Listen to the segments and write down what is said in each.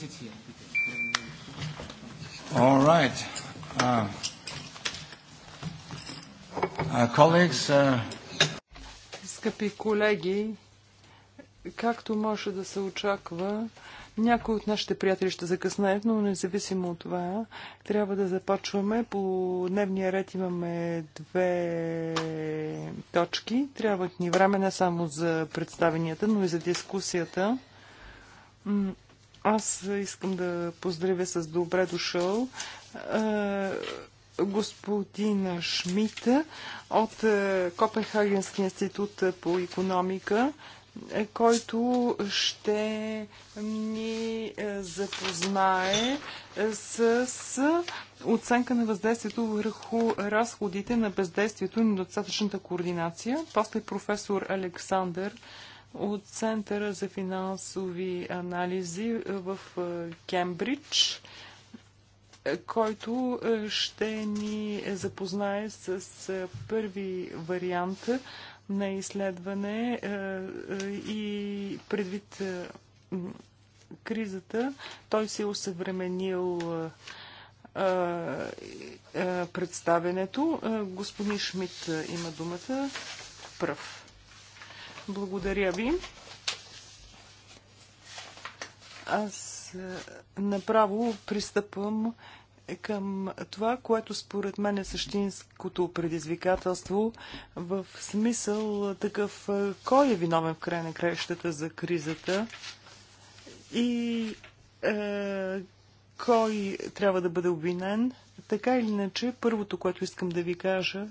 here? All right. Uh, uh, colleagues, uh... Скъпи колеги, както може да се очаква, някои от нашите приятели ще закъснеят, но независимо от това, трябва да започваме. По дневния ред имаме две точки. Трябват ни време не само за представенията, но и за дискусията. Аз искам да поздравя с добре дошъл господина Шмита от Копенхагенски институт по економика, който ще ни запознае с оценка на въздействието върху разходите на бездействието и недостатъчната координация. После професор Александър от Центъра за финансови анализи в е, Кембридж, е, който е, ще ни запознае с първи вариант на изследване и предвид кризата, той се усъвременил представенето. Господин Шмидт има думата пръв. Благодаря ви. Аз е, направо пристъпвам към това, което според мен е същинското предизвикателство в смисъл такъв е, кой е виновен в край на краищата за кризата и е, кой трябва да бъде обвинен. Така или иначе, първото, което искам да ви кажа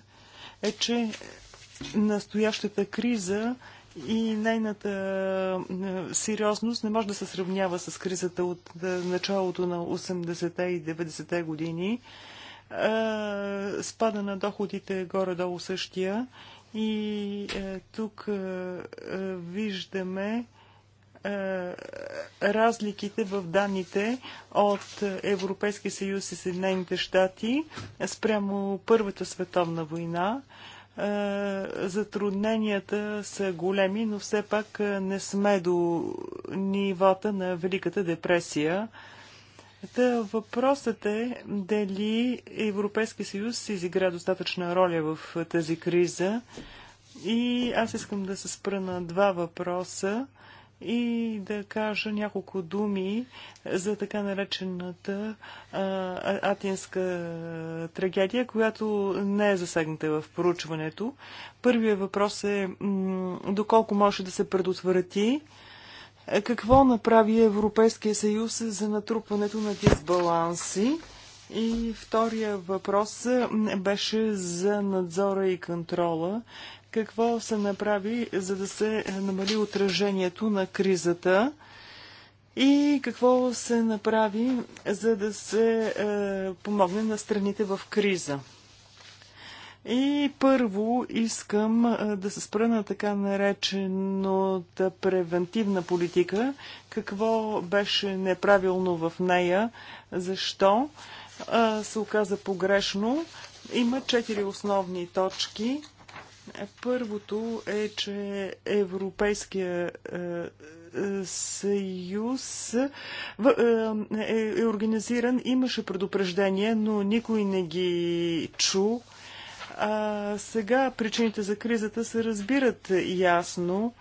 е, че е, настоящата криза и нейната е, сериозност не може да се сравнява с кризата от е, началото на 80-те и 90-те години. Е, спада на доходите горе-долу същия и тук виждаме разликите в данните от Европейския съюз и Съединените щати спрямо Първата световна война е, затрудненията са големи, но все пак е, не сме до нивота на Великата депресия. Та въпросът е дали Европейския съюз изигра достатъчна роля в тази криза. И аз искам да се спра на два въпроса и да кажа няколко думи за така наречената а, атинска трагедия, която не е засегната в проучването. Първият въпрос е доколко може да се предотврати какво направи Европейския съюз за натрупването на дисбаланси? И втория въпрос беше за надзора и контрола какво се направи, за да се намали отражението на кризата и какво се направи, за да се е, помогне на страните в криза. И първо искам е, да се спра на така наречената превентивна политика. Какво беше неправилно в нея, защо е, се оказа погрешно. Има четири основни точки. Първото е, че Европейския е, е, съюз е, е организиран. Имаше предупреждение, но никой не ги чу. А сега причините за кризата се разбират ясно.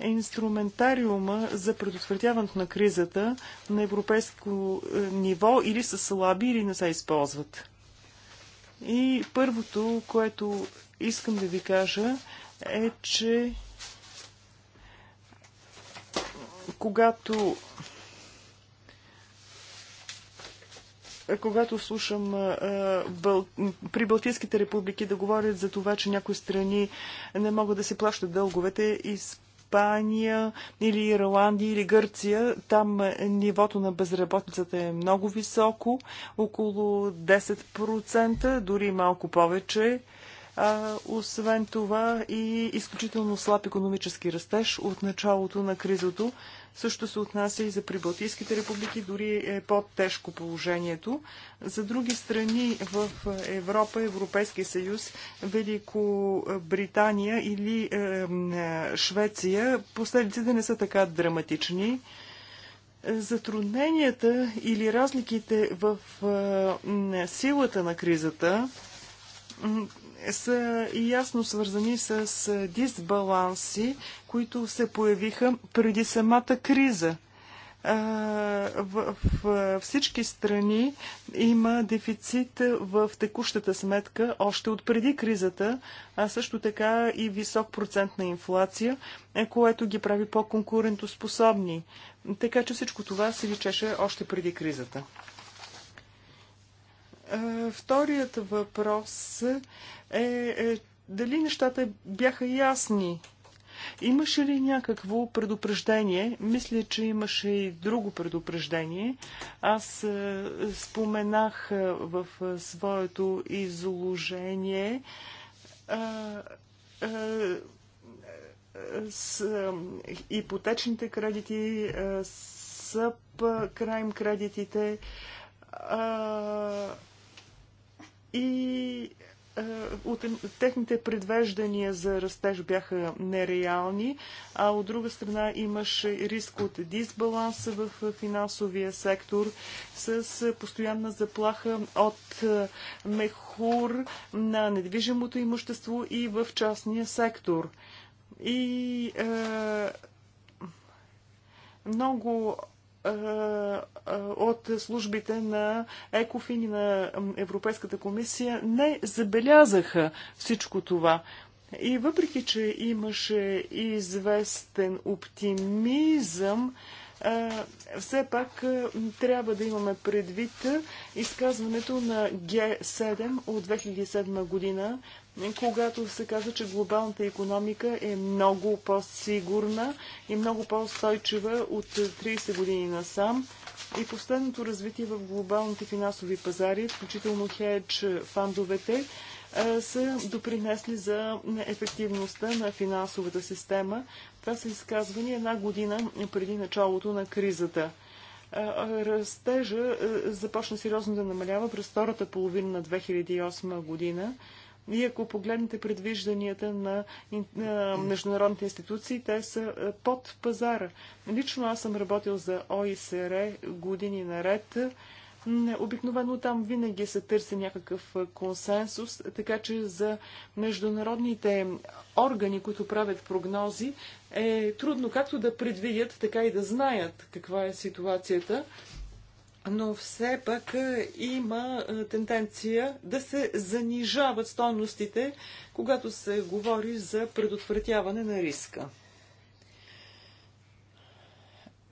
Инструментариума за предотвратяването на кризата на европейско ниво или са слаби, или не се използват. И първото, което искам да ви кажа е, че когато когато слушам а, бъл... при Балтийските републики да говорят за това, че някои страни не могат да се плащат дълговете, Испания или Ирландия или Гърция, там нивото на безработицата е много високо, около 10%, дори малко повече а, освен това и изключително слаб економически растеж от началото на кризата. Също се отнася и за прибалтийските републики, дори е по-тежко положението. За други страни в Европа, Европейския съюз, Великобритания или е, Швеция, последиците не са така драматични затрудненията или разликите в силата на кризата са ясно свързани с дисбаланси, които се появиха преди самата криза. В всички страни има дефицит в текущата сметка още от преди кризата, а също така и висок процент на инфлация, е, което ги прави по-конкурентоспособни. Така че всичко това се личеше още преди кризата. Е, вторият въпрос е, е, дали нещата бяха ясни. Имаше ли някакво предупреждение? Мисля, че имаше и друго предупреждение. Аз е, споменах в своето изложение с ипотечните кредити, с крайм кредитите, и е, от техните предвеждания за растеж бяха нереални, а от друга страна имаше риск от дисбаланс в финансовия сектор с постоянна заплаха от е, мехур на недвижимото имущество и в частния сектор. И е, много от службите на ЕКОФИН и на Европейската комисия не забелязаха всичко това. И въпреки, че имаше известен оптимизъм, все пак трябва да имаме предвид изказването на Г7 от 2007 година, когато се казва, че глобалната економика е много по-сигурна и много по-устойчива от 30 години насам. И последното развитие в глобалните финансови пазари, включително хедж фандовете, са допринесли за ефективността на финансовата система. Това са изказвани една година преди началото на кризата. Растежа започна сериозно да намалява през втората половина на 2008 година и ако погледнете предвижданията на, международните институции, те са е, под пазара. Лично аз съм работил за ОИСР години наред. Обикновено там винаги се търси някакъв е, консенсус, така че за международните органи, които правят прогнози, е трудно както да предвидят, така и да знаят каква е ситуацията но все пък е, има е, тенденция да се занижават стойностите, когато се говори за предотвратяване на риска.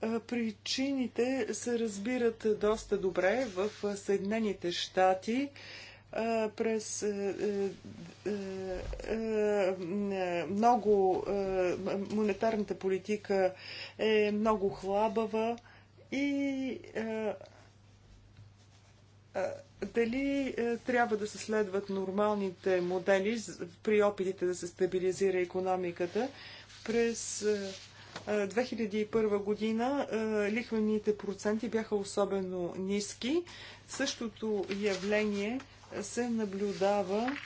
Е, причините се разбират доста добре в Съединените щати през много монетарната политика е много хлабава и дали е, трябва да се следват нормалните модели при опитите да се стабилизира економиката? През 2001 е, е, година лихвените проценти бяха особено ниски. Същото явление се наблюдава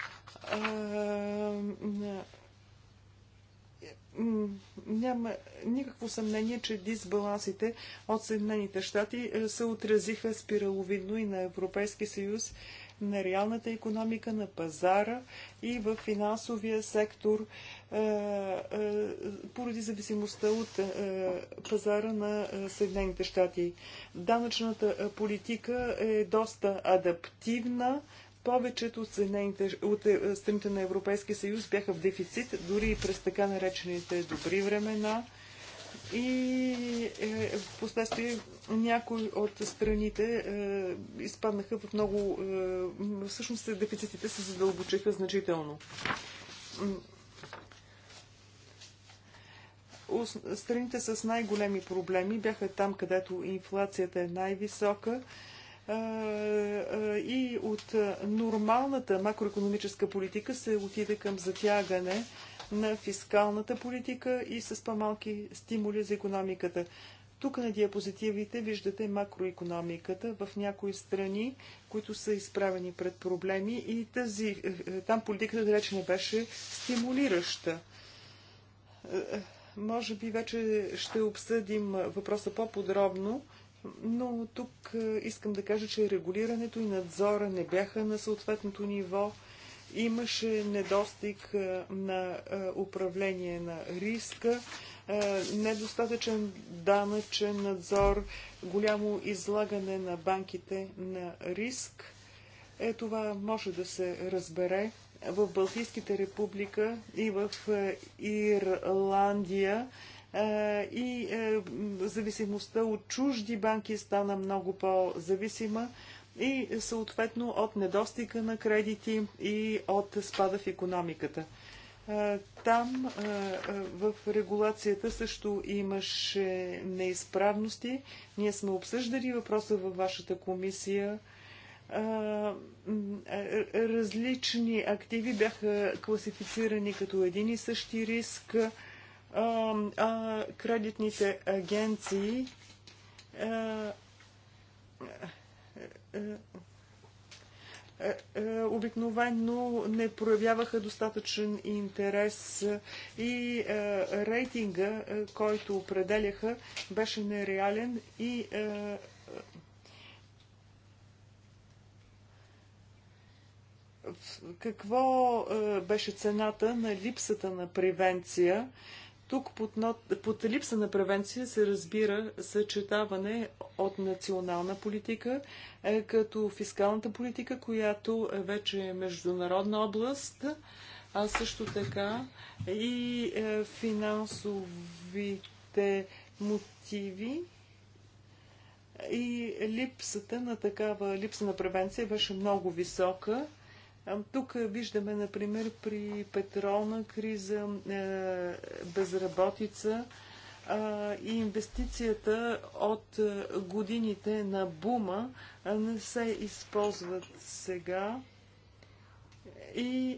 няма никакво съмнение, че дисбалансите от Съединените щати е, се отразиха спираловидно и на Европейски съюз, на реалната економика, на пазара и в финансовия сектор е, е, поради зависимостта от пазара на Съединените щати. Данъчната политика е доста адаптивна повечето от, от е, страните на Европейския съюз бяха в дефицит, дори и през така наречените добри времена. И е, в последствие някои от страните е, изпаднаха в много... Е, всъщност дефицитите се задълбочиха значително. Страните с най-големи проблеми бяха там, където инфлацията е най-висока е, от е, нормалната макроекономическа политика се отиде към затягане на фискалната политика и с по-малки стимули за економиката. Тук на диапозитивите виждате макроекономиката в някои страни, които са изправени пред проблеми и тази, е, е, там политиката далеч не беше стимулираща. Може би вече ще обсъдим въпроса по-подробно но тук е, искам да кажа, че регулирането и надзора не бяха на съответното ниво. Имаше недостиг е, на е, управление на риска, недостатъчен данъчен надзор, голямо излагане на банките на риск. Е, това може да се разбере в Балтийските република и в Ирландия и е, зависимостта от чужди банки стана много по-зависима и съответно от недостига на кредити и от спада в економиката. Там в регулацията също имаше неизправности. Ние сме обсъждали въпроса във вашата комисия. Различни активи бяха класифицирани като един и същи риск а кредитните агенции обикновено не проявяваха достатъчен интерес и рейтинга, който определяха, беше нереален и какво беше цената на липсата на превенция тук под, нот, под липса на превенция се разбира съчетаване от национална политика, е, като фискалната политика, която е вече е международна област, а също така и е, финансовите мотиви и липсата на такава липса на превенция беше много висока. Тук виждаме, например, при петролна криза, е, безработица и инвестицията от е, годините на бума не се използват сега. И,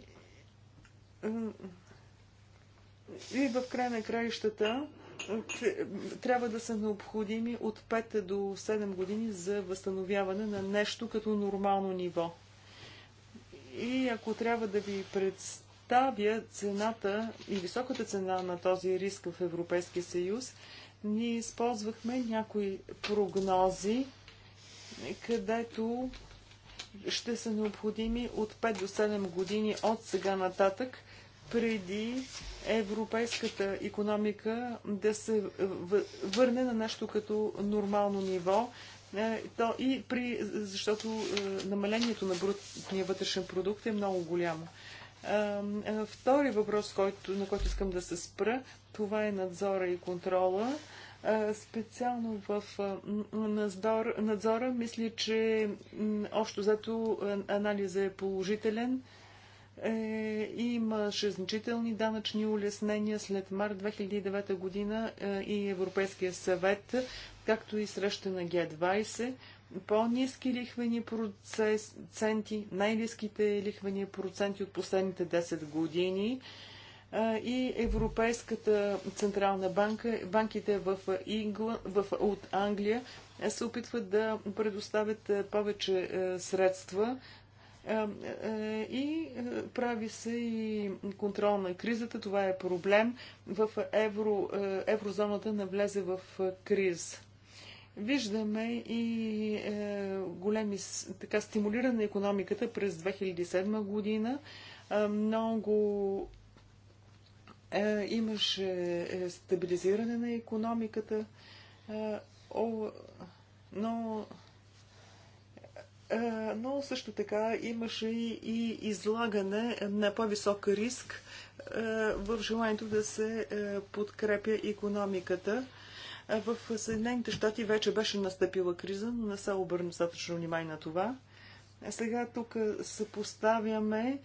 и в край на краищата трябва да са необходими от 5 до 7 години за възстановяване на нещо като нормално ниво. И ако трябва да ви представя цената и високата цена на този риск в Европейския съюз, ние използвахме някои прогнози, където ще са необходими от 5 до 7 години от сега нататък, преди европейската економика да се върне на нещо като нормално ниво е, то и при, защото е, намалението на брутния вътрешен продукт е много голямо. Е, втори въпрос, който, на който искам да се спра, това е надзора и контрола. Специално в надзор, надзора мисля, че общо зато анализа е положителен. Е, имаше значителни данъчни улеснения след март 2009 година е, и Европейския съвет както и среща на Г20, по-низки лихвени проценти, най-низките лихвени проценти от последните 10 години и Европейската централна банка, банките в, Ингл... в, от Англия е, се опитват да предоставят е, повече е, средства и прави се и контрол на кризата. Това е проблем. В евро, еврозоната навлезе в криза. Виждаме и е, големи така, стимулиране на економиката през 2007 година. Е, много е, имаше е, стабилизиране на економиката, е, о, но е, но също така имаше и излагане на по-висок риск е, в желанието да се подкрепя економиката. В Съединените щати вече беше настъпила криза, но не се обърна достатъчно внимание на това. Сега тук съпоставяме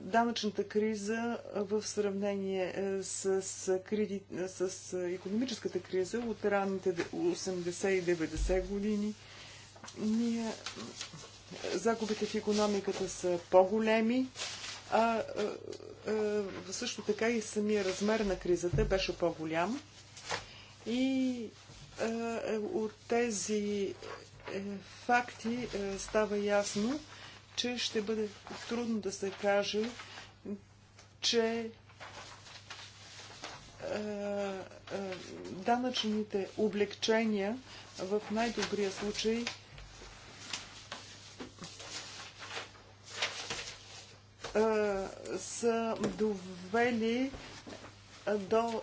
данъчната криза в сравнение е, с, кризи, с економическата криза от ранните 80 и 90 години. Ние, загубите в економиката са по-големи, а, а, а също така и самия размер на кризата беше по-голям. И е, от тези е, факти е, става ясно, че ще бъде трудно да се каже, че данъчните облегчения в най-добрия случай са довели до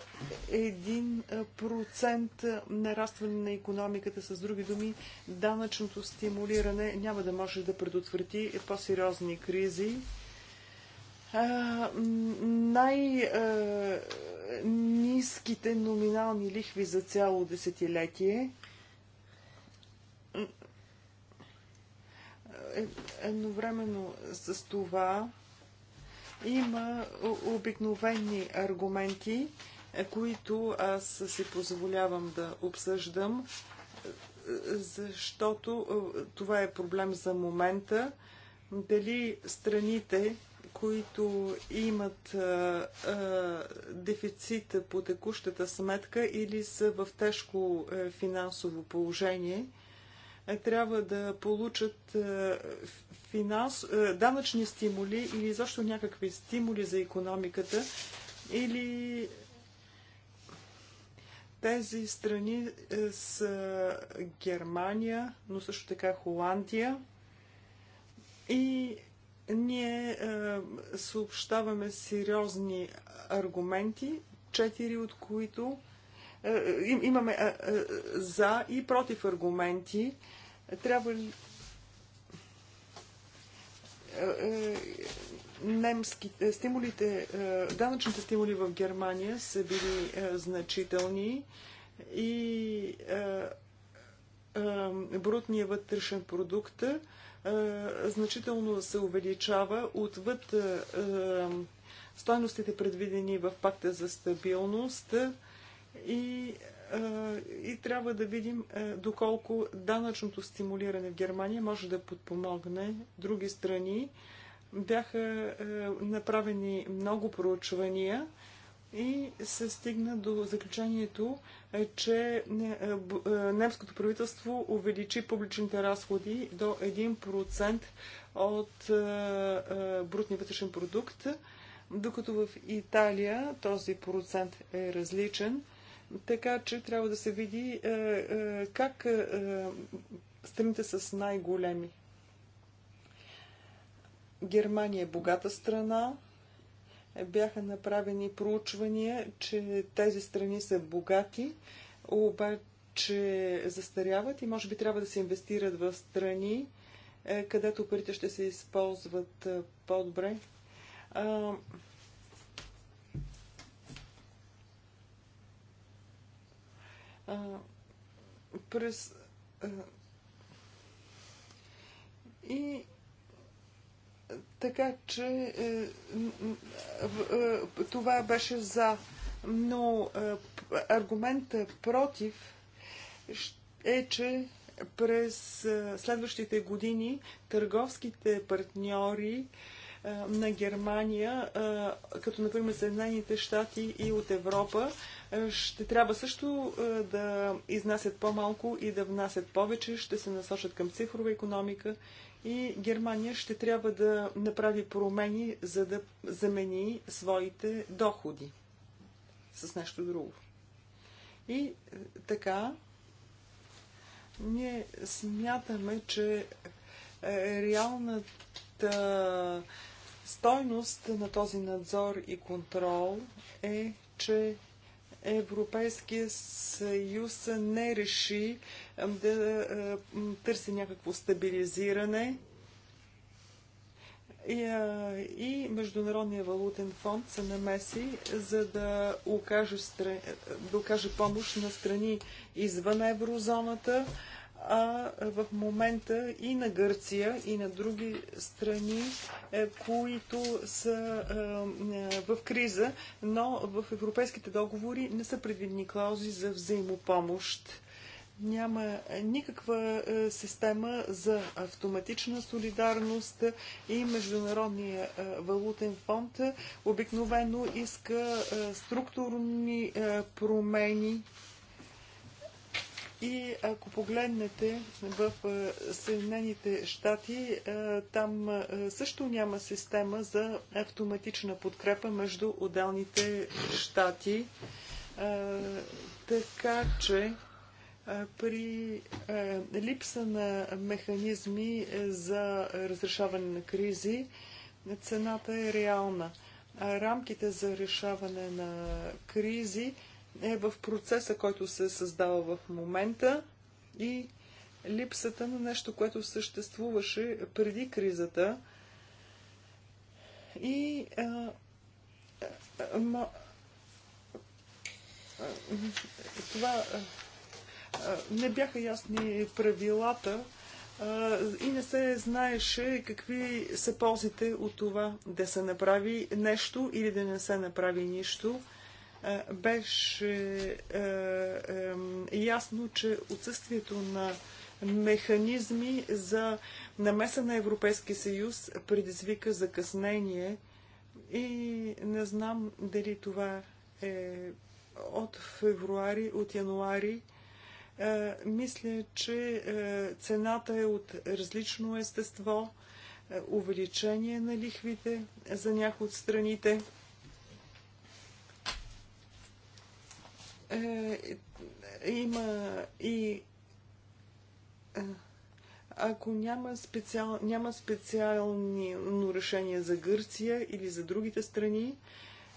1% нарастване на економиката. С други думи, данъчното стимулиране няма да може да предотврати по-сериозни кризи. най- низките номинални лихви за цяло десетилетие е, едновременно с това има обикновени аргументи, е, които аз си позволявам да обсъждам, е, защото това е проблем за момента. Дали страните, които имат а, е, а, дефицит по текущата сметка или са в тежко а, финансово положение, е, трябва да получат е, финанс, е, данъчни стимули или защо някакви стимули за економиката или тези страни с Германия, но също така Холандия. И ние съобщаваме сериозни аргументи, четири от които имаме за и против аргументи. Трябва ли е, е, немските стимулите, е, данъчните стимули в Германия са били значителни и брутния вътрешен продукт значително се увеличава отвъд стойностите предвидени в пакта за стабилност и и трябва да видим доколко данъчното стимулиране в Германия може да подпомогне други страни. Бяха направени много проучвания и се стигна до заключението, е, че немското правителство увеличи публичните разходи до 1% от брутния вътрешен продукт, докато в Италия този процент е различен – така че трябва да се види е, е, как е, страните с най-големи. Германия е богата страна. Бяха направени проучвания, че тези страни са богати, обаче застаряват и може би трябва да се инвестират в страни, където парите ще се използват по-добре. през. И така че е, е, това беше за, но е, аргумента против е, че през следващите години търговските партньори на Германия, като например Съединените щати и от Европа, е, ще трябва също е, да изнасят по-малко и да внасят повече, ще се насочат към цифрова економика и Германия ще трябва да направи промени, за да замени своите доходи с нещо друго. И е, така, ние смятаме, че реалната стойност на този надзор и контрол е, че Европейския съюз не реши да търси някакво стабилизиране и Международния валутен фонд се намеси, за да окаже, да окаже помощ на страни извън еврозоната, а в момента и на Гърция, и на други страни, е, които са е, в криза, но в европейските договори не са предвидени клаузи за взаимопомощ. Няма никаква е, система за автоматична солидарност и Международния валутен фонд обикновено иска структурни промени и ако погледнете в е, Съединените щати, е, там е, също няма система за автоматична подкрепа между отделните щати. Така че при липса на механизми за разрешаване на кризи, цената е реална. Рамките за решаване на кризи е в процеса, който се е създава в момента и липсата на нещо, което съществуваше преди кризата. И а, а, а, това а, не бяха ясни правилата а, и не се знаеше какви са ползите от това да се направи нещо или да не се направи нищо. Е, беше е, ясно, че отсъствието на механизми за намеса на Европейски съюз предизвика закъснение и не знам дали това е от февруари, от януари. Е, мисля, че цената е от различно естество, увеличение на лихвите за някои от страните. е, има и е, ако няма, специал, няма специално решения за Гърция или за другите страни,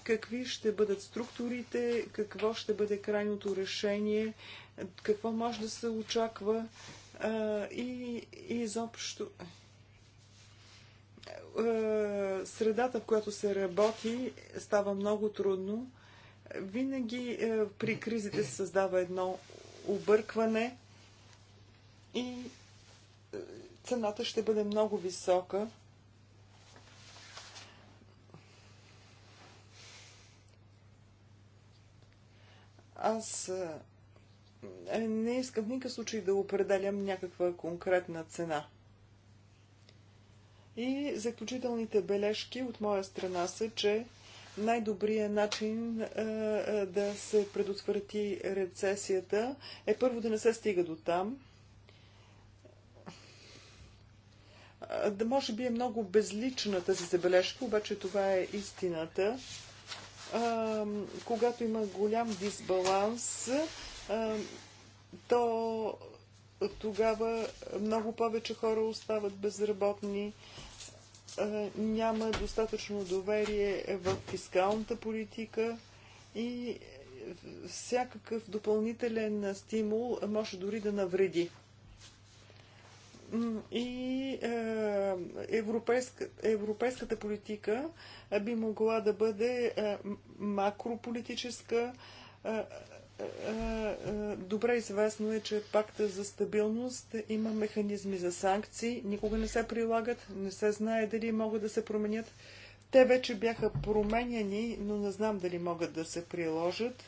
какви ще бъдат структурите, какво ще бъде крайното решение, какво може да се очаква е, и изобщо е, средата, в която се работи, става много трудно. Винаги е, при кризите се създава едно объркване и е, цената ще бъде много висока. Аз е, не искам в никакъв случай да определям някаква конкретна цена. И заключителните бележки от моя страна са, че най-добрият начин а, е, е, да се предотврати рецесията е първо да не се стига до там. Е, да може би е много безлична тази забележка, обаче това е истината. А, когато има голям дисбаланс, а, то тогава много повече хора остават безработни. А, няма достатъчно доверие в фискалната политика и всякакъв допълнителен стимул може дори да навреди. И европейска, европейската политика би могла да бъде макрополитическа, добре известно е, че пакта за стабилност има механизми за санкции, никога не се прилагат, не се знае дали могат да се променят. Те вече бяха променяни, но не знам дали могат да се приложат.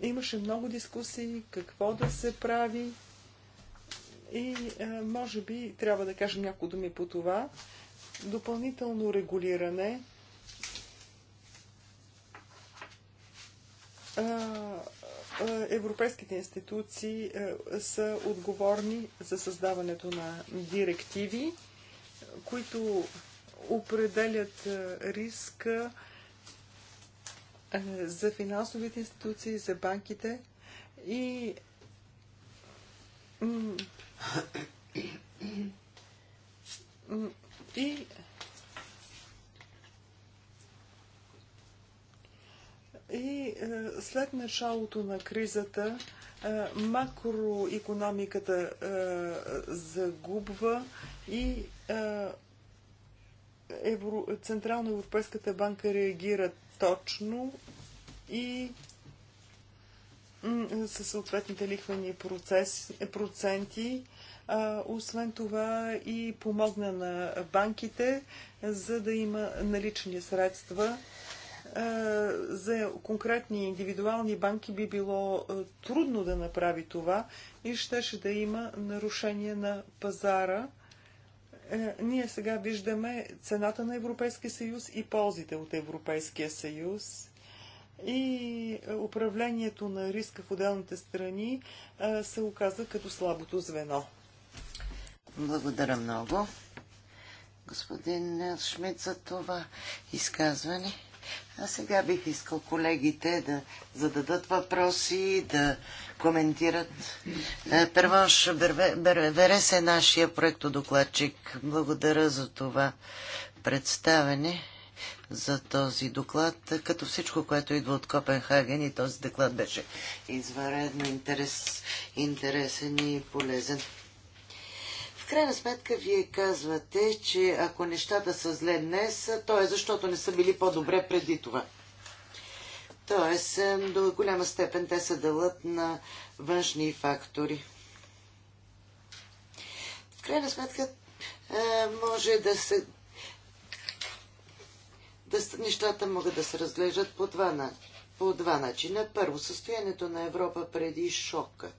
Имаше много дискусии какво да се прави и може би трябва да кажем няколко думи по това. Допълнително регулиране. Е, европейските институции е, са отговорни за създаването на директиви, които определят е, риска за финансовите институции, за банките и и И е, след началото на кризата е, макроекономиката е, загубва и Евро... Централно Европейската банка реагира точно и със съответните лихвени процес, проценти. А, освен това и помогна на банките, за да има налични средства за конкретни индивидуални банки би било трудно да направи това и щеше да има нарушение на пазара. Е, ние сега виждаме цената на Европейския съюз и ползите от Европейския съюз и управлението на риска в отделните страни се оказа като слабото звено. Благодаря много, господин Шмидт, за това изказване. А сега бих искал колегите да зададат въпроси, да коментират. Е, Перванш Берес е нашия проектодокладчик. Благодаря за това представене за този доклад, като всичко, което идва от Копенхаген и този доклад беше извънредно интерес, интересен и полезен крайна сметка вие казвате, че ако нещата са зле днес, то е защото не са били по-добре преди това. Тоест, е, до голяма степен те са дълът на външни фактори. В крайна сметка, е, може да се. Да, нещата могат да се разглеждат по два, по два начина. Първо, състоянието на Европа преди шока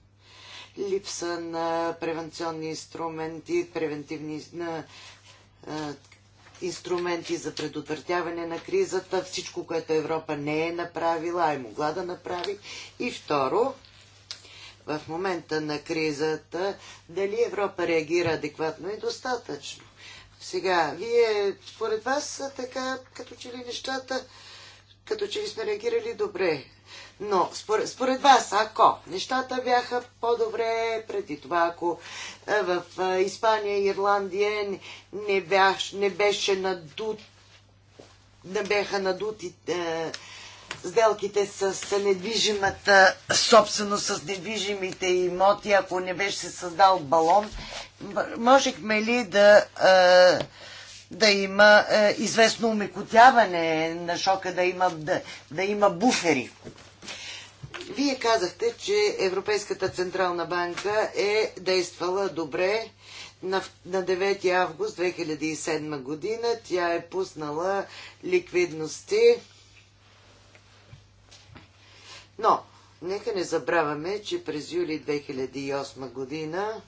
липса на превенционни инструменти, превентивни на, инструменти за предотвратяване на кризата, всичко, което Европа не е направила, а е могла да направи. И второ, в момента на кризата, дали Европа реагира адекватно и е достатъчно. Сега, вие, според вас, така, като че ли нещата като че ли сме реагирали добре. Но според, според вас, ако нещата бяха по-добре преди това, ако е, в е, Испания и Ирландия не, бях, не беше надут, не бяха надути е, сделките с, с недвижимата собственост, с недвижимите имоти, ако не беше се създал балон, можехме ли да е, да има е, известно умекотяване на шока, да има, да, да има буфери. Вие казахте, че Европейската Централна банка е действала добре на, 9 август 2007 година. Тя е пуснала ликвидности. Но, нека не забравяме, че през юли 2008 година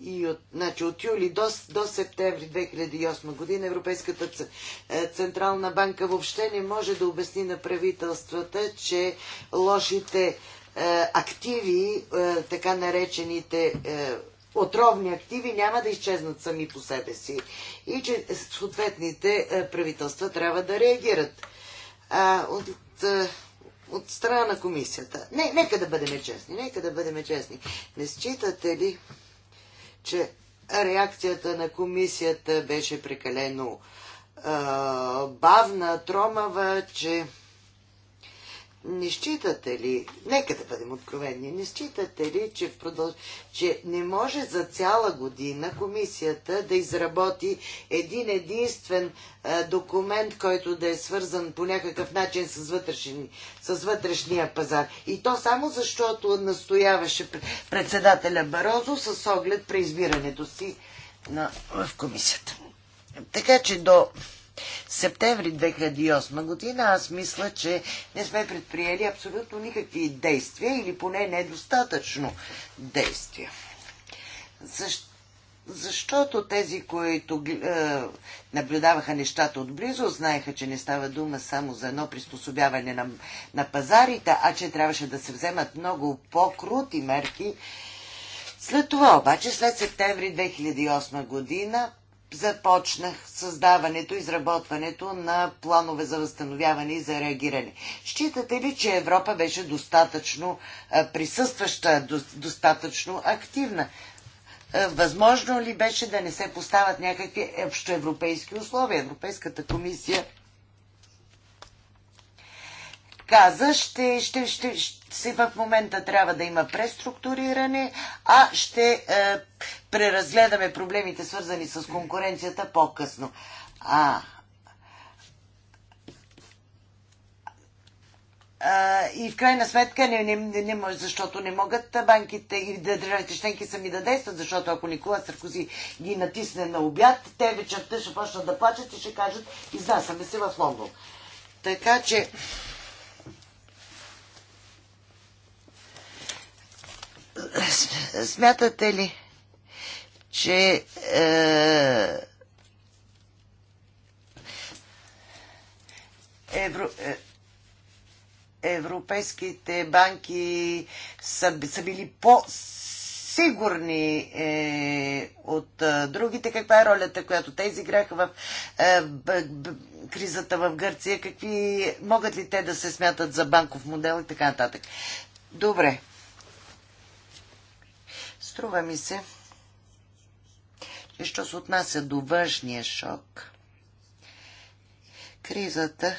и от, значи, от юли до, до септември 2008 година Европейската е, Централна банка въобще не може да обясни на правителствата, че лошите е, активи, е, така наречените е, отровни активи няма да изчезнат сами по себе си и че съответните е, правителства трябва да реагират. А, от, е, от страна на комисията. Не, нека да бъдем честни, нека да бъдем честни. Не считате ли, че реакцията на комисията беше прекалено а, бавна, тромава, че не считате ли, нека да бъдем откровени, не считате ли, че, в продълж... че не може за цяла година комисията да изработи един единствен а, документ, който да е свързан по някакъв начин с, вътрешни... с вътрешния пазар? И то само защото настояваше председателя Барозо с оглед при избирането си на... в комисията. Така че до септември 2008 година, аз мисля, че не сме предприели абсолютно никакви действия или поне недостатъчно действия. Защо? Защото тези, които е, наблюдаваха нещата отблизо, знаеха, че не става дума само за едно приспособяване на, на пазарите, а че трябваше да се вземат много по-крути мерки. След това обаче, след септември 2008 година, започнах създаването, изработването на планове за възстановяване и за реагиране. Считате ли, че Европа беше достатъчно присъстваща, достатъчно активна? Възможно ли беше да не се поставят някакви общоевропейски условия? Европейската комисия каза, ще, ще, ще, ще, в момента трябва да има преструктуриране, а ще е, преразгледаме проблемите, свързани с конкуренцията по-късно. А, и в крайна сметка не, не, не, не защото не могат банките и да държавите щенки сами да действат, защото ако Никола Саркози ги натисне на обяд, те вечерта ще почнат да плачат и ще кажат изнасяме се в Лондон. Така че смятате ли, че е, евро, е, европейските банки са, са били по сигурни е, от е, другите. Каква е ролята, която те изиграха в е, б, б, кризата в Гърция? Какви могат ли те да се смятат за банков модел и така нататък? Добре. Струва ми се, че що се отнася до външния шок, кризата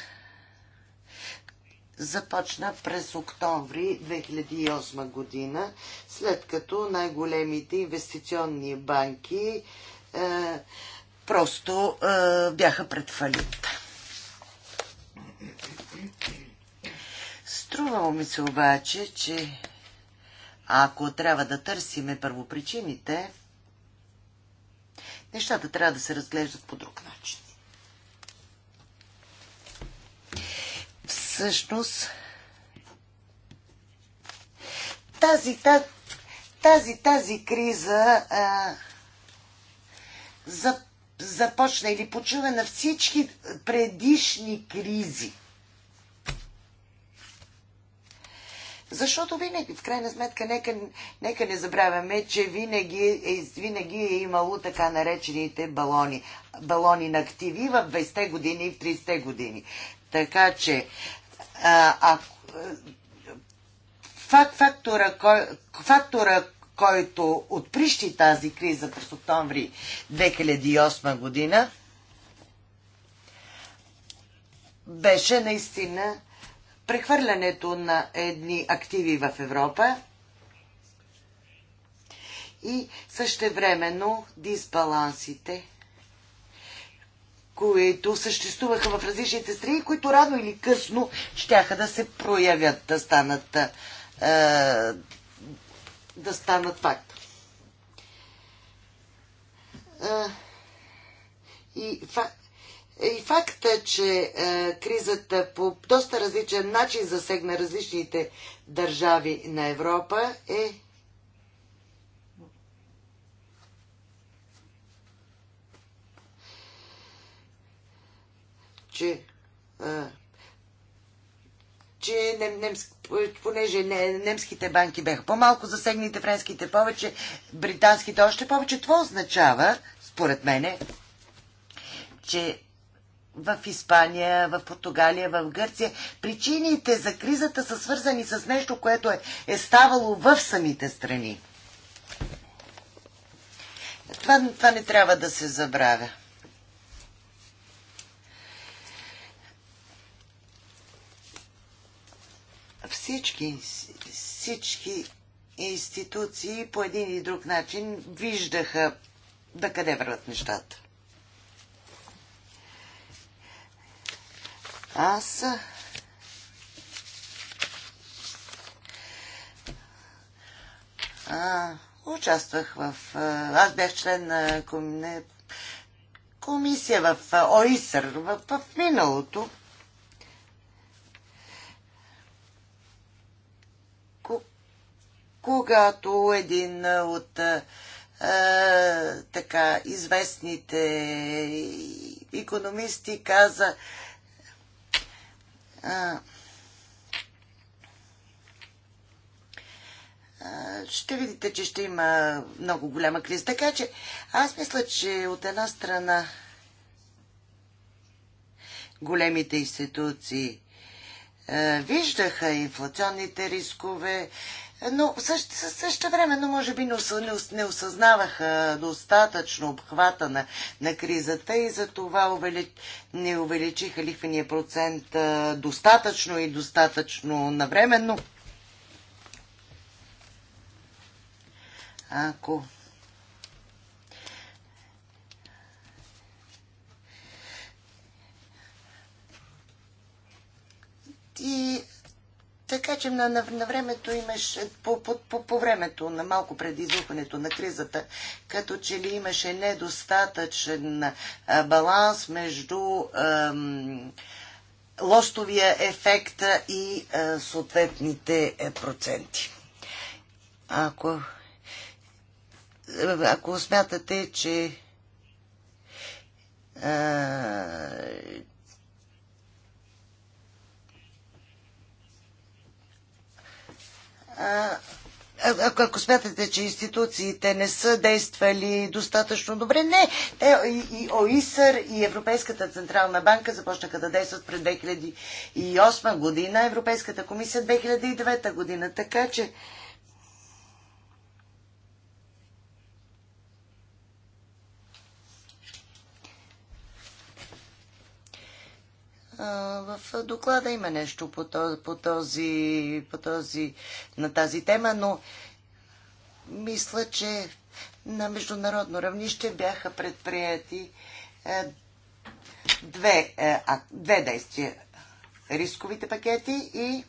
започна през октомври 2008 година, след като най-големите инвестиционни банки е, просто е, бяха пред фалит. Струвало ми се обаче, че а ако трябва да търсиме първопричините, нещата трябва да се разглеждат по друг начин. Всъщност, тази, тази, тази криза а, за, започна или почува на всички предишни кризи – Защото винаги, в крайна сметка, нека, нека не забравяме, че винаги е, винаги е имало така наречените балони, балони на активи в 20-те години и в 30-те години. Така че, а, а, фактора, кой, фактора, който отприщи тази криза през октомври 2008 година, беше наистина прехвърлянето на едни активи в Европа и същевременно дисбалансите, които съществуваха в различните страни, които рано или късно щяха да се проявят, да станат, е, да станат факт. Е, и факт и факта, че е, кризата по доста различен начин засегна различните държави на Европа е че е, че нем, немск, понеже не, немските банки бяха по-малко засегните, френските повече, британските още повече. Това означава, според мене, че в Испания, в Португалия, в Гърция. Причините за кризата са свързани с нещо, което е, е ставало в самите страни. Това, това не трябва да се забравя. Всички, всички институции по един и друг начин виждаха да къде върват нещата. Аз а, участвах в... Аз бях член на не, комисия в ОИСР в, в миналото. Когато един от а, така известните економисти каза, ще видите, че ще има много голяма криза. Така че аз мисля, че от една страна големите институции виждаха инфлационните рискове, но също, също време, но може би не, не осъзнаваха достатъчно обхвата на, на кризата и за това увелич... не увеличиха лихвения процент достатъчно и достатъчно навременно. Ако и така че на, на, на времето имаше, по, по, по, по времето, на малко преди изухването на кризата, като че ли имаше недостатъчен а, баланс между ам, лостовия ефект и а, съответните е, проценти. Ако, ако смятате, че а, ако, ако смятате, че институциите не са действали достатъчно добре, не. Те, и, и и Европейската Централна банка започнаха да действат през 2008 година, Европейската комисия 2009 година. Така че в доклада има нещо по този, по този, по този, на тази тема, но мисля, че на международно равнище бяха предприяти е, две, е, две действия. Рисковите пакети и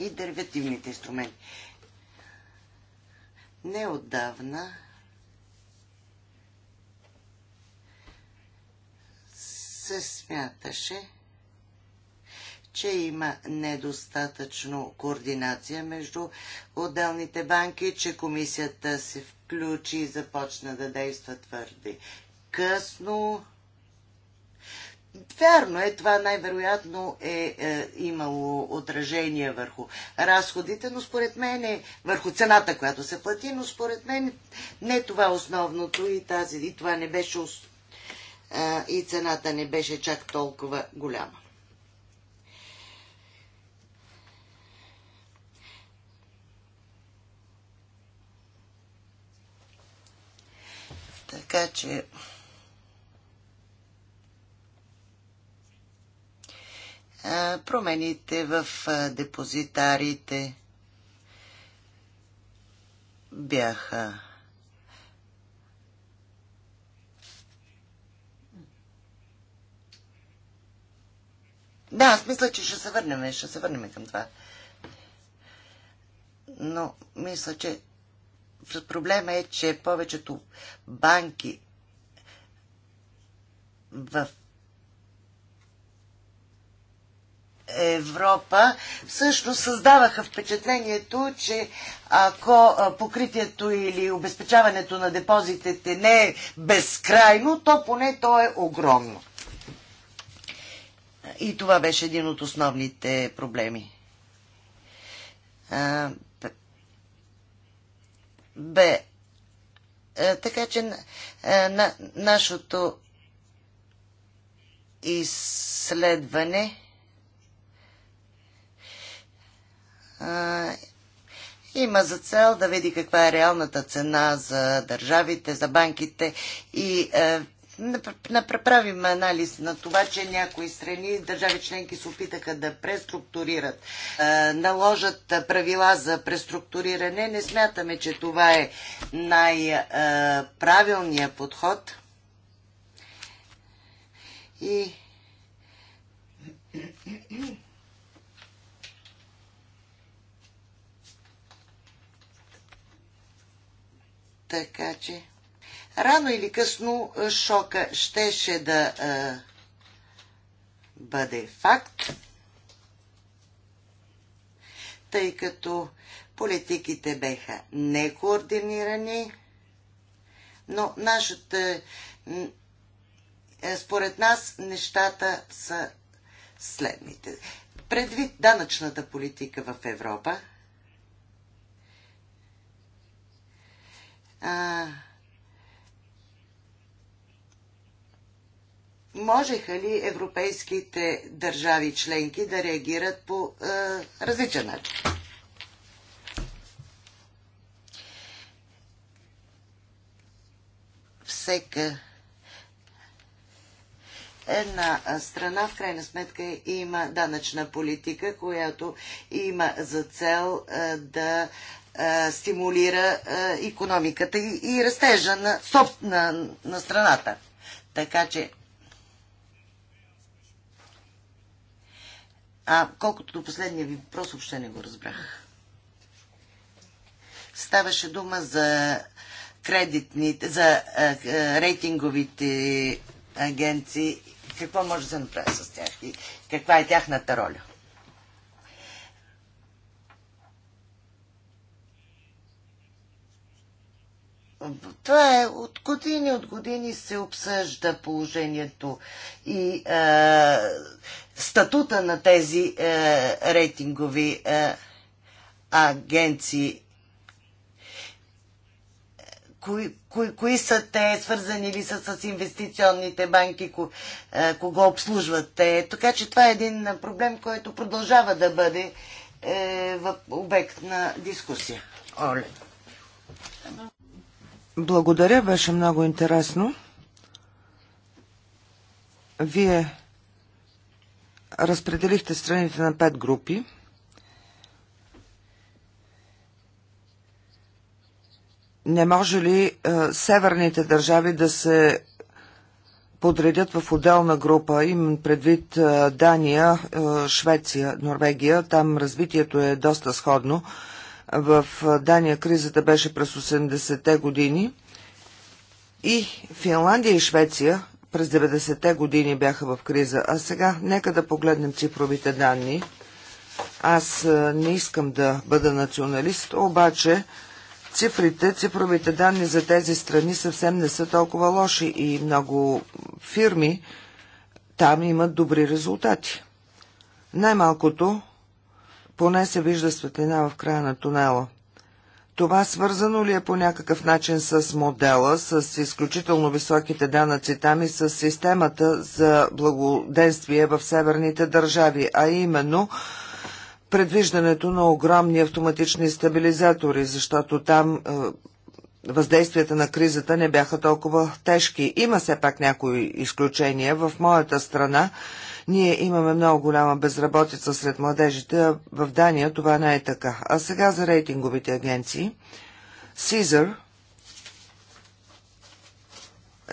и дервативните инструменти. Неотдавна се смяташе, че има недостатъчно координация между отделните банки, че комисията се включи и започна да действа твърде късно. Вярно е, това най-вероятно е, е имало отражение върху разходите, но според мен е върху цената, която се плати, но според мен не това е основното и, тази, и това не беше е, и цената не беше чак толкова голяма. Така че промените в депозитарите бяха Да, аз мисля, че ще се върнем, ще се върнем към това. Но мисля, че проблема е, че повечето банки в Европа всъщност създаваха впечатлението, че ако покритието или обезпечаването на депозитите не е безкрайно, то поне то е огромно. И това беше един от основните проблеми. Бе. Така че на, нашето изследване има за цел да види каква е реалната цена за държавите, за банките и е, направим анализ на това, че някои страни, държави членки се опитаха да преструктурират, е, наложат правила за преструктуриране. Не смятаме, че това е най-правилният подход. И Така че рано или късно е, шока щеше да а, е, бъде факт, тъй като политиките беха некоординирани, но нашата, е, според нас нещата са следните. Предвид данъчната политика в Европа, а, можеха ли европейските държави членки да реагират по а, различен начин? Всека една страна в крайна сметка има данъчна политика, която има за цел да стимулира економиката и, и растежа на, на, на страната. Така че. А колкото до последния ви въпрос, въобще не го разбрах. Ставаше дума за кредитните, за а, а, рейтинговите агенции. Какво може да се направи с тях и каква е тяхната роля? това е от години, от години се обсъжда положението и е, статута на тези е, рейтингови е, агенции. Кои, кои, кои са те, свързани ли са с инвестиционните банки, ко, е, кого обслужват те. Така че това е един проблем, който продължава да бъде е, в обект на дискусия. Оле. Благодаря, беше много интересно. Вие разпределихте страните на пет групи. Не може ли е, северните държави да се подредят в отделна група, имам предвид е, Дания, е, Швеция, Норвегия, там развитието е доста сходно. Е, в Дания кризата беше през 80-те години и Финландия и Швеция през 90-те години бяха в криза. А сега нека да погледнем цифровите данни. Аз не искам да бъда националист, обаче цифрите, цифровите данни за тези страни съвсем не са толкова лоши и много фирми там имат добри резултати. Най-малкото поне се вижда светлина в края на тунела. Това свързано ли е по някакъв начин с модела, с изключително високите данъци там и с системата за благоденствие в северните държави, а именно предвиждането на огромни автоматични стабилизатори, защото там е, въздействията на кризата не бяха толкова тежки. Има все пак някои изключения. В моята страна ние имаме много голяма безработица сред младежите, а в Дания това не е така. А сега за рейтинговите агенции. Caesar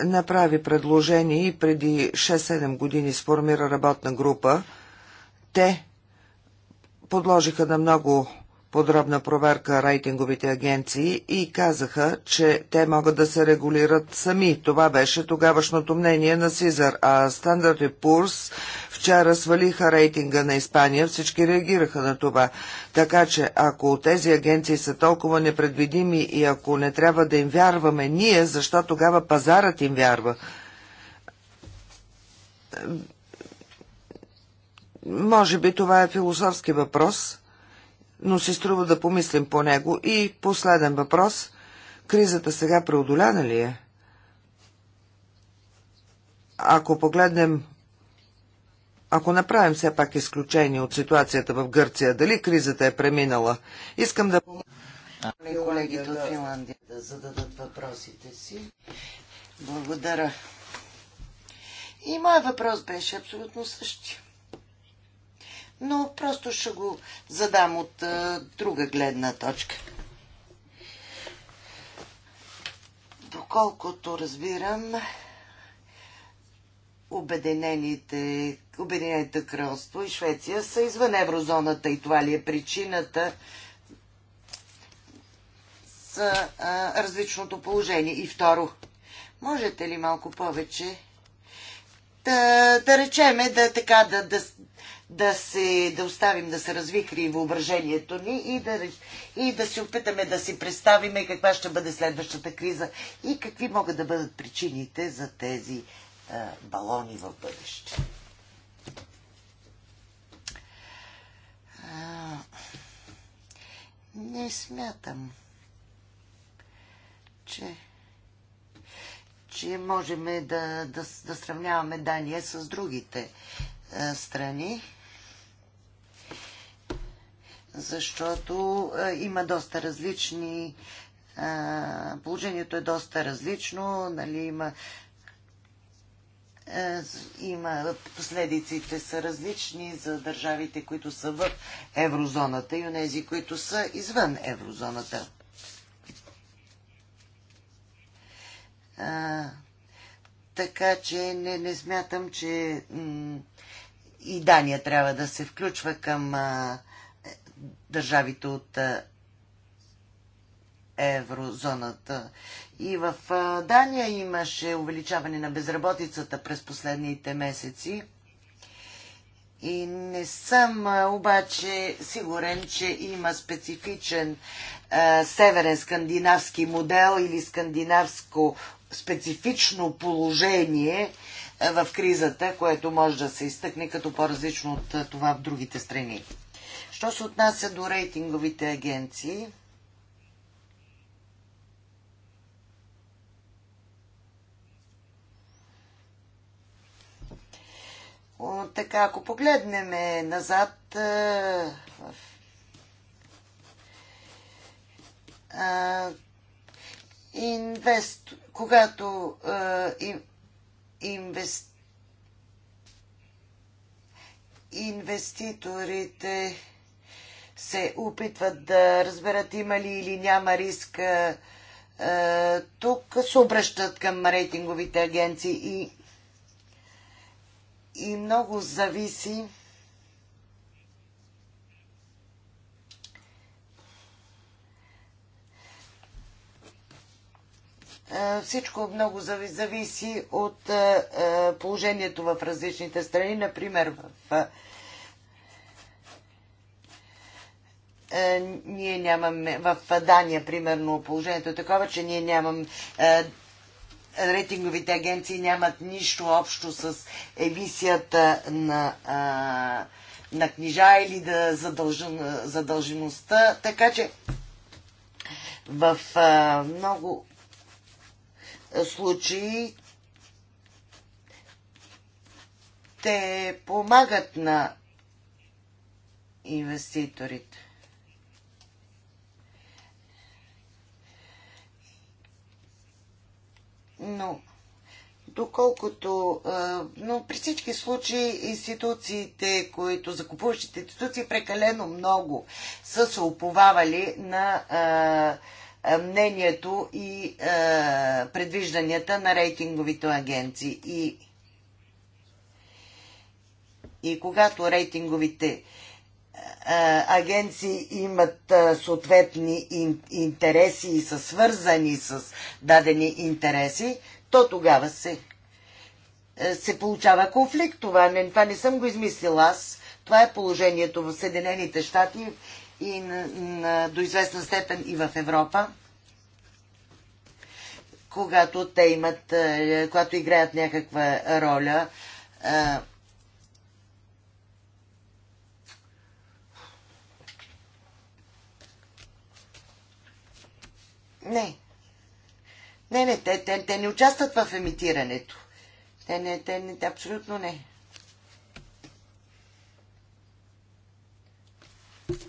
направи предложение и преди 6-7 години сформира работна група. Те подложиха на много подробна проверка рейтинговите агенции и казаха, че те могат да се регулират сами. Това беше тогавашното мнение на Сизър, а Standard Poor's вчера свалиха рейтинга на Испания, всички реагираха на това. Така че, ако тези агенции са толкова непредвидими и ако не трябва да им вярваме ние, защо тогава пазарът им вярва? Може би това е философски въпрос – но си струва да помислим по него. И последен въпрос. Кризата сега преодоляна ли е? Ако погледнем, ако направим все пак изключение от ситуацията в Гърция, дали кризата е преминала? Искам да помоля ами, колегите от Финландия да зададат въпросите си. Благодаря. И моят въпрос беше абсолютно същия но просто ще го задам от а, друга гледна точка. Доколкото разбирам, Обединените, Обединените кралство и Швеция са извън еврозоната и това ли е причината за а, различното положение? И второ, можете ли малко повече да, да речеме да така да, да, да, се, да оставим да се развихри въображението ни и да, и да се опитаме да си представиме каква ще бъде следващата криза и какви могат да бъдат причините за тези е, балони в бъдеще. А, не смятам, че че можем да, да, да сравняваме Дания с другите страни защото е, има доста различни. Е, положението е доста различно, нали, има е, има последиците са различни за държавите, които са в еврозоната и онези, които са извън еврозоната. А, така че не, не смятам, че и Дания трябва да се включва към а, държавите от еврозоната. И в Дания имаше увеличаване на безработицата през последните месеци. И не съм обаче сигурен, че има специфичен а, северен скандинавски модел или скандинавско специфично положение а, в кризата, което може да се изтъкне като по-различно от а, това в другите страни. Що се отнася до рейтинговите агенции, така, ако погледнем назад а, е, е, е, инвест, когато а, инвест, инвеститорите се опитват да разберат има ли или няма риск е, е, тук се обръщат към рейтинговите агенции и, и много зависи е, Всичко много зависи от положението в различните страни. Например, в Е, ние нямаме, в Дания, примерно, положението е такова, че ние нямаме рейтинговите агенции нямат нищо общо с емисията на, е, на книжа или да задължен, задължеността. Така че в а, е, много случаи те помагат на инвеститорите. но доколкото, но при всички случаи институциите, които закупуващите институции прекалено много са се уповавали на мнението и предвижданията на рейтинговите агенции. И, и когато рейтинговите е, агенции имат е, съответни интереси и са свързани с дадени интереси, то тогава се, е, се получава конфликт. Това не, това не съм го измислила аз. Това е положението в Съединените щати и на, на, до известна степен и в Европа. Когато те имат, когато играят някаква роля, Не. Не, не, те, те, те не участват в емитирането. Те не, те не, те абсолютно не.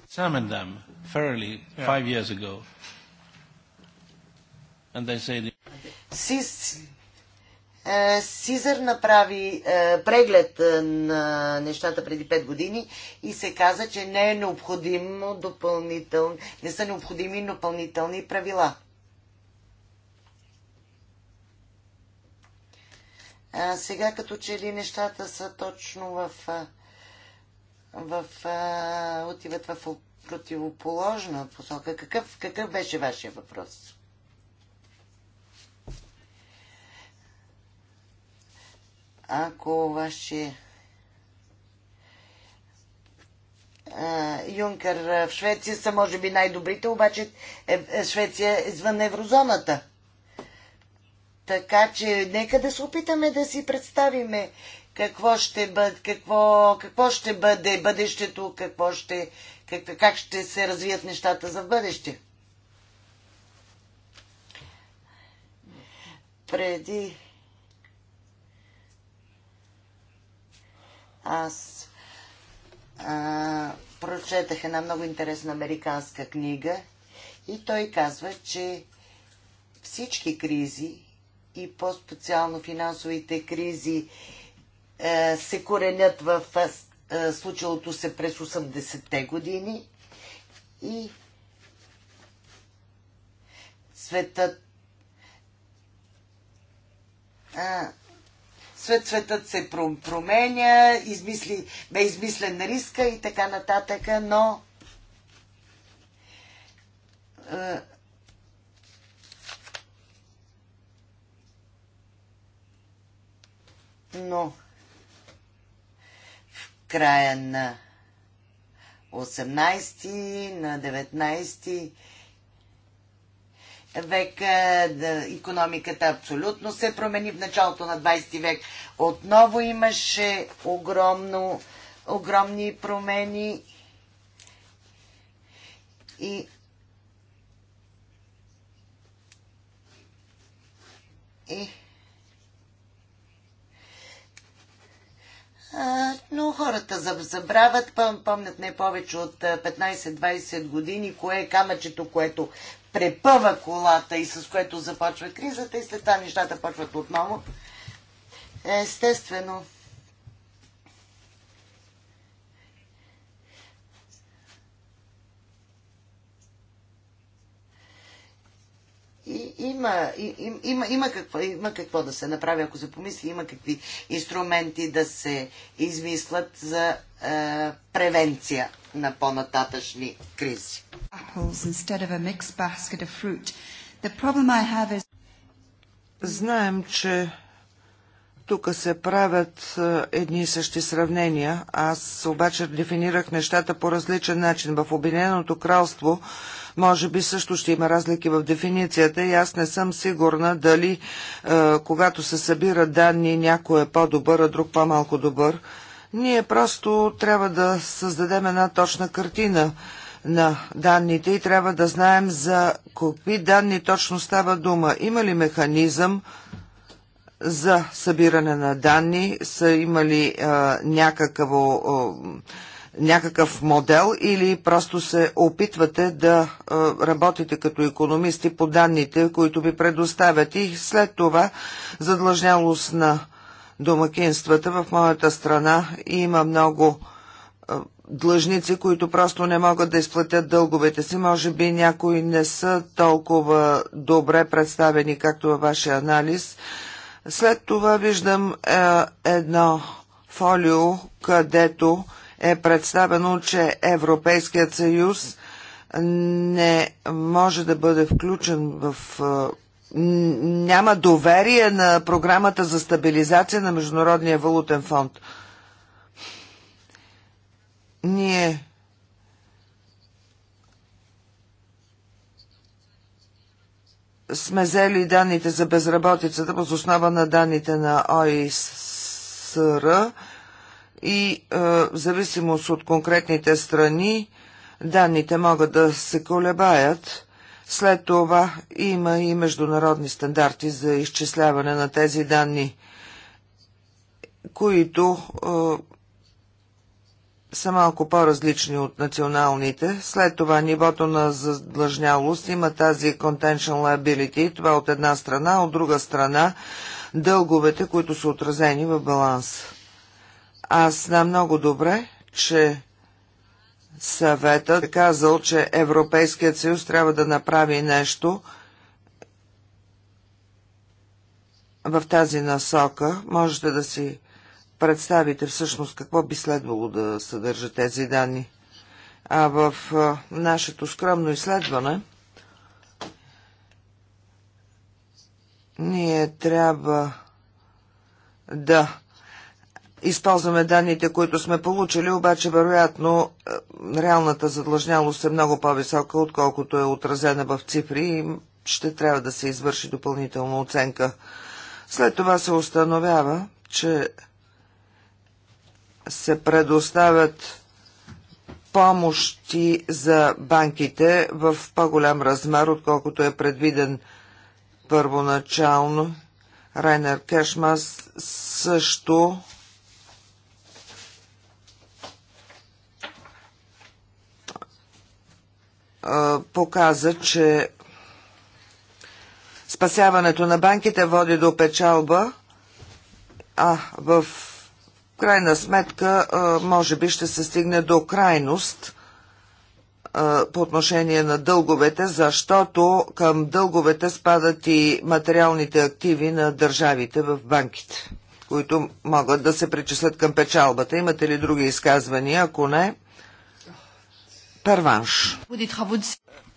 Examined them thoroughly yeah. five years ago. And they say the... Сис, е, Сизър направи е, преглед е, на нещата преди 5 години и се каза, че не е необходимо допълнител, не са необходими допълнителни правила. сега като че ли нещата са точно в, в, в отиват в противоположна посока. Какъв, какъв беше вашия въпрос? Ако ваши, Юнкър в Швеция са може би най-добрите, обаче е, е, Швеция е извън еврозоната. Така че нека да се опитаме да си представиме какво ще бъде, какво, какво ще бъде бъдещето, какво ще, как, как ще се развият нещата за бъдеще. Преди аз а, прочетах една много интересна американска книга и той казва, че всички кризи и по-специално финансовите кризи е, се коренят в е, е, случилото се през 80-те години и светът свет светът се променя, измисли, бе измислен риска и така нататък, но но в края на 18, на 19 век економиката абсолютно се промени. В началото на 20 век отново имаше огромно, огромни промени и и но хората забравят, помнят не повече от 15-20 години, кое е камъчето, което препъва колата и с което започва кризата и след това нещата почват отново. Естествено, И, има, и, има, има, какво, има какво да се направи, ако се помисли, има какви инструменти да се измислят за е, превенция на по-нататъчни кризи. Знаем, че тук се правят е, едни и същи сравнения. Аз обаче дефинирах нещата по различен начин. В Обединеното кралство може би също ще има разлики в дефиницията и аз не съм сигурна дали е, когато се събира данни някой е по-добър, а друг по-малко добър. Ние просто трябва да създадем една точна картина на данните и трябва да знаем за какви данни точно става дума. Има ли механизъм за събиране на данни? Са имали е, някакво Е, някакъв модел или просто се опитвате да е, работите като економисти по данните, които ви предоставят и след това задлъжнялост на домакинствата в моята страна има много е, длъжници, които просто не могат да изплатят дълговете си. Може би някои не са толкова добре представени, както във вашия анализ. След това виждам е, едно фолио, където е представено, че Европейският съюз не може да бъде включен в е, няма доверие на програмата за стабилизация на Международния валутен фонд. Ние сме взели данните за безработицата по основа на данните на ОИСР и е, в зависимост от конкретните страни данните могат да се колебаят. След това има и международни стандарти за изчисляване на тези данни, които е, са малко по-различни от националните. След това нивото на задлъжнялост има тази contention liability, това от една страна, от друга страна дълговете, които са отразени в баланс. Аз знам много добре, че съветът е казал, че Европейският съюз трябва да направи нещо в тази насока. Можете да си представите всъщност какво би следвало да съдържа тези данни. А в нашето скромно изследване ние трябва да използваме данните, които сме получили, обаче вероятно е, реалната задлъжнялост е много по-висока, отколкото е отразена в цифри и ще трябва да се извърши допълнителна оценка. След това се установява, че се предоставят помощи за банките в по-голям размер, отколкото е предвиден първоначално. Райнер Кешмас също показа, че спасяването на банките води до печалба, а в крайна сметка може би ще се стигне до крайност по отношение на дълговете, защото към дълговете спадат и материалните активи на държавите в банките, които могат да се причислят към печалбата. Имате ли други изказвания? Ако не, Перванш.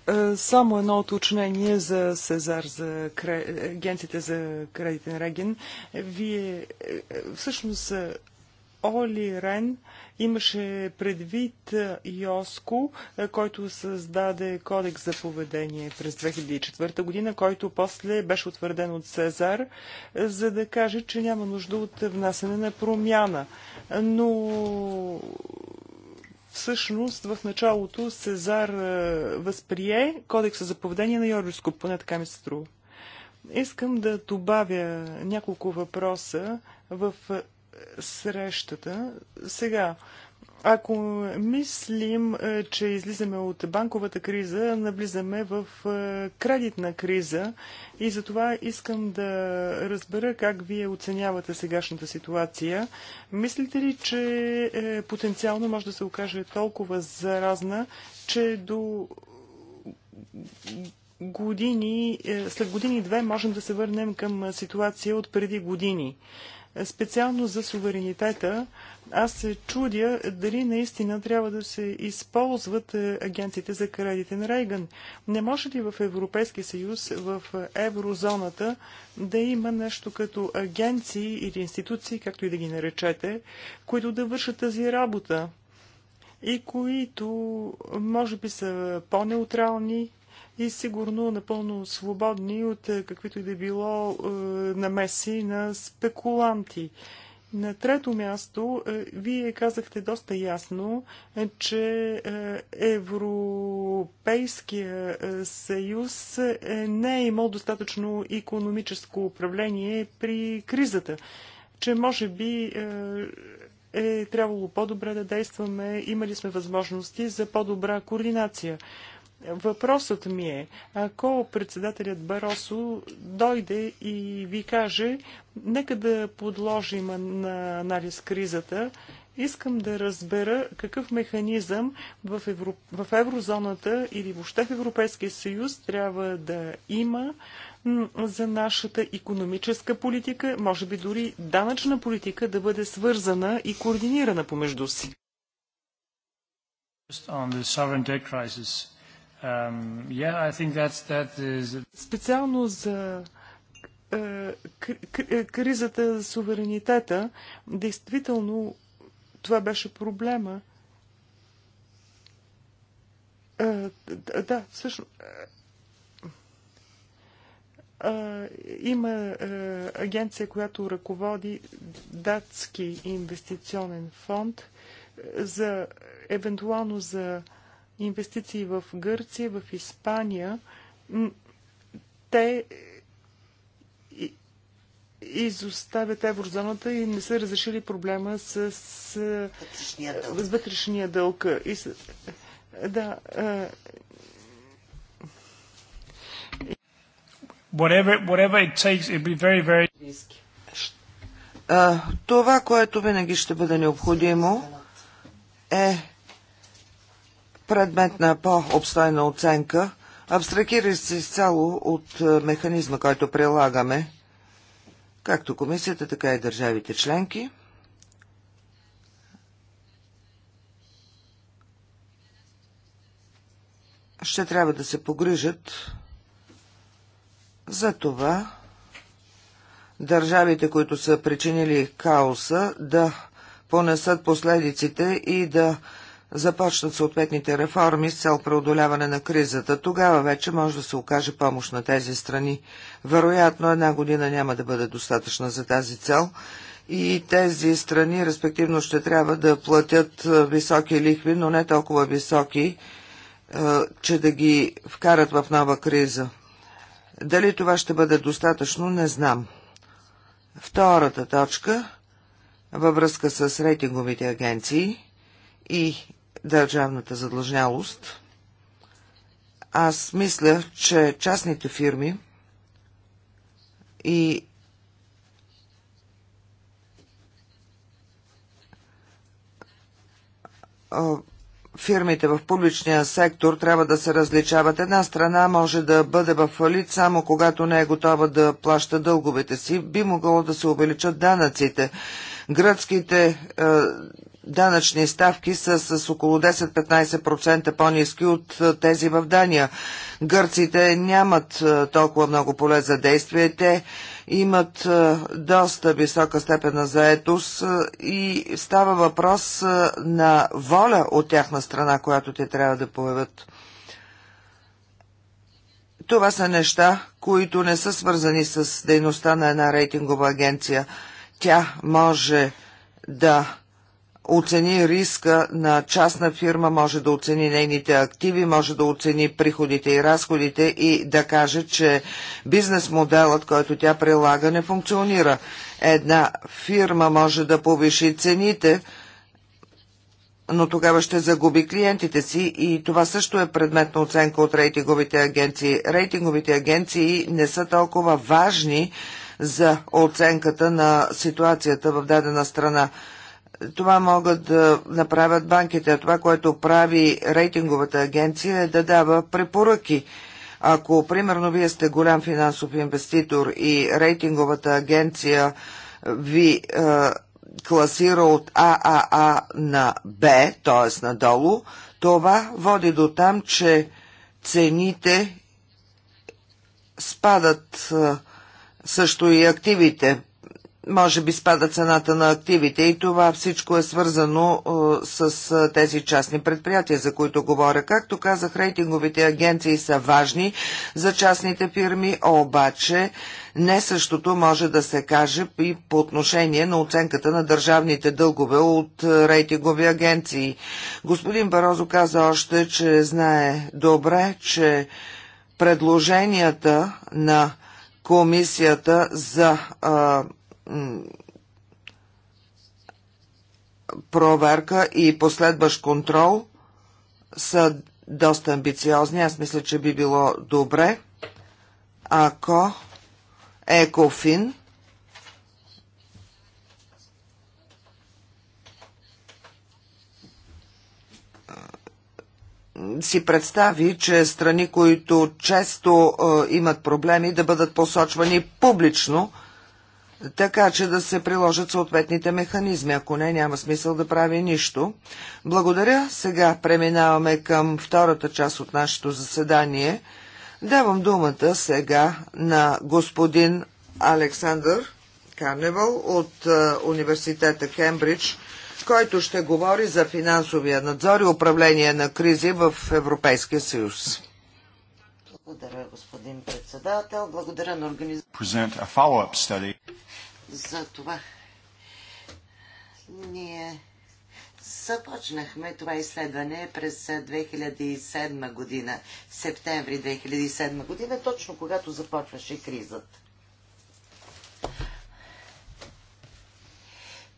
Е, само едно уточнение за Сезар, за агенците агенцията за кредитен реген. Вие е, е, всъщност Оли Рен имаше предвид Йоско, който създаде кодекс за поведение през 2004 година, който после беше утвърден от Сезар, за да каже, че няма нужда от внасене на промяна. Но Всъщност в началото Сезар е, възприе кодекса за поведение на Йорджиско, поне така ми се струва. Искам да добавя няколко въпроса в е, срещата. Сега, ако мислим, е, че излизаме от банковата криза, навлизаме в е, кредитна криза и затова искам да разбера как вие оценявате сегашната ситуация. Мислите ли, че е, потенциално може да се окаже толкова заразна, че до години, след години-две можем да се върнем към ситуация от преди години? Специално за суверенитета, аз се чудя дали наистина трябва да се използват е, агенците за на Рейган. Не може ли в Европейския съюз, в еврозоната, да има нещо като агенции или институции, както и да ги наречете, които да вършат тази работа? и които може би са по-неутрални, и сигурно напълно свободни от е, каквито и да е било е, намеси на спекуланти. На трето място, вие казахте доста ясно, че Европейския съюз не е имал достатъчно економическо управление при кризата, че може би е трябвало по-добре да действаме, имали сме възможности за по-добра координация. Въпросът ми е, ако председателят Баросо дойде и ви каже, нека да подложим на анализ кризата, искам да разбера какъв механизъм в, евро... в еврозоната или въобще в Европейския съюз трябва да има за нашата економическа политика, може би дори данъчна политика да бъде свързана и координирана помежду си. Um, yeah, that's, that is... Специално за е, е, кризата за суверенитета, действително това беше проблема. Е, да, всъщност. има агенция, която ръководи датски инвестиционен фонд за евентуално за инвестиции в Гърция, в Испания, те изоставят еврозоната и не са разрешили проблема с, вътрешния дълг. С вътрешния дълг. И с, да, whatever, whatever it takes, it'll be very, very... това, което винаги ще бъде необходимо е предмет на по-обстойна оценка, абстракира се изцяло от е, механизма, който прилагаме, както комисията, така и държавите членки. Ще трябва да се погрижат за това държавите, които са причинили хаоса, да понесат последиците и да започнат съответните реформи с цел преодоляване на кризата, тогава вече може да се окаже помощ на тези страни. Вероятно една година няма да бъде достатъчна за тази цел и тези страни респективно ще трябва да платят високи лихви, но не толкова високи, че да ги вкарат в нова криза. Дали това ще бъде достатъчно, не знам. Втората точка във връзка с рейтинговите агенции и държавната задлъжнялост, аз мисля, че частните фирми и фирмите в публичния сектор трябва да се различават. Една страна може да бъде в фалит само когато не е готова да плаща дълговете си. Би могло да се увеличат данъците. Гръцките данъчни ставки са с около 10-15% по-низки от тези в Дания. Гърците нямат толкова много поле за действие. Те имат доста висока степен на заетост и става въпрос на воля от тяхна страна, която те трябва да появят. Това са неща, които не са свързани с дейността на една рейтингова агенция. Тя може да оцени риска на частна фирма, може да оцени нейните активи, може да оцени приходите и разходите и да каже, че бизнес моделът, който тя прилага, не функционира. Една фирма може да повиши цените, но тогава ще загуби клиентите си и това също е предмет на оценка от рейтинговите агенции. Рейтинговите агенции не са толкова важни за оценката на ситуацията в дадена страна това могат да направят банките. Това, което прави рейтинговата агенция е да дава препоръки. Ако, примерно, вие сте голям финансов инвеститор и рейтинговата агенция ви е, класира от ААА на Б, т.е. надолу, това води до там, че цените спадат е, също и активите може би спада цената на активите и това всичко е свързано а, е, с е, тези частни предприятия, за които говоря. Както казах, рейтинговите агенции са важни за частните фирми, обаче не същото може да се каже и по отношение на оценката на държавните дългове от е, рейтингови агенции. Господин Барозо каза още, че знае добре, че предложенията на комисията за а, проверка и последващ контрол са доста амбициозни. Аз мисля, че би било добре, ако Екофин си представи, че страни, които често е, имат проблеми, да бъдат посочвани публично така че да се приложат съответните механизми. Ако не, няма смисъл да прави нищо. Благодаря. Сега преминаваме към втората част от нашето заседание. Давам думата сега на господин Александър Карневал от е, университета Кембридж, който ще говори за финансовия надзор и управление на кризи в Европейския съюз. Благодаря, господин председател. Благодаря на организацията. За това ние започнахме това изследване през 2007 е, година, септември 2007 година, точно когато започваше кризата.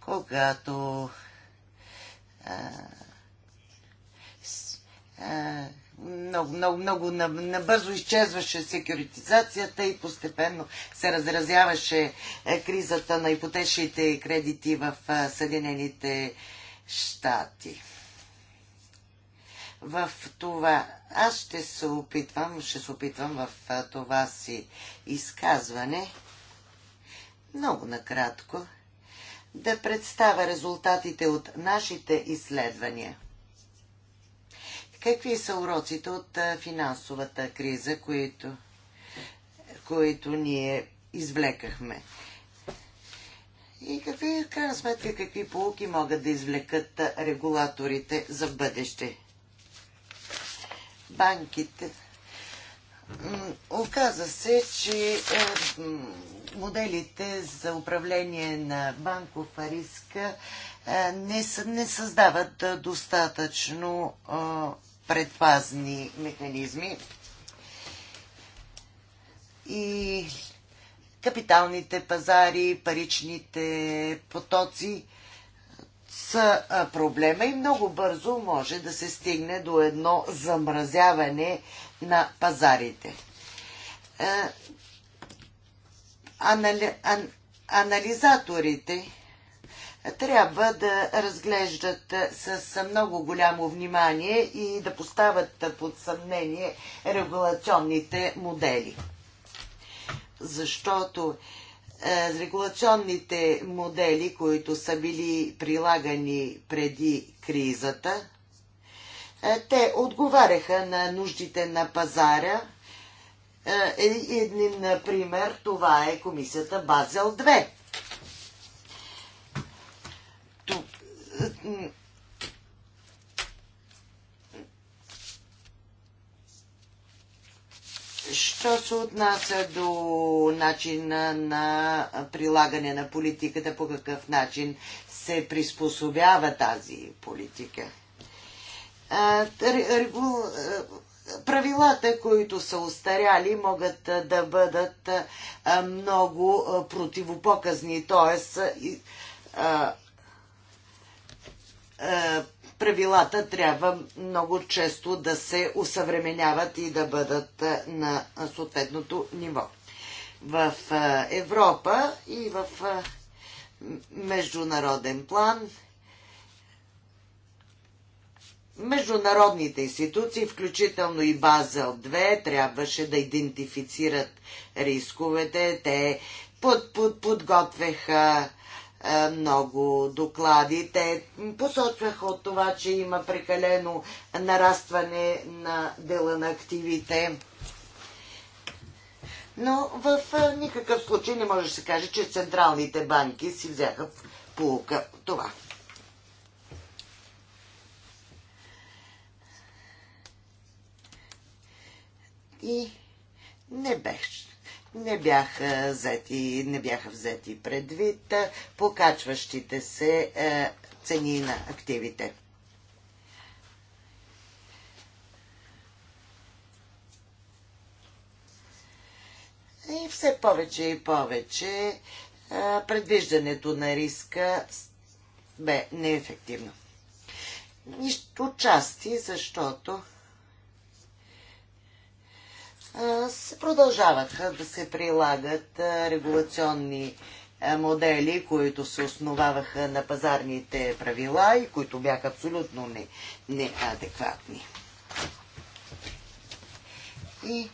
Когато а, с, а, много, много, много набързо изчезваше секюритизацията и постепенно се разразяваше е, кризата на ипотечните кредити в е, Съединените щати. В това аз ще се опитвам, ще се опитвам в е, това си изказване много накратко да представя резултатите от нашите изследвания. Какви са уроците от финансовата криза, които, които ние извлекахме? И какви, в крайна сметка, какви полуки могат да извлекат регулаторите за бъдеще? Банките. Оказа се, че е, моделите за управление на банков риск е, не, не създават достатъчно предпазни механизми и капиталните пазари, паричните потоци са проблема и много бързо може да се стигне до едно замразяване на пазарите. Анали... Анализаторите трябва да разглеждат с много голямо внимание и да поставят под съмнение регулационните модели. Защото е, регулационните модели, които са били прилагани преди кризата, е, те отговаряха на нуждите на пазара. Е, един, например, това е комисията Базел 2 Що се отнася до начина на прилагане на политиката, по какъв начин се приспособява тази политика? Правилата, които са устаряли, могат да бъдат много противопоказни, т.е. Е, правилата трябва много често да се усъвременяват и да бъдат е, на съответното ниво. В е, Европа и в международен план Международните институции, включително и Базел 2, трябваше да идентифицират рисковете. Те под, под, подготвяха е, много доклади. Те посочваха от това, че има прекалено нарастване на дела на активите. Но в е, никакъв случай не може да се каже, че централните банки си взеха полука това. И не беше не бяха взети, не бяха взети предвид покачващите се е, цени на активите. И все повече и повече е, предвиждането на риска бе неефективно. части, защото продължаваха да се прилагат регулационни модели, които се основаваха на пазарните правила и които бяха абсолютно не, неадекватни. И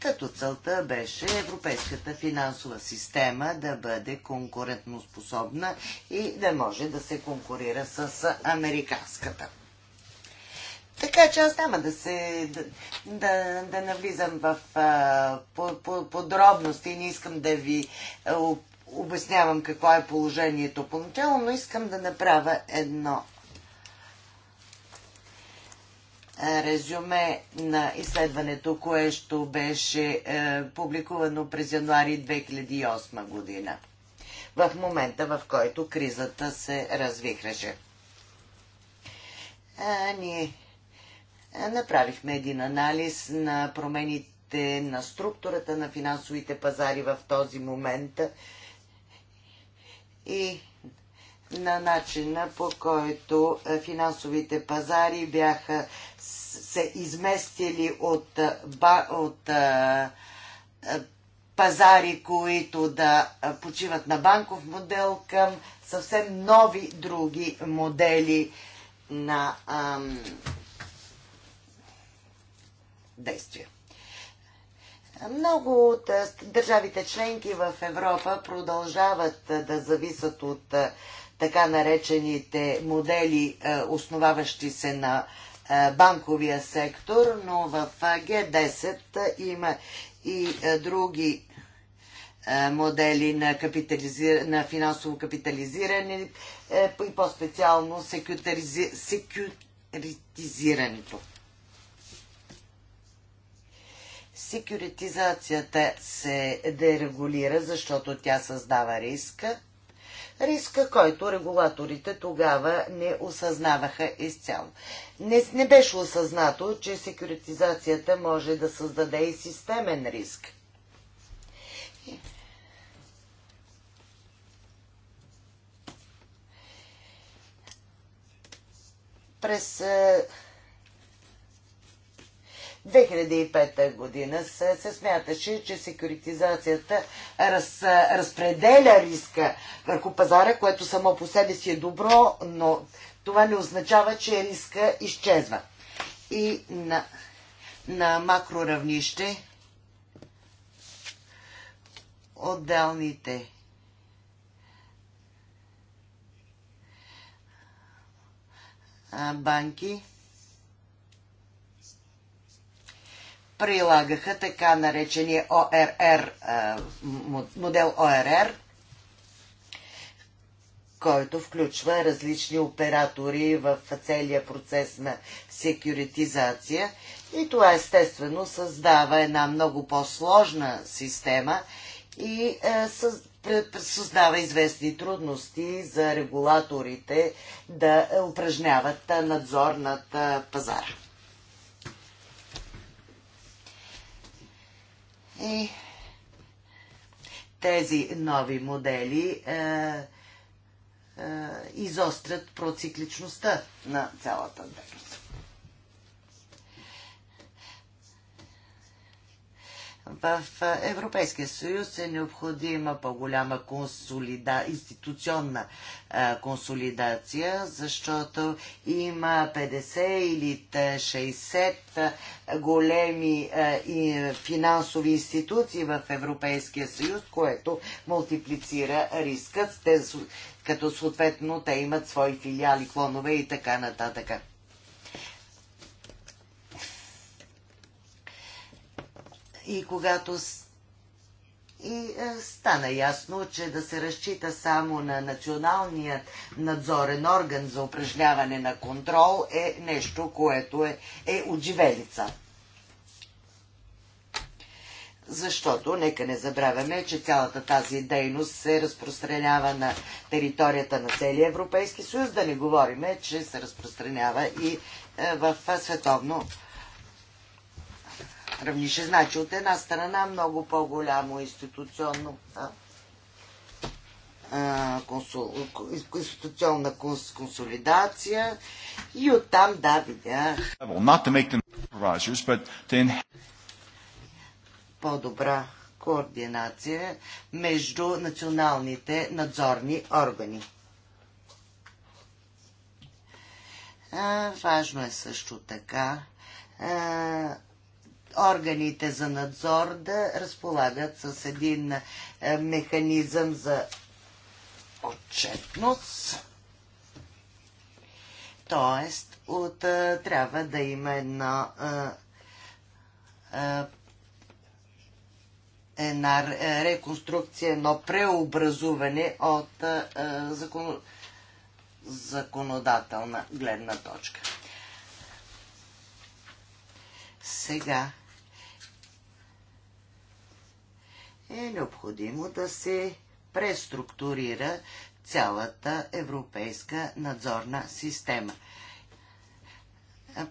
като целта беше европейската финансова система да бъде конкурентноспособна и да може да се конкурира с американската. Така че аз няма да се да, да, да навлизам в а, по, по, подробности и не искам да ви а, обяснявам какво е положението поначало, но искам да направя едно резюме на изследването, което беше е, публикувано през януари 2008 година, в момента в който кризата се развихреше. А, ние Направихме един анализ на промените на структурата на финансовите пазари в този момент и на начина по който е, финансовите пазари бяха се изместили от, е, от е, пазари, които да почиват на банков модел към съвсем нови други модели на ам, действия. Много от държавите членки в Европа продължават да зависят от така наречените модели, основаващи се на банковия сектор, но в Г10 има и други модели на, капитализир... на финансово капитализиране и по-специално секюритизирането. секюритизацията се дерегулира, защото тя създава риска. Риска, който регулаторите тогава не осъзнаваха изцяло. Не, не беше осъзнато, че секюритизацията може да създаде и системен риск. През е, 2005 година се, се смяташе, че секюритизацията раз, разпределя риска върху пазара, което само по себе си е добро, но това не означава, че риска изчезва. И на, на макроравнище отделните банки прилагаха така наречения ОРР, модел ОРР, който включва различни оператори в целия процес на секюритизация. И това естествено създава една много по-сложна система и е, създава известни трудности за регулаторите да упражняват надзор над пазара. И тези нови модели е, е, изострят процикличността на цялата дейност. В Европейския съюз е необходима по-голяма консолида... институционна а, консолидация, защото има 50 или 60 големи а, и финансови институции в Европейския съюз, което мултиплицира риска, като съответно те имат свои филиали, клонове и така нататък. И когато и е, стана ясно, че да се разчита само на националният надзорен орган за упражняване на контрол е нещо, което е, е отживелица. Защото, нека не забравяме, че цялата тази дейност се разпространява на територията на целия Европейски съюз, да не говориме, че се разпространява и е, в е, световно равнище. Значи от една страна много по-голямо институционно а, консул, институционна конс, консолидация и оттам да видях по-добра координация между националните надзорни органи. А, важно е също така а, органите за надзор да разполагат с един е, механизъм за отчетност. Тоест, от, е, трябва да има е, една една реконструкция, едно преобразуване от закон... законодателна гледна точка. Сега е необходимо да се преструктурира цялата европейска надзорна система.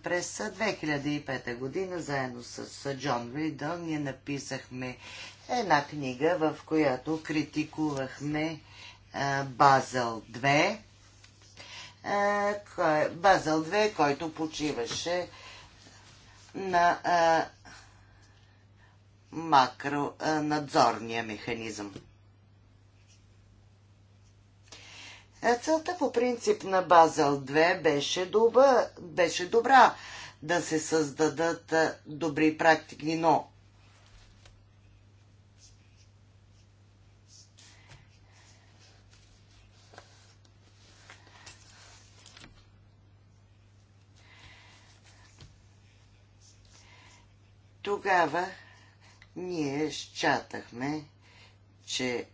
През 2005 година, заедно с Джон Ридън, ние написахме една книга, в която критикувахме Базел 2, Базел 2, който почиваше на макронадзорния механизъм. Е, целта по принцип на Базел 2 беше, доба, беше добра да се създадат е, добри практики, но тогава ние счатахме, че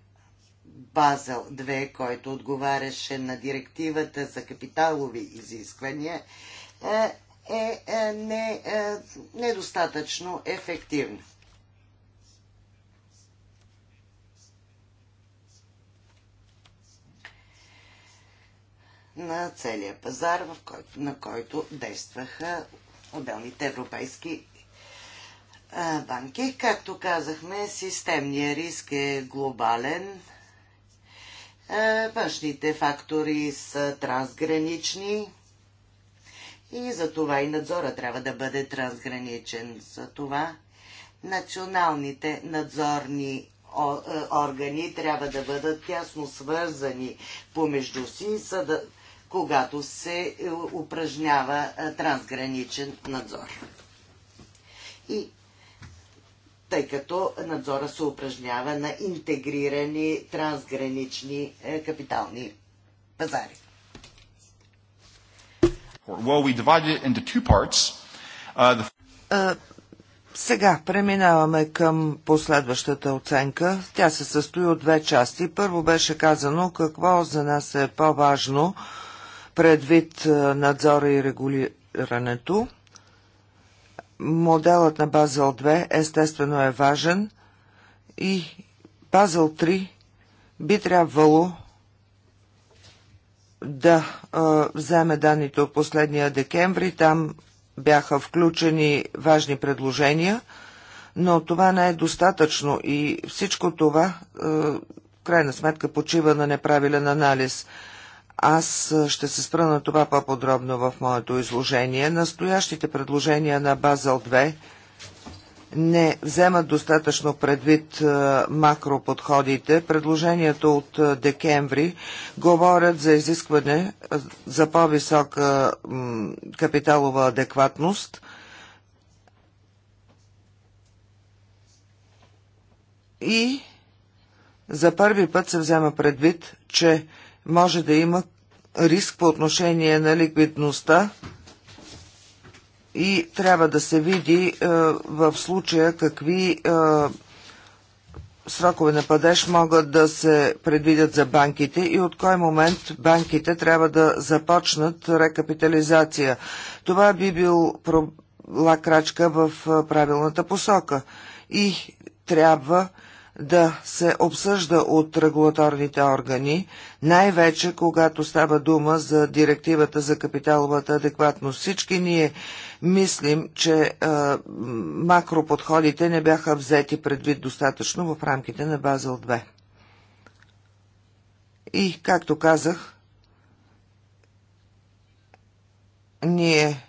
Базел 2, който отговаряше на директивата за капиталови изисквания, е, е, е не, е недостатъчно ефективно. на целия пазар, в който, на който действаха отделните европейски банки. Както казахме, системният риск е глобален. Външните фактори са трансгранични и за това и надзора трябва да бъде трансграничен. За това националните надзорни е, органи трябва да бъдат тясно свързани помежду си, за да, когато се е, упражнява е, трансграничен надзор. И тъй като надзора се упражнява на интегрирани трансгранични е, капитални пазари. Well, we into two parts. Uh, the... uh, сега преминаваме към последващата оценка. Тя се състои от две части. Първо беше казано какво за нас е по-важно предвид надзора и регулирането. Моделът на Базел 2 естествено е важен и Базел 3 би трябвало да а, вземе данните от последния декември. Там бяха включени важни предложения, но това не е достатъчно и всичко това а, в крайна сметка почива на неправилен анализ. Аз ще се спра на това по-подробно в моето изложение. Настоящите предложения на Базел 2 не вземат достатъчно предвид макроподходите. Предложението от декември говорят за изискване за по-висока капиталова адекватност и за първи път се взема предвид, че може да има риск по отношение на ликвидността и трябва да се види е, в случая какви е, срокове на падеж могат да се предвидят за банките и от кой момент банките трябва да започнат рекапитализация. Това би бил прола крачка в е, правилната посока и трябва да се обсъжда от регулаторните органи, най-вече когато става дума за директивата за капиталовата адекватност. Всички ние мислим, че а, макроподходите не бяха взети предвид достатъчно в рамките на Базел 2. И, както казах, ние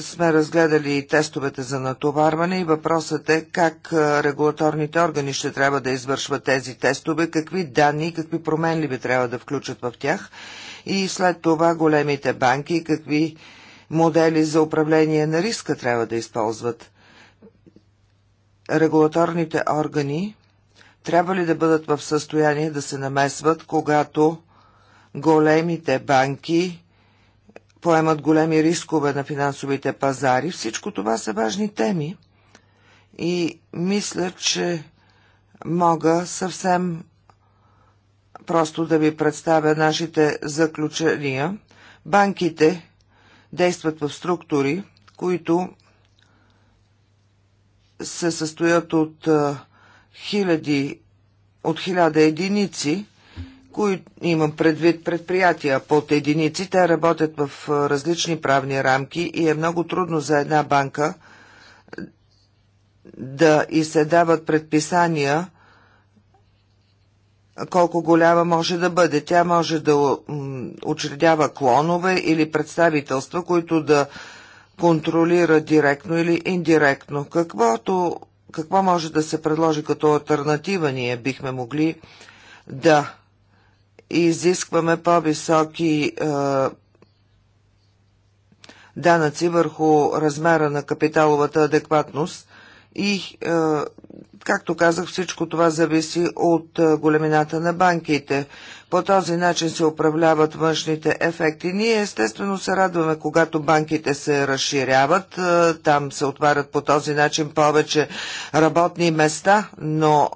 сме разгледали тестовете за натоварване и въпросът е как регулаторните органи ще трябва да извършват тези тестове, какви данни и какви променливи трябва да включат в тях и след това големите банки какви модели за управление на риска трябва да използват. Регулаторните органи трябва ли да бъдат в състояние да се намесват, когато големите банки поемат големи рискове на финансовите пазари. Всичко това са важни теми и мисля, че мога съвсем просто да ви представя нашите заключения. Банките действат в структури, които се състоят от хиляди, от хиляда единици които имам предвид предприятия под единици, те работят в различни правни рамки и е много трудно за една банка да и се дават предписания колко голяма може да бъде. Тя може да учредява клонове или представителства, които да контролира директно или индиректно. Каквото, какво може да се предложи като альтернатива ние бихме могли да изискваме по-високи е, данъци върху размера на капиталовата адекватност и, е, както казах, всичко това зависи от е, големината на банките. По този начин се управляват външните ефекти. Ние естествено се радваме, когато банките се разширяват, е, там се отварят по този начин повече работни места, но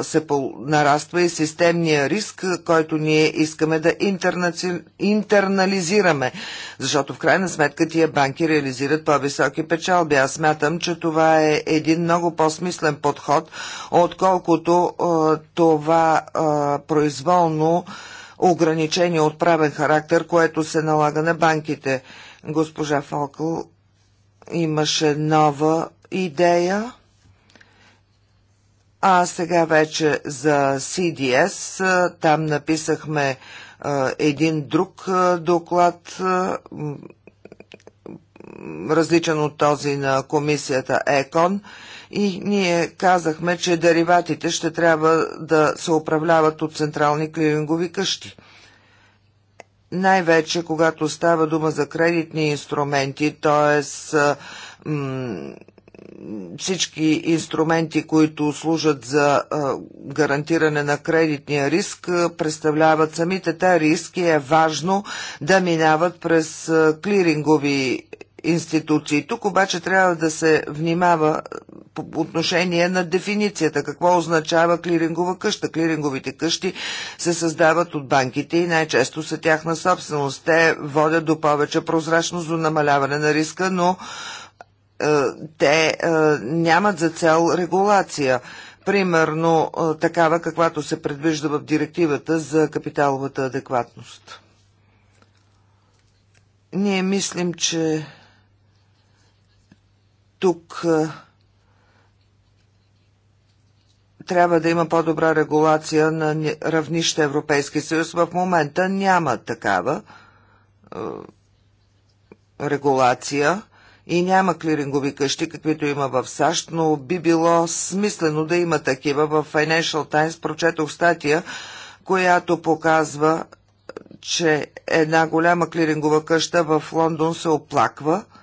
е, се нараства и системния риск, който ние искаме да интернаци... интернализираме, защото в крайна сметка тия банки реализират по-високи печалби. Аз смятам, че това е един много по-смислен подход, отколкото е, това произволно ограничение от правен характер, което се налага на банките. Госпожа Фокл имаше нова идея. А сега вече за CDS, там написахме един друг доклад, различен от този на комисията ЕКОН и ние казахме, че дериватите ще трябва да се управляват от централни клирингови къщи. Най-вече, когато става дума за кредитни инструменти, т.е. всички инструменти, които служат за гарантиране на кредитния риск, представляват самите те риски. Е важно да минават през клирингови институции. Тук обаче трябва да се внимава е, по отношение на дефиницията. Какво означава клирингова къща? Клиринговите къщи се създават от банките и най-често са тяхна собственост. Те водят до повече прозрачност, до намаляване на риска, но е, те е, нямат за цел регулация. Примерно е, такава, каквато се предвижда в директивата за капиталовата адекватност. Ние мислим, че тук трябва да има по-добра регулация на равнище Европейски съюз. В момента няма такава регулация и няма клирингови къщи, каквито има в САЩ, но би било смислено да има такива. В Financial Times прочетох статия, която показва, че една голяма клирингова къща в Лондон се оплаква –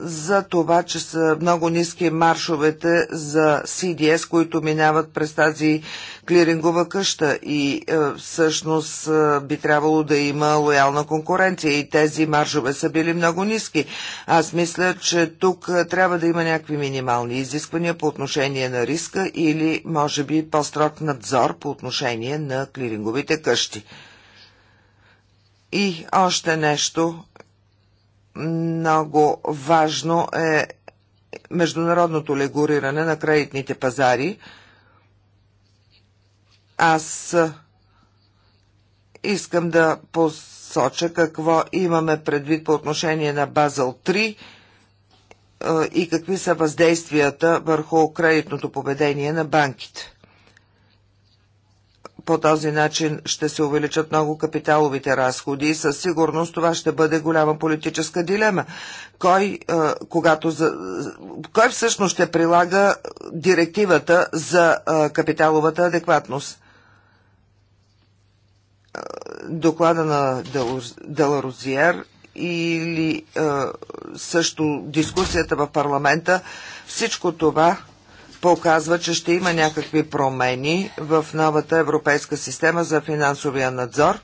за това, че са много ниски маршовете за CDS, които минават през тази клирингова къща и е, всъщност е, би трябвало да има лоялна конкуренция и тези маржове са били много ниски. Аз мисля, че тук трябва да има някакви минимални изисквания по отношение на риска или може би по-строг надзор по отношение на клиринговите къщи. И още нещо много важно е международното легуриране на кредитните пазари. Аз искам да посоча какво имаме предвид по отношение на Базъл 3 и какви са въздействията върху кредитното поведение на банките. По този начин ще се увеличат много капиталовите разходи и със сигурност това ще бъде голяма политическа дилема. Кой, е, когато за, кой всъщност ще прилага директивата за е, капиталовата адекватност? Е, доклада на Деларозиер или също дискусията в парламента, всичко това показва, че ще има някакви промени в новата европейска система за финансовия надзор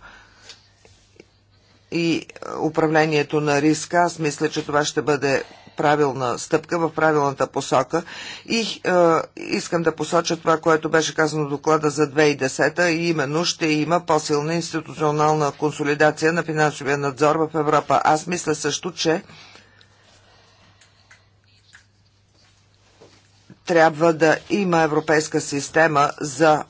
и управлението на риска. Аз мисля, че това ще бъде правилна стъпка в правилната посока и е, искам да посоча това, което беше казано в доклада за 2010 и именно ще има по-силна институционална консолидация на финансовия надзор в Европа. Аз мисля също, че трябва да има европейска система за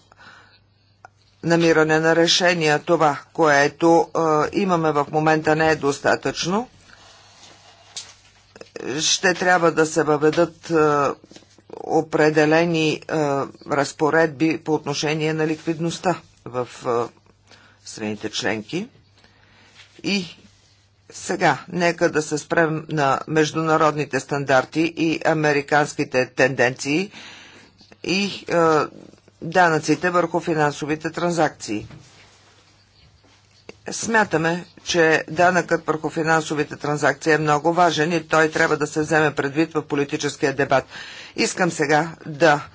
намиране на решения. Това, което е, имаме в момента не е достатъчно. Ще трябва да се въведат е, определени е, разпоредби по отношение на ликвидността в е, страните членки. И сега, нека да се спрем на международните стандарти и американските тенденции и е, данъците върху финансовите транзакции. Смятаме, че данъкът върху финансовите транзакции е много важен и той трябва да се вземе предвид в политическия дебат. Искам сега да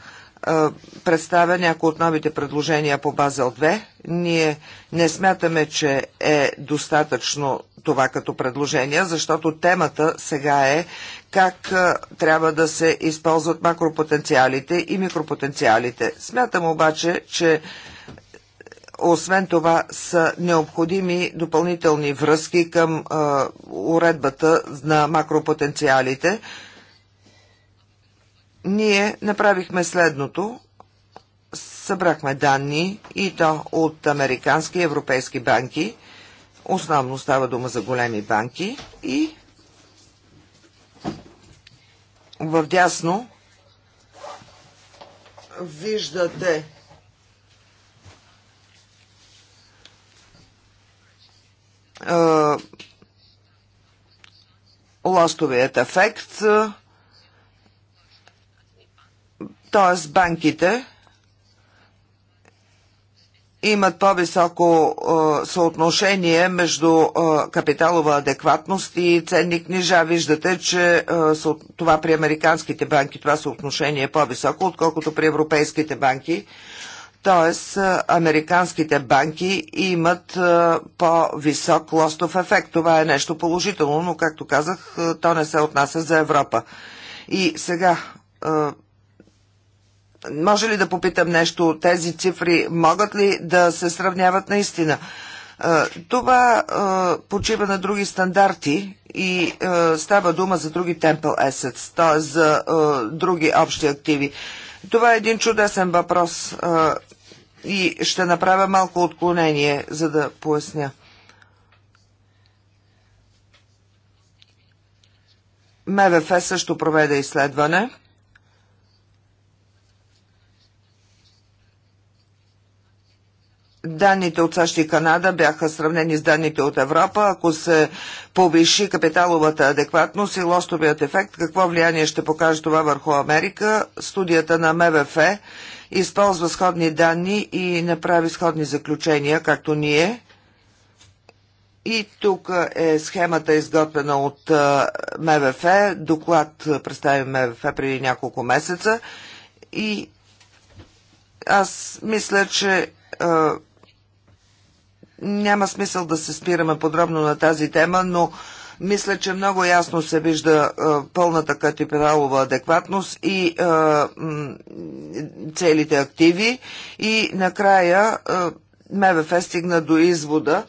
представя някои от новите предложения по Базел 2. Ние не смятаме, че е достатъчно това като предложение, защото темата сега е как трябва да се използват макропотенциалите и микропотенциалите. Смятам обаче, че е, освен това са необходими допълнителни връзки към уредбата на макропотенциалите, ние направихме следното. Събрахме данни и то от американски и европейски банки. Основно става дума за големи банки и в дясно виждате е, лостовият ефект т.е. банките имат по-високо съотношение между капиталова адекватност и ценни книжа. Виждате, че това при американските банки това съотношение е по-високо, отколкото при европейските банки. Т.е. американските банки имат по-висок лостов ефект. Това е нещо положително, но както казах, то не се отнася за Европа. И сега може ли да попитам нещо? Тези цифри могат ли да се сравняват наистина? Е, това е, почива на други стандарти и е, става дума за други Temple Assets, т.е. за други общи активи. Това е един чудесен въпрос и ще направя малко отклонение, за да поясня. МВФ също проведе изследване – данните от САЩ и Канада бяха сравнени с данните от Европа. Ако се повиши капиталовата адекватност и лостовият ефект, какво влияние ще покаже това върху Америка? Студията на МВФ използва сходни данни и направи сходни заключения, както ние. И тук е схемата изготвена от МВФ. Доклад представи МВФ преди няколко месеца. И аз мисля, че няма смисъл да се спираме подробно на тази тема, но мисля, че много ясно се вижда а, е, пълната капиталова адекватност и е, целите активи. И накрая а, е, МВФ стигна до извода,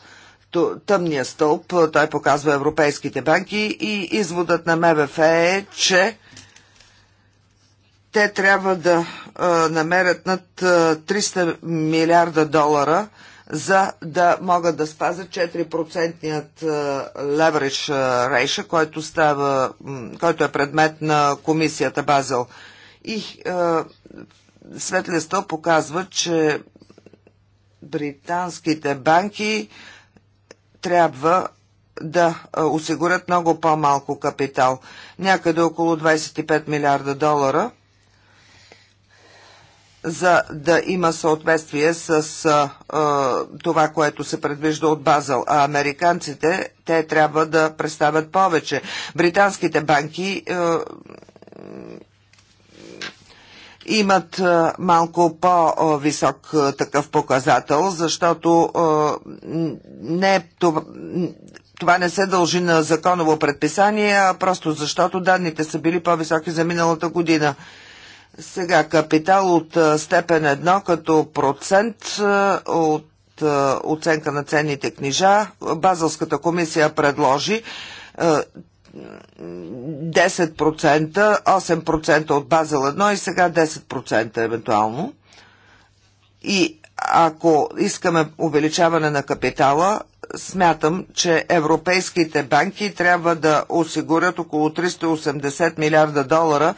тъмния стълб, е, той показва европейските банки и изводът на МВФ е, че те трябва да намерят над 300 милиарда долара за да могат да спазят 4-процентният leverage ratio, който, става, който е предмет на комисията Базел. И е, светлиста показва, че британските банки трябва да е, осигурят много по-малко капитал, някъде около 25 милиарда долара, за да има съответствие с а, а, това, което се предвижда от Базъл. А американците, те трябва да представят повече. Британските банки а, имат а, малко по-висок такъв показател, защото а, не това, това не се дължи на законово предписание, а просто защото данните са били по-високи за миналата година. Сега капитал от степен 1 като процент от оценка на ценните книжа. Базълската комисия предложи 10%, 8% от Базел 1 и сега 10% евентуално. И ако искаме увеличаване на капитала, смятам, че европейските банки трябва да осигурят около 380 милиарда долара,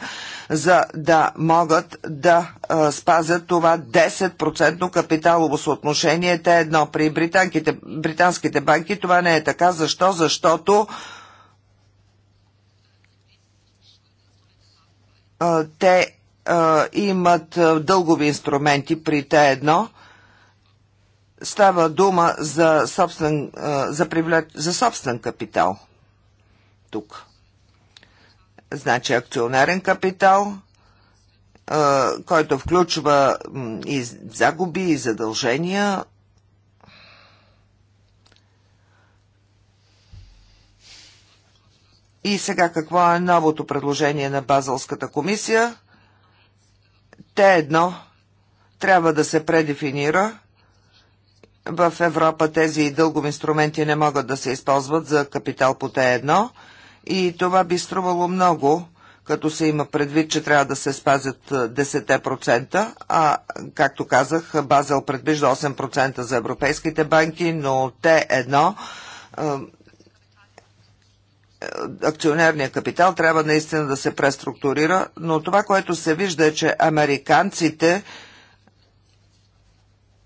за да могат да а, спазят това 10% капиталово съотношение. Те едно при британките, британските банки това не е така. Защо? Защото а, те а, имат дългови инструменти при Т1 става дума за собствен, за, привлеч, за собствен капитал. Тук. Значи акционерен капитал, който включва и загуби, и задължения. И сега какво е новото предложение на Базалската комисия? Те едно трябва да се предефинира – в Европа тези дългови инструменти не могат да се използват за капитал по Т1 и това би струвало много, като се има предвид, че трябва да се спазят 10%, а както казах, Базел предвижда 8% за европейските банки, но Т1 акционерния капитал трябва наистина да се преструктурира, но това, което се вижда е, че американците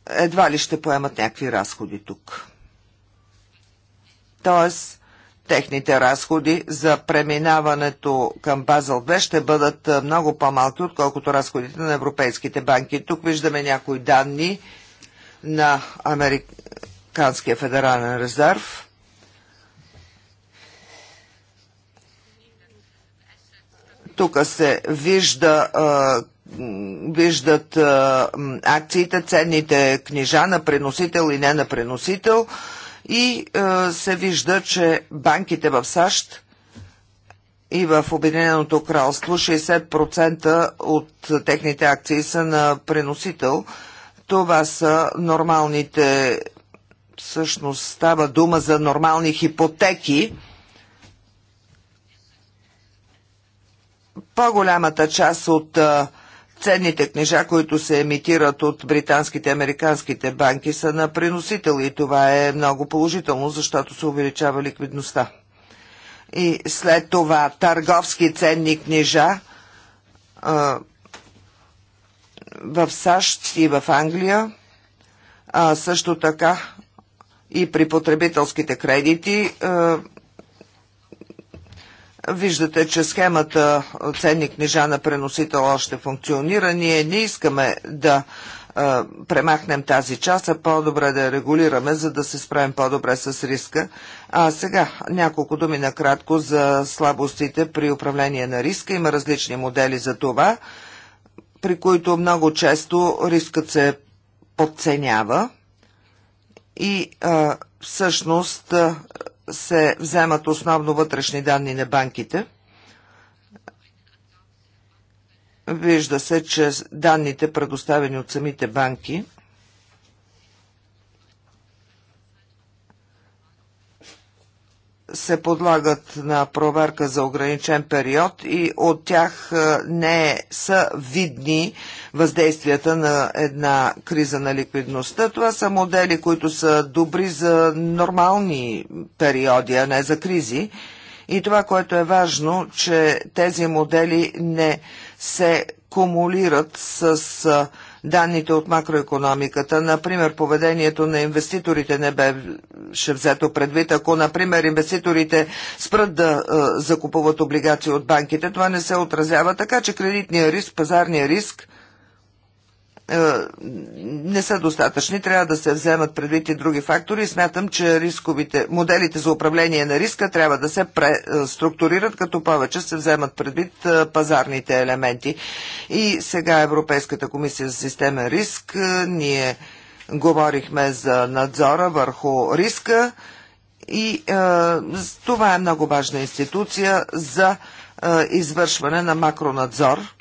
едва ли ще поемат някакви разходи тук. Тоест, техните разходи за преминаването към Базъл 2 ще бъдат много по-малки, отколкото разходите на европейските банки. Тук виждаме някои данни на Американския федерален резерв. Тук се вижда виждат акциите, ценните книжа на преносител и не на преносител и се вижда, че банките в САЩ и в Обединеното кралство 60% от техните акции са на преносител. Това са нормалните, всъщност става дума за нормални хипотеки. По-голямата част от а, ценните книжа, които се емитират от британските и американските банки, са на приносители и това е много положително, защото се увеличава ликвидността. И след това търговски ценни книжа а, в САЩ и в Англия, а също така и при потребителските кредити а, Виждате, че схемата ценни книжа на преносител още функционира. Ние не искаме да е, премахнем тази част, а по-добре да я регулираме, за да се справим по-добре с риска. А сега няколко думи накратко за слабостите при управление на риска. Има различни модели за това, при които много често рискът се подценява и а, е, всъщност е, се вземат основно вътрешни данни на банките. Вижда се, че данните, предоставени от самите банки, се подлагат на проверка за ограничен период и от тях е, не са видни въздействията на една криза на ликвидността. Това са модели, които са добри за нормални периоди, а не за кризи. И това, което е важно, че тези модели не се кумулират с данните от макроекономиката. Например, поведението на инвеститорите не беше взето предвид. Ако, например, инвеститорите спрат да е, закупуват облигации от банките, това не се отразява. Така че кредитния риск, пазарния риск е, не са достатъчни. Трябва да се вземат предвид и други фактори. Смятам, че рисковите, моделите за управление на риска трябва да се преструктурират, като повече се вземат предвид е, пазарните елементи. И сега Европейската комисия за системен риск. Е, ние говорихме за надзора върху риска и е, това е много важна институция за е, извършване на макронадзор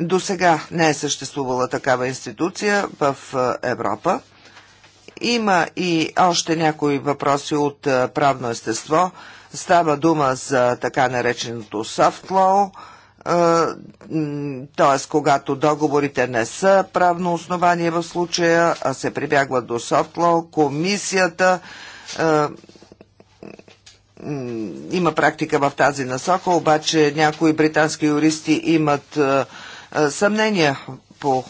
до сега не е съществувала такава институция в Европа. Има и още някои въпроси от правно естество. Става дума за така нареченото soft law, т.е. когато договорите не са правно основание в случая, а се прибягват до soft law, комисията има практика в тази насока, обаче някои британски юристи имат съмнения по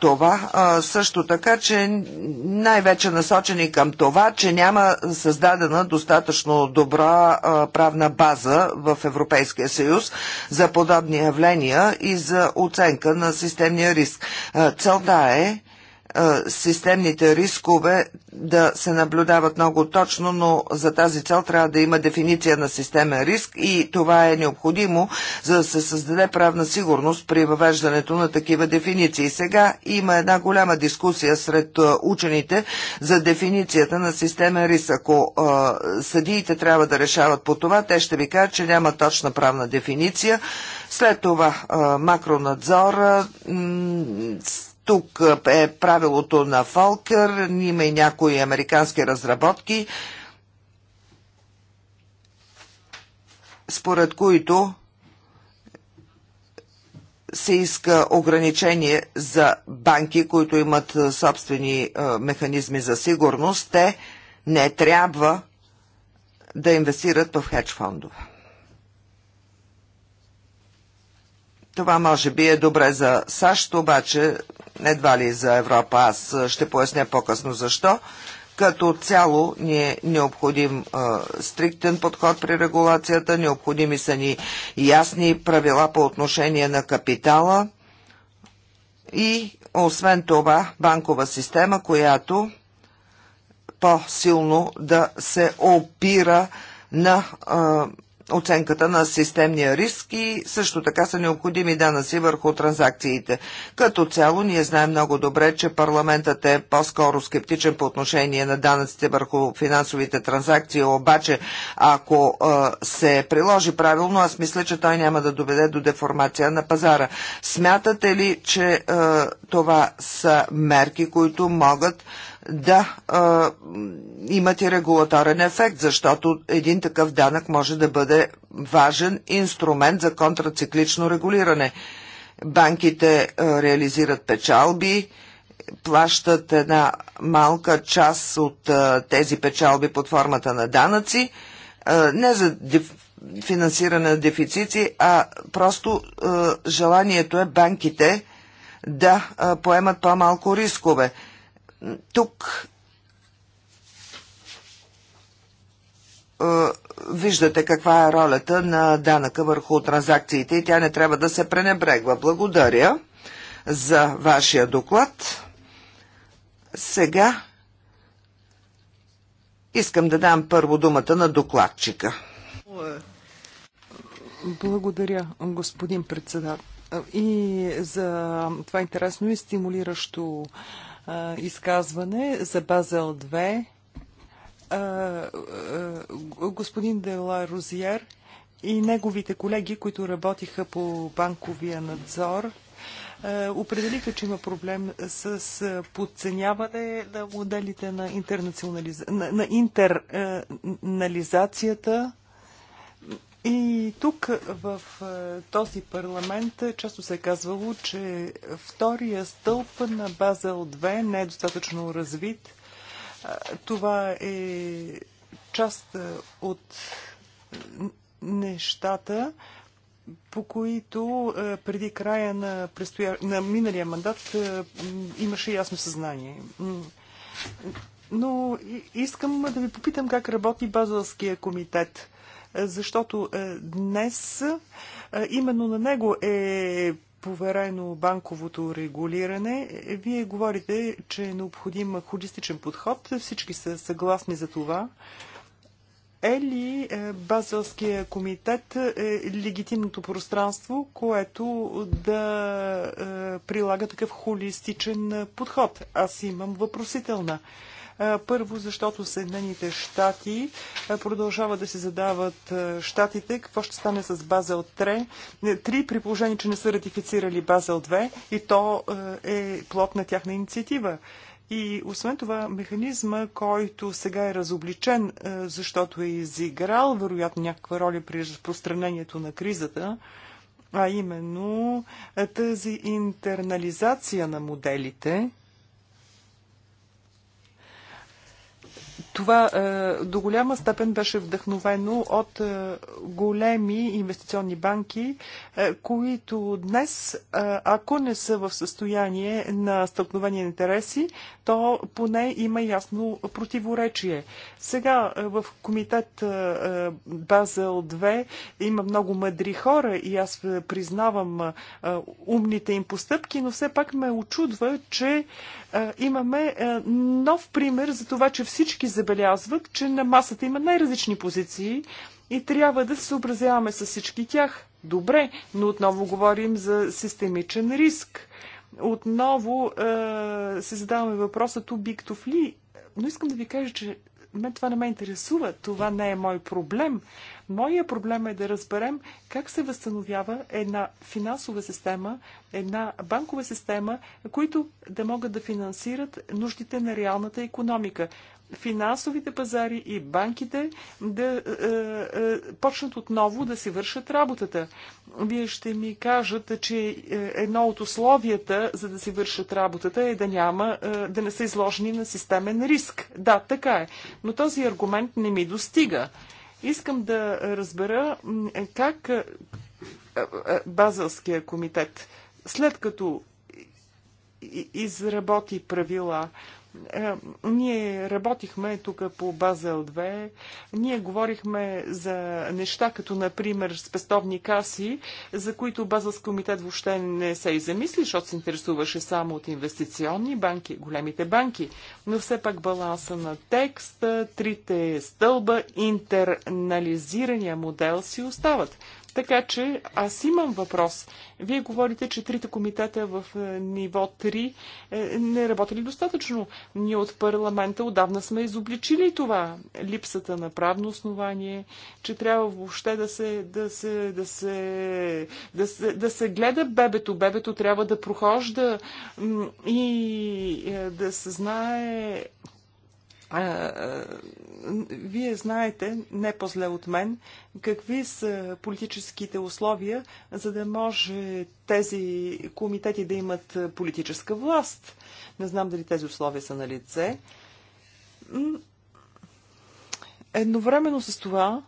това. също така, че най-вече насочени към това, че няма създадена достатъчно добра правна база в Европейския съюз за подобни явления и за оценка на системния риск. целта е системните рискове да се наблюдават много точно, но за тази цел трябва да има дефиниция на системен риск и това е необходимо, за да се създаде правна сигурност при въвеждането на такива дефиниции. Сега има една голяма дискусия сред учените за дефиницията на системен риск. Ако съдиите трябва да решават по това, те ще ви кажат, че няма точна правна дефиниция. След това макронадзора тук е, е правилото на Фолкър, има и някои американски разработки, според които се иска ограничение за банки, които имат е, собствени е, механизми за сигурност. Те не трябва да инвестират в хедж фондове. Това може би е добре за САЩ, обаче едва ли за Европа. Аз ще поясня по-късно защо. Като цяло ни е необходим а, е, стриктен подход при регулацията, необходими са ни ясни правила по отношение на капитала и освен това банкова система, която по-силно да се опира на а, е, оценката на системния риск и също така са необходими данъци върху транзакциите. Като цяло ние знаем много добре, че парламентът е по-скоро скептичен по отношение на данъците върху финансовите транзакции, обаче ако а, се приложи правилно, аз мисля, че той няма да доведе до деформация на пазара. Смятате ли, че а, това са мерки, които могат да а, имат и регулаторен ефект, защото един такъв данък може да бъде важен инструмент за контрациклично регулиране. Банките а, реализират печалби, плащат една малка част от а, тези печалби под формата на данъци, а, не за финансиране на дефицити, а просто а, желанието е банките да а, поемат по-малко рискове. Тук е, виждате каква е ролята на данъка върху транзакциите и тя не трябва да се пренебрегва. Благодаря за вашия доклад. Сега искам да дам първо думата на докладчика. Благодаря, господин председател. И за това интересно и стимулиращо изказване за Базел 2. Господин Дела Розиер и неговите колеги, които работиха по банковия надзор, определиха, че има проблем с подценяване на моделите на, на, на интернализацията и тук в е, този парламент е, често се е казвало, че втория стълб на Базел 2 не е достатъчно развит. Е, това е част от нещата, по които преди края на, престоя... на миналия мандат имаше ясно съзнание. Но искам да ви попитам как работи Базелския комитет защото е, днес е, именно на него е поверено банковото регулиране. Вие говорите, че е необходим холистичен подход. Всички са съгласни за това. Е ли е, Базелския комитет е легитимното пространство, което да прилага такъв холистичен подход? Аз имам въпросителна. Първо, защото Съединените щати продължава да се задават щатите. Какво ще стане с база 3? 3 при положение, че не са ратифицирали база от 2 и то е плод на тяхна инициатива. И освен това, механизма, който сега е разобличен, защото е изиграл, вероятно, някаква роля при разпространението на кризата, а именно тази интернализация на моделите, Това е, до голяма степен беше вдъхновено от е, големи инвестиционни банки, е, които днес, ако не са в състояние на стълкновение на интереси, то поне има ясно противоречие. Сега в комитет Базел 2 има много мъдри хора и аз признавам умните им постъпки, но все пак ме очудва, че имаме нов пример за това, че всички забелязват, че на масата има най-различни позиции и трябва да се съобразяваме с всички тях. Добре, но отново говорим за системичен риск. Отново е, се задаваме въпроса ту big to flee. Но искам да ви кажа, че мен това не ме интересува. Това не е мой проблем. Моя проблем е да разберем как се възстановява една финансова система, една банкова система, които да могат да финансират нуждите на реалната економика. Финансовите пазари и банките да е, е, почнат отново да си вършат работата. Вие ще ми кажете, че е, едно от условията за да си вършат работата е да няма, е, да не са изложени на системен риск. Да, така е. Но този аргумент не ми достига. Искам да разбера е, как е, е, Базълския комитет, след като изработи правила е, ние работихме тук по Базел 2. Ние говорихме за неща, като например спестовни каси, за които Базелски комитет въобще не се и замисли, защото се интересуваше само от инвестиционни банки, големите банки. Но все пак баланса на текста, трите стълба, интернализирания модел си остават. Така че аз имам въпрос. Вие говорите, че трите комитета в е, ниво 3 е, не работили достатъчно. Ние от парламента отдавна сме изобличили това. Липсата на правно основание, че трябва въобще да се, да се, да се, да се, да се гледа бебето. Бебето трябва да прохожда и е, да се знае вие знаете, не по-зле от мен, какви са политическите условия, за да може тези комитети да имат политическа власт. Не знам дали тези условия са на лице. Едновременно с това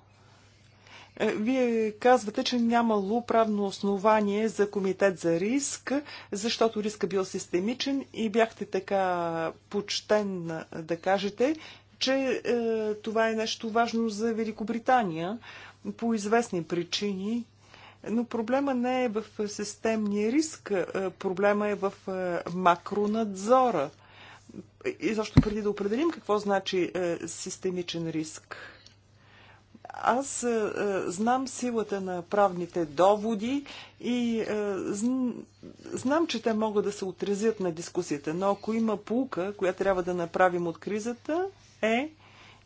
е, вие казвате, че нямало правно основание за комитет за риск, защото риска бил системичен и бяхте така почтен да кажете, че е, това е нещо важно за Великобритания по известни причини. Но проблема не е в системния риск, е, проблема е в е, макронадзора. И защо преди да определим какво значи е, системичен риск? Аз а, е, е, знам силата на правните доводи и е, знам, че те могат да се отразят на дискусията, но ако има пулка, която трябва да направим от кризата, е,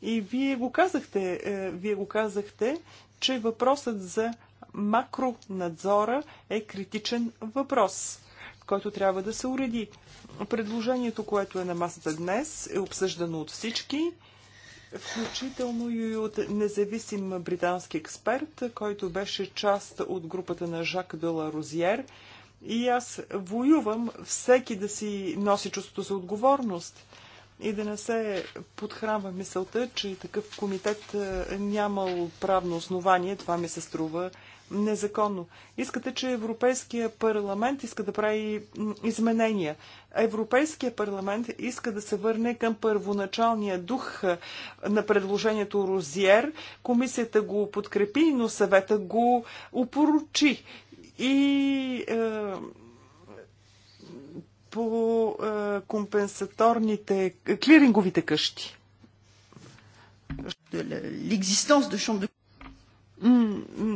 и вие го казахте, е, вие го казахте, че въпросът за макронадзора е критичен въпрос, който трябва да се уреди. Предложението, което е на масата днес, е обсъждано от всички включително и от независим британски експерт, който беше част от групата на Жак Дела Розиер. И аз воювам всеки да си носи чувството за отговорност и да не се подхранва мисълта, че такъв комитет е, нямал правно основание. Това ми се струва незаконно. Искате, че Европейския парламент иска да прави изменения. Европейския парламент иска да се върне към първоначалния дух е, на предложението Розиер. Комисията го подкрепи, но съвета го упоручи. И е, по е, компенсаторните, е, клиринговите къщи. L'existence de chambre de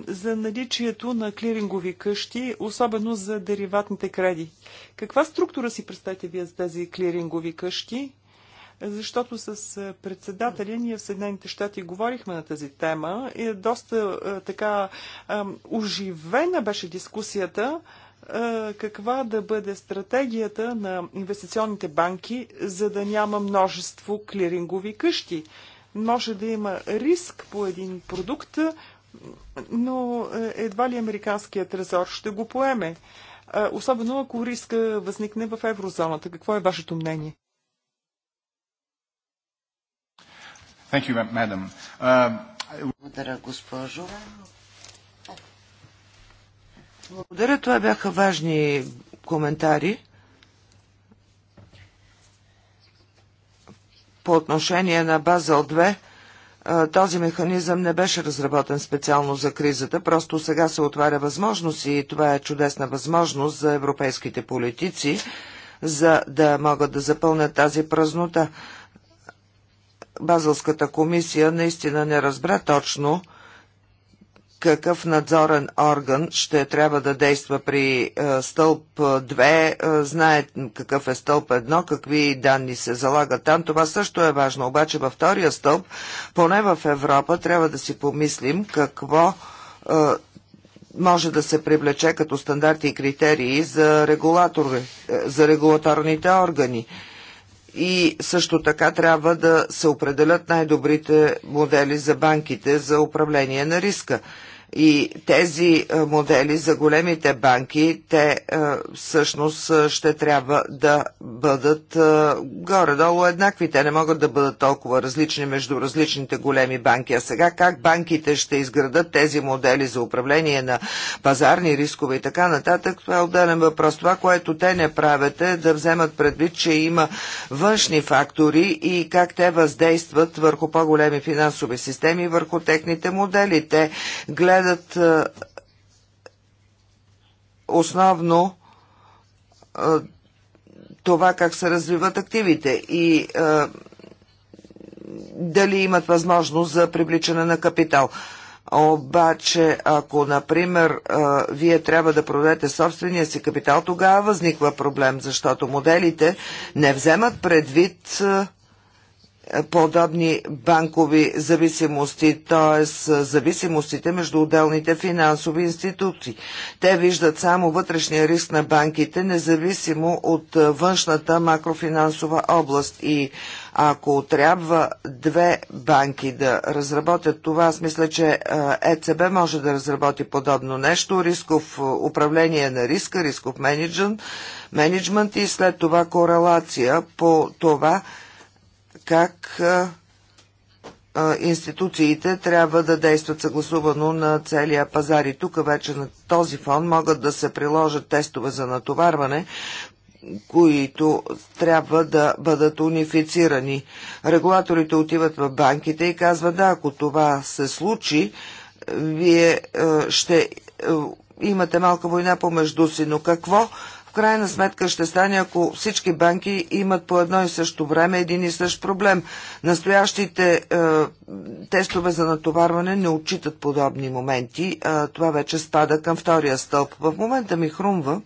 за наличието на клирингови къщи, особено за дериватните креди. Каква структура си представите вие за тези клирингови къщи? Защото с председателя ние в Съединените щати говорихме на тази тема и доста така оживена беше дискусията каква да бъде стратегията на инвестиционните банки, за да няма множество клирингови къщи. Може да има риск по един продукт, но е, едва ли американският резор ще го поеме. Е, особено ако риска възникне в еврозоната. Какво е вашето мнение? Thank you, madam. Uh... Благодаря, госпожо. Благодаря, това бяха важни коментари. По отношение на Базел 2, този механизъм не беше разработен специално за кризата, просто сега се отваря възможност и това е чудесна възможност за европейските политици, за да могат да запълнят тази празнота. Базълската комисия наистина не разбра точно какъв надзорен орган ще трябва да действа при е, стълб 2, е, е, знае какъв е стълб 1, какви данни се залагат там. Това също е важно. Обаче във втория стълб, поне в Европа, трябва да си помислим какво може да се привлече като стандарти и критерии за, за регулаторните органи. И също така трябва да се определят най-добрите модели за банките за управление на риска. И тези е, модели за големите банки, те е, всъщност е, ще трябва да бъдат горе-долу еднакви. Те не могат да бъдат толкова различни между различните големи банки. А сега как банките ще изградат тези модели за управление на пазарни рискове и така нататък, това е отделен въпрос. Това, което те не правят е да вземат предвид, че има външни фактори и как те въздействат върху по-големи финансови системи, върху техните модели. Те гледат гледат основно това как се развиват активите и дали имат възможност за привличане на капитал. Обаче, ако, например, вие трябва да продадете собствения си капитал, тогава възниква проблем, защото моделите не вземат предвид подобни банкови зависимости, т.е. зависимостите между отделните финансови институции. Те виждат само вътрешния риск на банките, независимо от външната макрофинансова област и ако трябва две банки да разработят това, аз мисля, че ЕЦБ може да разработи подобно нещо, рисков управление на риска, рисков менеджмент и след това корелация по това, как институциите трябва да действат съгласувано на целия пазар. И тук вече на този фон могат да се приложат тестове за натоварване, които трябва да бъдат унифицирани. Регулаторите отиват в банките и казват, да, ако това се случи, вие ще имате малка война помежду си, но какво в крайна сметка ще стане, ако всички банки имат по едно и също време един и същ проблем. Настоящите е, тестове за натоварване не отчитат подобни моменти. Е, това вече спада към втория стълб. В момента ми хрумва.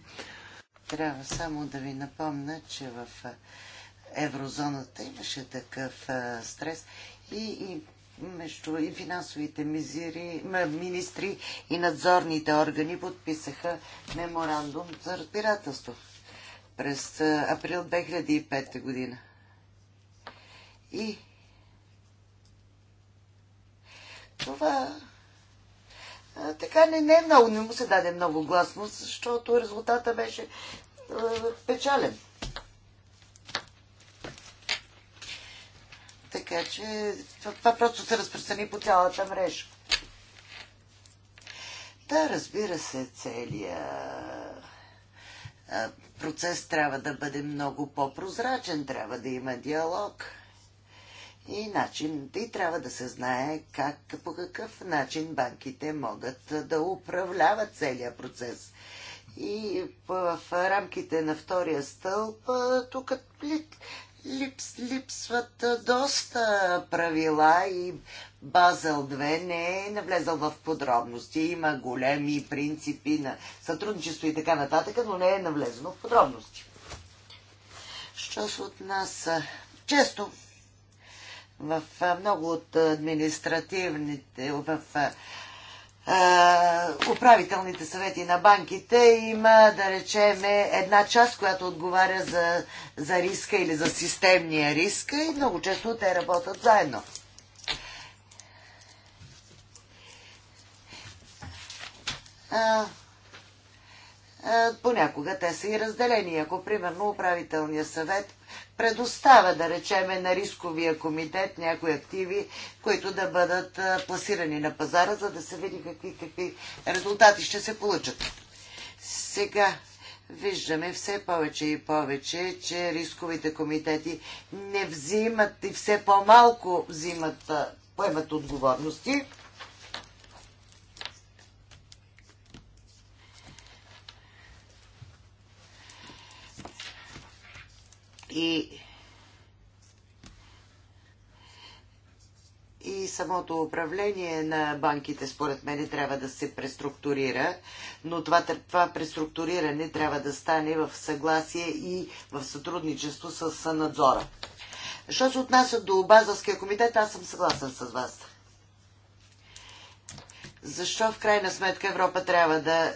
Трябва само да ви напомня, че в е, еврозоната имаше такъв е, стрес и, и между и финансовите мизири, министри и надзорните органи подписаха меморандум за разбирателство през април 2005 година. И това а, така не, не е много, не му се даде много гласно, защото резултата беше а, печален. Така че това просто се разпространи по цялата мрежа. Да, разбира се, целият процес трябва да бъде много по-прозрачен, трябва да има диалог и начин, и трябва да се знае как, по какъв начин банките могат да управляват целият процес. И в рамките на втория стълб, тук липс, липсват доста правила и Базел 2 не е навлезал в подробности. Има големи принципи на сътрудничество и така нататък, но не е навлезено в подробности. Що се от нас? Често в много от административните, в управителните съвети на банките има, да речем, една част, която отговаря за, за риска или за системния риск и много често те работят заедно. А, а, понякога те са и разделени. Ако, примерно, управителният съвет предоставя, да речеме, на рисковия комитет някои активи, които да бъдат пласирани на пазара, за да се види какви, какви резултати ще се получат. Сега виждаме все повече и повече, че рисковите комитети не взимат и все по-малко взимат, поемат отговорности. и и самото управление на банките, според мен, трябва да се преструктурира, но това, това преструктуриране трябва да стане в съгласие и в сътрудничество с надзора. Що се отнася до базовския комитет, аз съм съгласен с вас. Защо в крайна сметка Европа трябва да,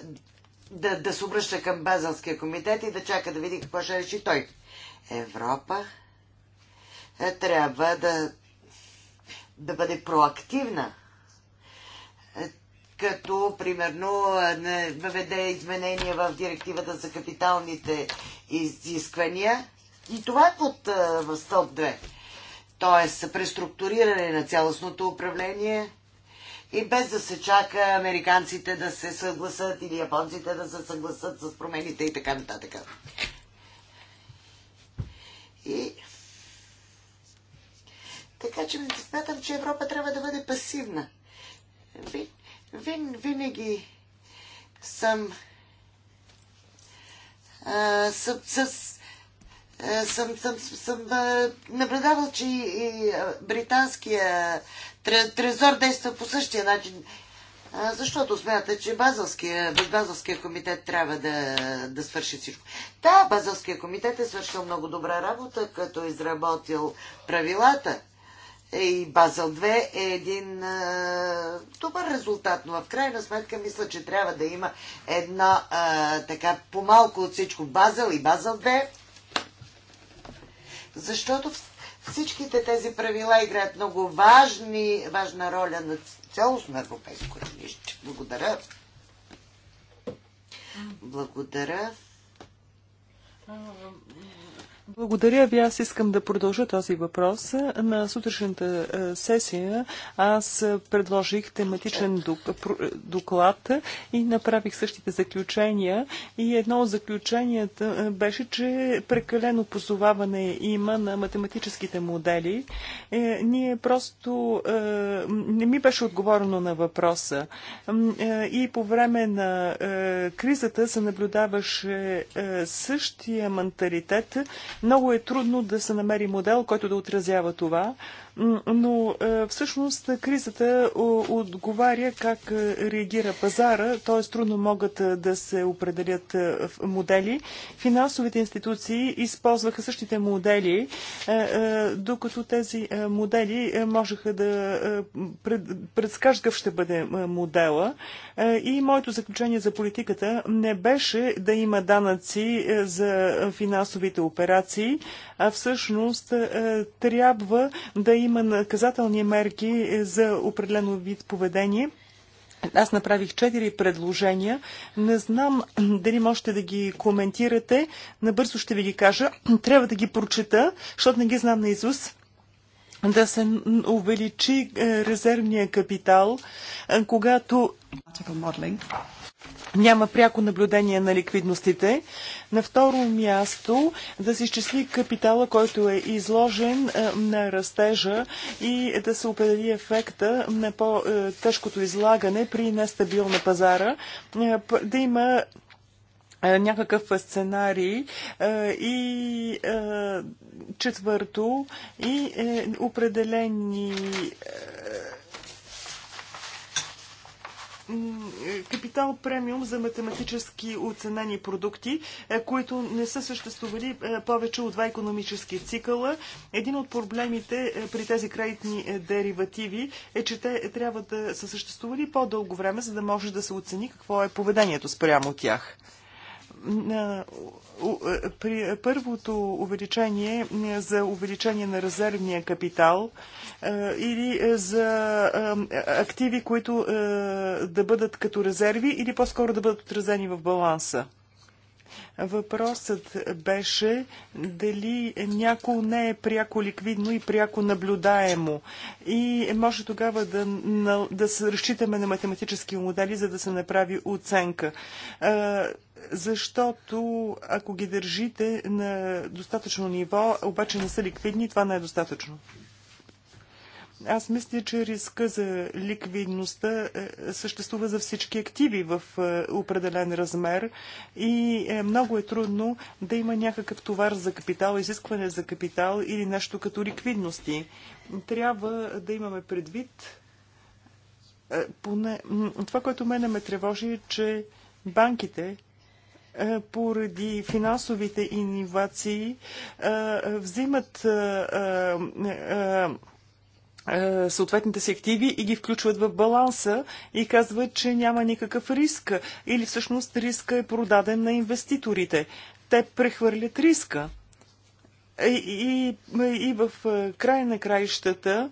да, да се обръща към Базанския комитет и да чака да види какво ще реши той? Европа е, трябва да, да бъде проактивна, е, като примерно въведе изменения в директивата за капиталните изисквания. И това е под е, в стълб 2. Тоест, преструктуриране на цялостното управление и без да се чака американците да се съгласат или японците да се съгласат с промените и така нататък. И... Така че смятам, че Европа трябва да бъде пасивна. Вин, вин, винаги съм а, с, с, съм, съм, съм наблюдавал, че и британския трезор действа по същия начин защото смята, че Базълския, Базълския комитет трябва да, да свърши всичко. Да, Базълския комитет е свършил много добра работа, като е изработил правилата. Е, и Базъл 2 е един а, добър резултат, но в крайна сметка мисля, че трябва да има една а, така по-малко от всичко Базъл и Базъл 2, защото всичките тези правила играят много важни, важна роля на цялостно европейско равнище. Благодаря. Благодаря. Благодаря ви. Аз искам да продължа този въпрос. На сутрешната е, сесия аз предложих тематичен е, доклад и направих същите заключения. И едно от заключенията е, беше, че прекалено позоваване има на математическите модели. Ние просто не ми беше отговорено на въпроса. И по време на кризата се наблюдаваше същия менталитет, много е трудно да се намери модел, който да отразява това но е, всъщност кризата е, отговаря как е, реагира пазара, т.е. трудно могат да се определят модели. Финансовите институции използваха същите модели, докато тези модели можеха да предскажат какъв ще бъде модела. И моето заключение за политиката не беше да има данъци за финансовите операции, а всъщност трябва да има има наказателни мерки е, за определено вид поведение. Аз направих четири предложения. Не знам дали можете да ги коментирате. Набързо ще ви ги кажа. Трябва да ги прочета, защото не ги знам на Изус да се увеличи е, резервния капитал, е, когато няма пряко наблюдение на ликвидностите, на второ място да се изчисли капитала, който е изложен е, на растежа и да се определи ефекта на по-тежкото излагане при нестабилна пазара. Е, да има е, някакъв сценарий и четвърто и определени капитал премиум за математически оценени продукти, е, които не са съществували е, повече от два економически цикъла. Един от проблемите е, при тези кредитни деривативи е, че те трябва да са съществували по-дълго време, за да може да се оцени какво е поведението спрямо тях на при първото увеличение за увеличение на резервния капитал е, или е, за е, активи, които да бъдат като резерви или по-скоро да бъдат отразени в баланса. Въпросът беше дали някой не е пряко ликвидно и пряко наблюдаемо. И може тогава да, да се разчитаме на математически модели, за да се направи оценка защото ако ги държите на достатъчно ниво, обаче не са ликвидни, това не е достатъчно. Аз мисля, че риска за ликвидността е, съществува за всички активи в е, определен размер и е, много е трудно да има някакъв товар за капитал, изискване за капитал или нещо като ликвидности. Трябва да имаме предвид поне... Това, което мене ме тревожи е, че банките, е, поради финансовите иновации е, взимат е, съответните си активи и ги включват в баланса и казват, че няма никакъв риск или всъщност риска е продаден на инвеститорите. Те прехвърлят риска. И, и, и в край на краищата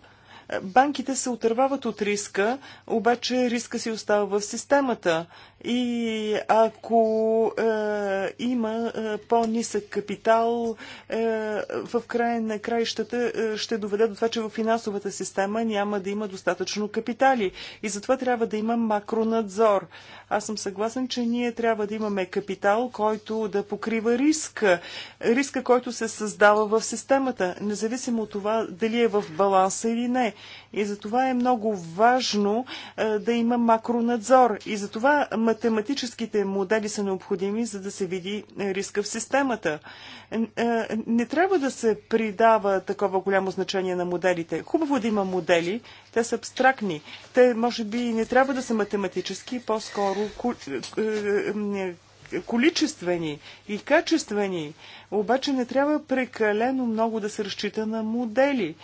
банките се отървават от риска, обаче риска си остава в системата. И ако е, има е, по-нисък капитал, е, в края на краищата е, ще доведе до това, че в финансовата система няма да има достатъчно капитали. И затова трябва да има макронадзор. Аз съм съгласен, че ние трябва да имаме капитал, който да покрива риска. Риска, който се създава в системата, независимо от това дали е в баланса или не. И затова е много важно е, да има макронадзор. И затова математическите модели са необходими, за да се види е, риска в системата. Е, не трябва да се придава такова голямо значение на моделите. Хубаво да има модели, те са абстрактни. Те, може би, не трябва да са математически, по-скоро количествени и качествени, обаче не трябва прекалено много да се разчита на модели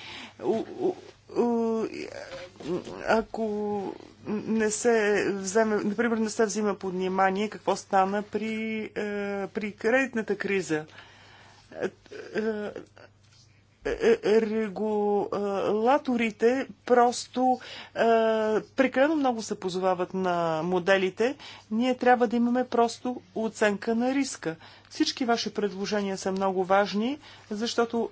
ако не се вземе, например, не се взима под внимание какво стана при, е, при кредитната криза. Е, е, е, е, регулаторите просто е, прекалено много се позовават на моделите. Ние трябва да имаме просто оценка на риска. Всички ваши предложения са много важни, защото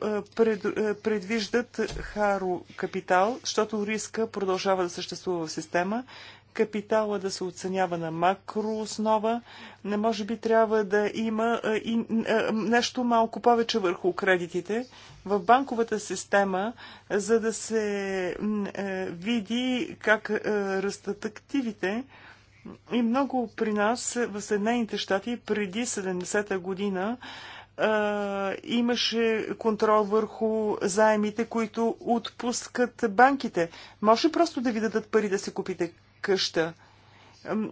предвиждат харо капитал, защото риска продължава да съществува в система капитала да се оценява на макрооснова. не Може би трябва да има и нещо малко повече върху кредитите в банковата система, за да се види как растат активите. И много при нас в Съединените щати преди 70-та година а, имаше контрол върху заемите, които отпускат банките. Може просто да ви дадат пари да се купите къща.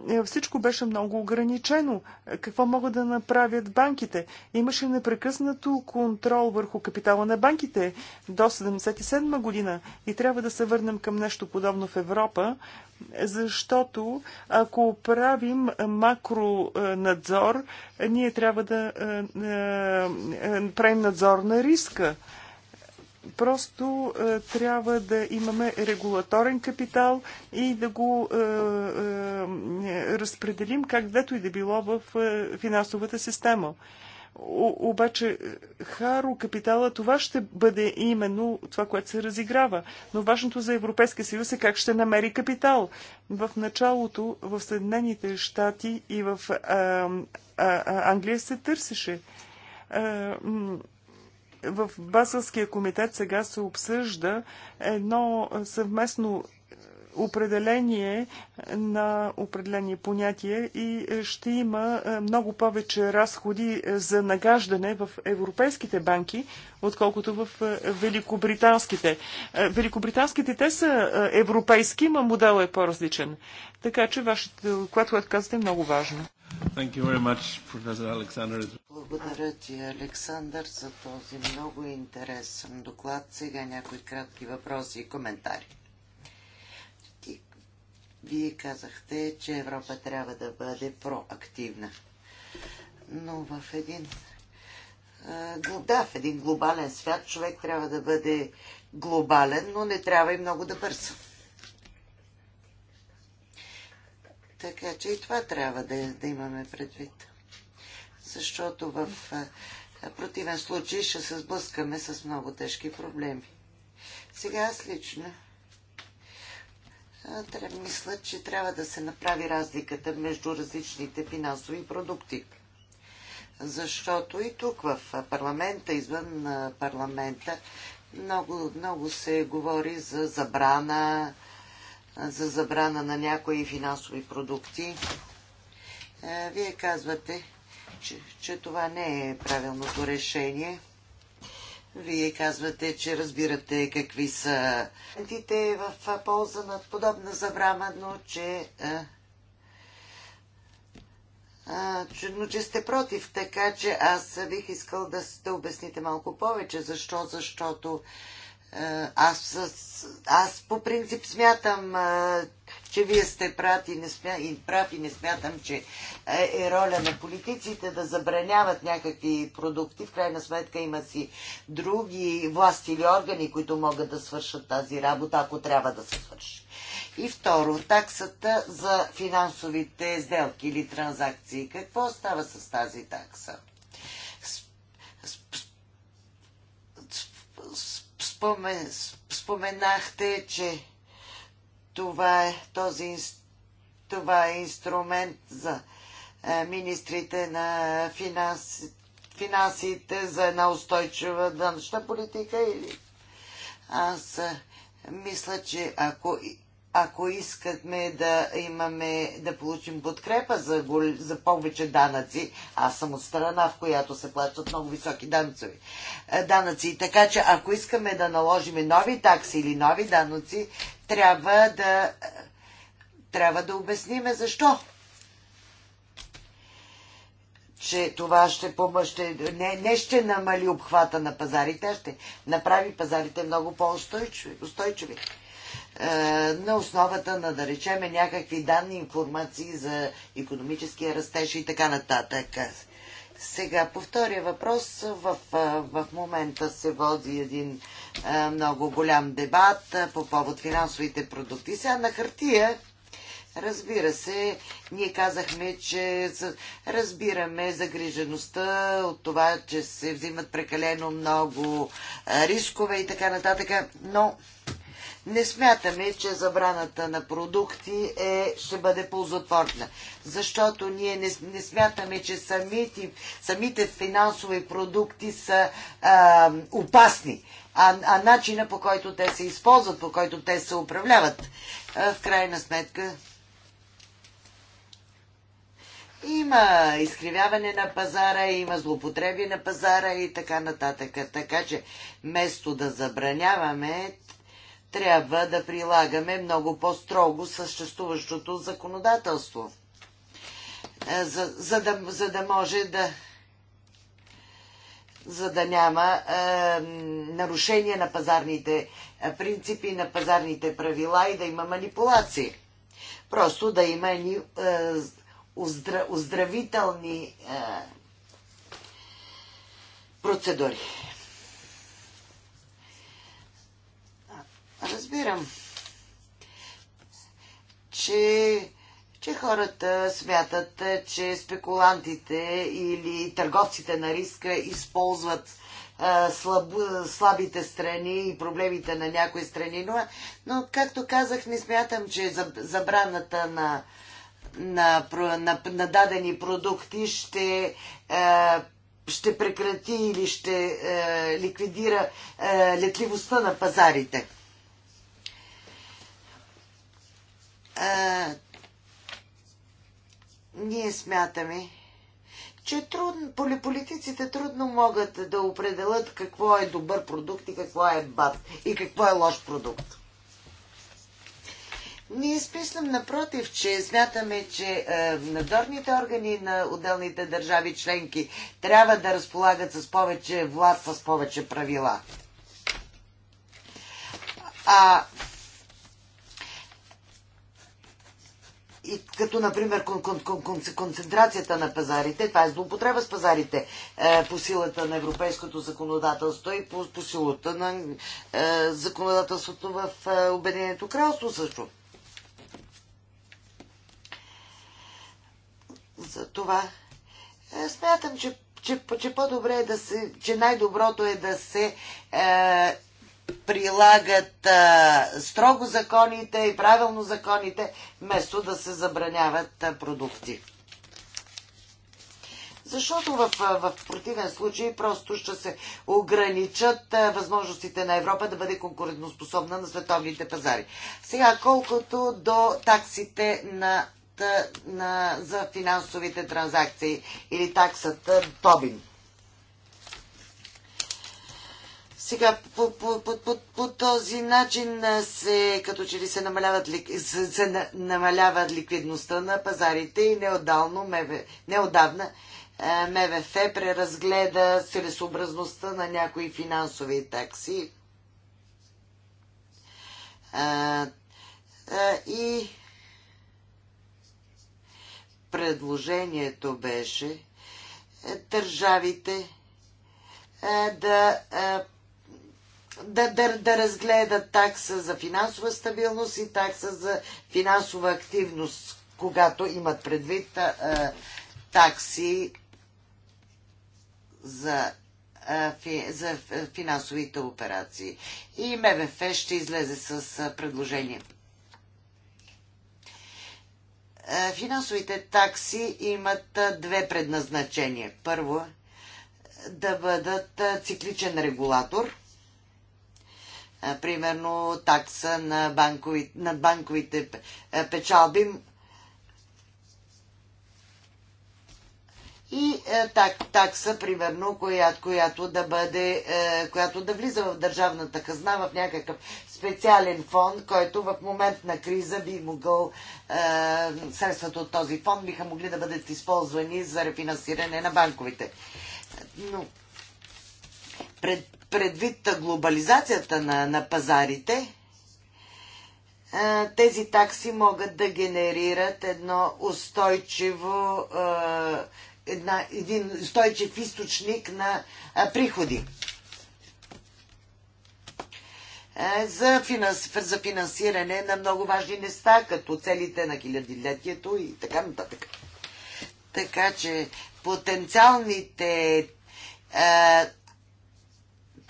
Е, всичко беше много ограничено. Е, какво могат да направят банките? Имаше непрекъснато контрол върху капитала на банките до 1977 година и трябва да се върнем към нещо подобно в Европа, защото ако правим макронадзор, е, ние трябва да правим надзор на риска. Просто е, трябва да имаме регулаторен капитал и да го е, е, разпределим каквото и да било в е, финансовата система. О, обаче, харо капитала, това ще бъде именно това, което се разиграва. Но важното за Европейския съюз е как ще намери капитал. В началото в Съединените щати и в а, а, а, Англия се търсеше. А, е, в Баселския комитет сега се обсъжда едно съвместно определение на определение понятие и ще има е, много повече разходи е, за нагаждане в европейските банки, отколкото в е, великобританските. Великобританските те са европейски, но моделът е по-различен. Така че вашето, което казвате, е много важно. Thank you very much, професор Александър. Благодаря ти, Александър, за този много интересен доклад. Сега някои кратки въпроси и коментари. вие казахте, че Европа трябва да бъде проактивна. Но в един да, в един глобален свят човек трябва да бъде глобален, но не трябва и много да бърза. Така че и това трябва да, да имаме предвид. Защото в противен случай ще се сблъскаме с много тежки проблеми. Сега аз лично трябва, мисля, че трябва да се направи разликата между различните финансови продукти. Защото и тук в парламента, извън парламента, много, много се говори за забрана за забрана на някои финансови продукти. Е, вие казвате, че, че това не е правилното решение. Вие казвате, че разбирате какви са дите в полза на подобна забрана, но че, а, а, че, но че сте против, така че аз бих искал да сте обясните малко повече. Защо? Защото е, аз, аз по принцип смятам, е, че вие сте прав и, не смя... и прав и не смятам, че е, е роля на политиците да забраняват някакви продукти. В крайна сметка има си други власти или органи, които могат да свършат тази работа, ако трябва да се свърши. И второ, таксата за финансовите сделки или транзакции. Какво става с тази такса? спомен, споменахте, че това е, този, това е инструмент за е, министрите на финанси, финансите за една устойчива данъчна политика или аз е, мисля, че ако ако искахме да имаме, да получим подкрепа за, за повече данъци, аз съм от страна, в която се плащат много високи данъци. Е, данъци. Така че, ако искаме да наложим нови такси или нови данъци, трябва да, трябва да обясниме защо. Че това ще помъще, не, не ще намали обхвата на пазарите, а ще направи пазарите много по-устойчиви. Е, на основата на, да речеме, някакви данни, информации за економическия растеж и така нататък. Сега, по втория въпрос, в, е, в момента се води един е, много голям дебат по повод финансовите продукти. Сега на хартия, разбира се, ние казахме, че разбираме загрижеността от това, че се взимат прекалено много рискове и така нататък, но не смятаме, че забраната на продукти е, ще бъде ползотворна, защото ние не, не смятаме, че самите, самите финансови продукти са а, опасни, а, а начина по който те се използват, по който те се управляват, а, в крайна сметка има изкривяване на пазара, има злопотреби на пазара и така нататък. Така че, вместо да забраняваме, трябва да прилагаме много по-строго съществуващото законодателство, е, за, за, да, за да може да за да няма е, нарушение на пазарните е, принципи, на пазарните правила и да има манипулации. Просто да има е, е, оздравителни е, процедури. Разбирам, че, че хората смятат, че спекулантите или търговците на риска използват слаб, слабите страни и проблемите на някои страни. Но, но както казах, не смятам, че забраната на, на, на, на дадени продукти ще, ще прекрати или ще ликвидира летливостта на пазарите. А, ние смятаме, че трудно, политиците трудно могат да определят какво е добър продукт и какво е бат и какво е лош продукт. Ние смислям напротив, че смятаме, че е, надзорните органи на отделните държави членки трябва да разполагат с повече власт, с повече правила. А и като, например, кон, кон, кон, концентрацията на пазарите, това е злоупотреба с пазарите е, по силата на европейското законодателство и по, по силата на е, законодателството в е, Обединеното кралство също. За това е, смятам, че, че, че по-добре е да се, че най-доброто е да се е, прилагат а, строго законите и правилно законите, вместо да се забраняват а, продукти. Защото в, в противен случай просто ще се ограничат възможностите на Европа да бъде конкурентоспособна на световните пазари. Сега, колкото до таксите на, на, за финансовите транзакции или таксата Тобин. Сега по, по, по, по, по този начин се, като че ли се, намаляват, се, се намалява ликвидността на пазарите и неодално, МВ, неодавна МВФ преразгледа целесообразността на някои финансови такси. А, а, и предложението беше е, държавите е, да е, да, да, да разгледат такса за финансова стабилност и такса за финансова активност, когато имат предвид а, такси за, а, фи, за финансовите операции. И МВФ ще излезе с а, предложение. финансовите такси имат две предназначения. Първо, да бъдат цикличен регулатор – примерно такса на банкови, над банковите е, печалби и е, так, такса, примерно, която, която да бъде, е, която да влиза в държавната казна в някакъв специален фонд, който в момент на криза би могъл, средствата от този фонд биха могли да бъдат използвани за рефинансиране на банковите. Но пред, предвид глобализацията на, на пазарите, тези такси могат да генерират едно устойчиво, една, един устойчив източник на приходи. За, финанс, за финансиране на много важни неща, като целите на хилядилетието и така нататък. Така че потенциалните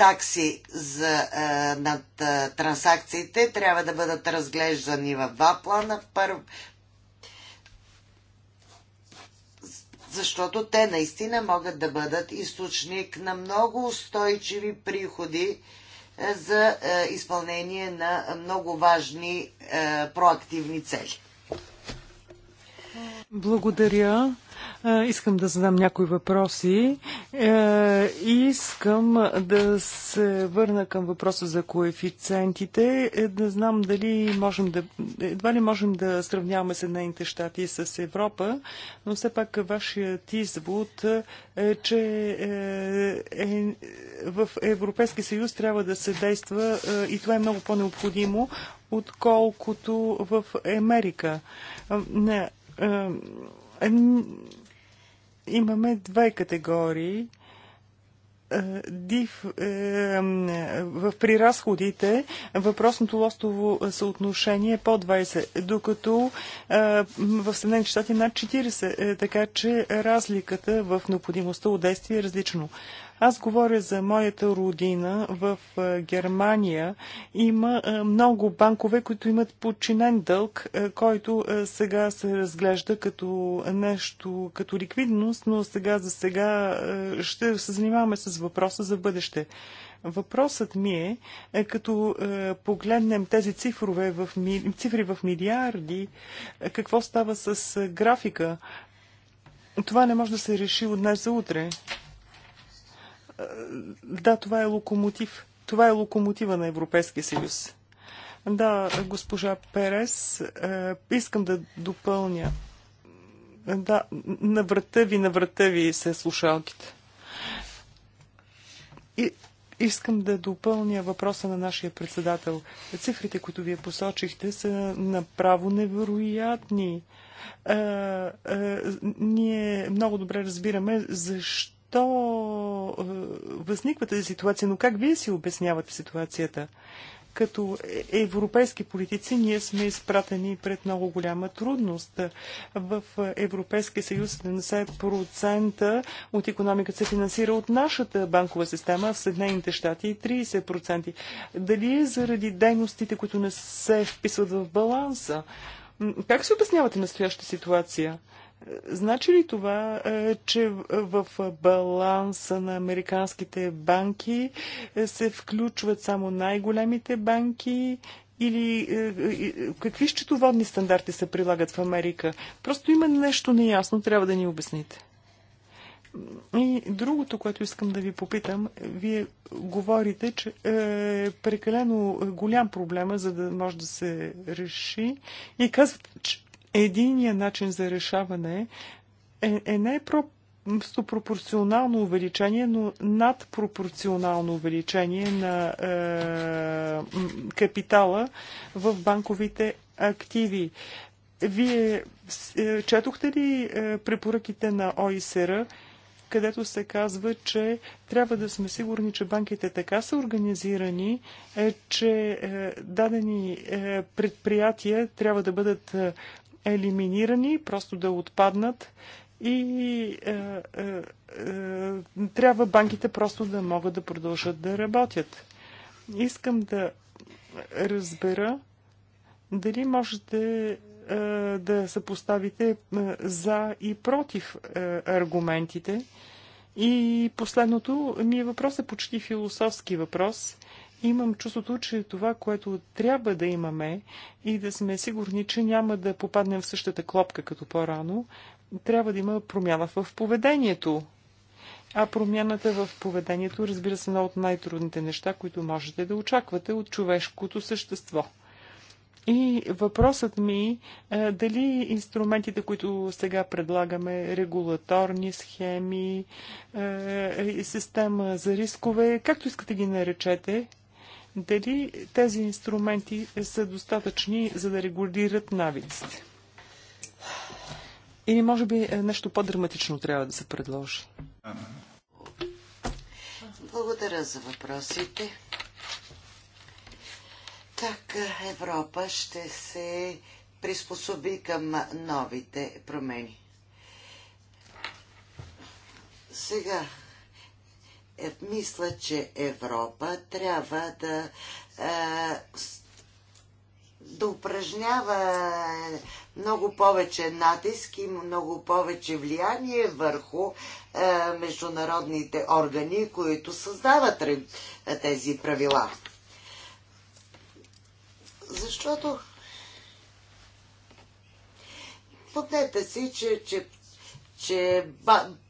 такси за, а, е, над а, е, транзакциите трябва да бъдат разглеждани в два плана. В Защото те наистина могат да бъдат източник на много устойчиви приходи а, е, за а, изпълнение на много важни а, проактивни цели. Благодаря. Е, искам да задам някои въпроси. Е, искам да се върна към въпроса за коефициентите. Е, да знам дали можем да, едва ли можем да сравняваме Съединените щати с Европа, но все пак вашият извод е, че е, в Европейския съюз трябва да се действа и това е много по-необходимо, отколкото в Америка. Не, Имаме две категории е, див в при разходите въпросното лостово съотношение е по 20, докато е, в Съединените щати е над 40, така че разликата в необходимостта от действие е различно. Аз говоря за моята родина в Германия. Има много банкове, които имат подчинен дълг, който сега се разглежда като нещо, като ликвидност, но сега за сега ще се занимаваме с въпроса за бъдеще. Въпросът ми е, е като погледнем тези цифрове в, цифри в милиарди, какво става с графика? Това не може да се реши от днес за утре. Е, да, това е локомотив. Това е локомотива на Европейския съюз. Да, госпожа Перес, е, искам да допълня. Да, на врата ви, на врата ви се слушалките. И, искам да допълня въпроса на нашия председател. Цифрите, които вие посочихте, са направо невероятни. Е, ние много добре разбираме защо то е, възниква тази ситуация. Но как вие си обяснявате ситуацията? като европейски политици ние сме изпратени пред много голяма трудност. В Европейския съюз 70% от економиката се финансира от нашата банкова система, в Съединените щати 30%. Дали е заради дейностите, които не се вписват в баланса? Как се обяснявате настояща ситуация? Значи ли това, е, че в баланса на американските банки е, се включват само най-големите банки или е, какви счетоводни стандарти се прилагат в Америка? Просто има нещо неясно, трябва да ни обясните. И другото, което искам да ви попитам, вие говорите, че е прекалено голям проблема, за да може да се реши и казвате, че Единият начин за решаване е, е не просто пропорционално увеличение, но надпропорционално увеличение на е, капитала в банковите активи. Вие е, четохте ли е, препоръките на ОИСР, където се казва, че трябва да сме сигурни, че банките така са организирани, е, че е, дадени е, предприятия трябва да бъдат е, елиминирани, просто да отпаднат и е, е, е, трябва банките просто да могат да продължат да работят. Искам да разбера дали можете е, да съпоставите е, за и против е, аргументите. И последното ми е въпрос е почти философски въпрос – Имам чувството, че това, което трябва да имаме и да сме сигурни, че няма да попаднем в същата клопка като по-рано, трябва да има промяна в поведението. А промяната в поведението, разбира се, е едно от най-трудните неща, които можете да очаквате от човешкото същество. И въпросът ми е дали инструментите, които сега предлагаме, регулаторни схеми, е, система за рискове, както искате ги наречете, дали тези инструменти са достатъчни, за да регулират навиците? Или може би е, нещо по-драматично трябва да се предложи? Благодаря за въпросите. Как е, Европа ще се приспособи към новите промени? Сега, е, мисля, че Европа трябва да, е, да упражнява много повече натиск и много повече влияние върху е, международните органи, които създават тези правила. Защото Спомнете си, че, че, че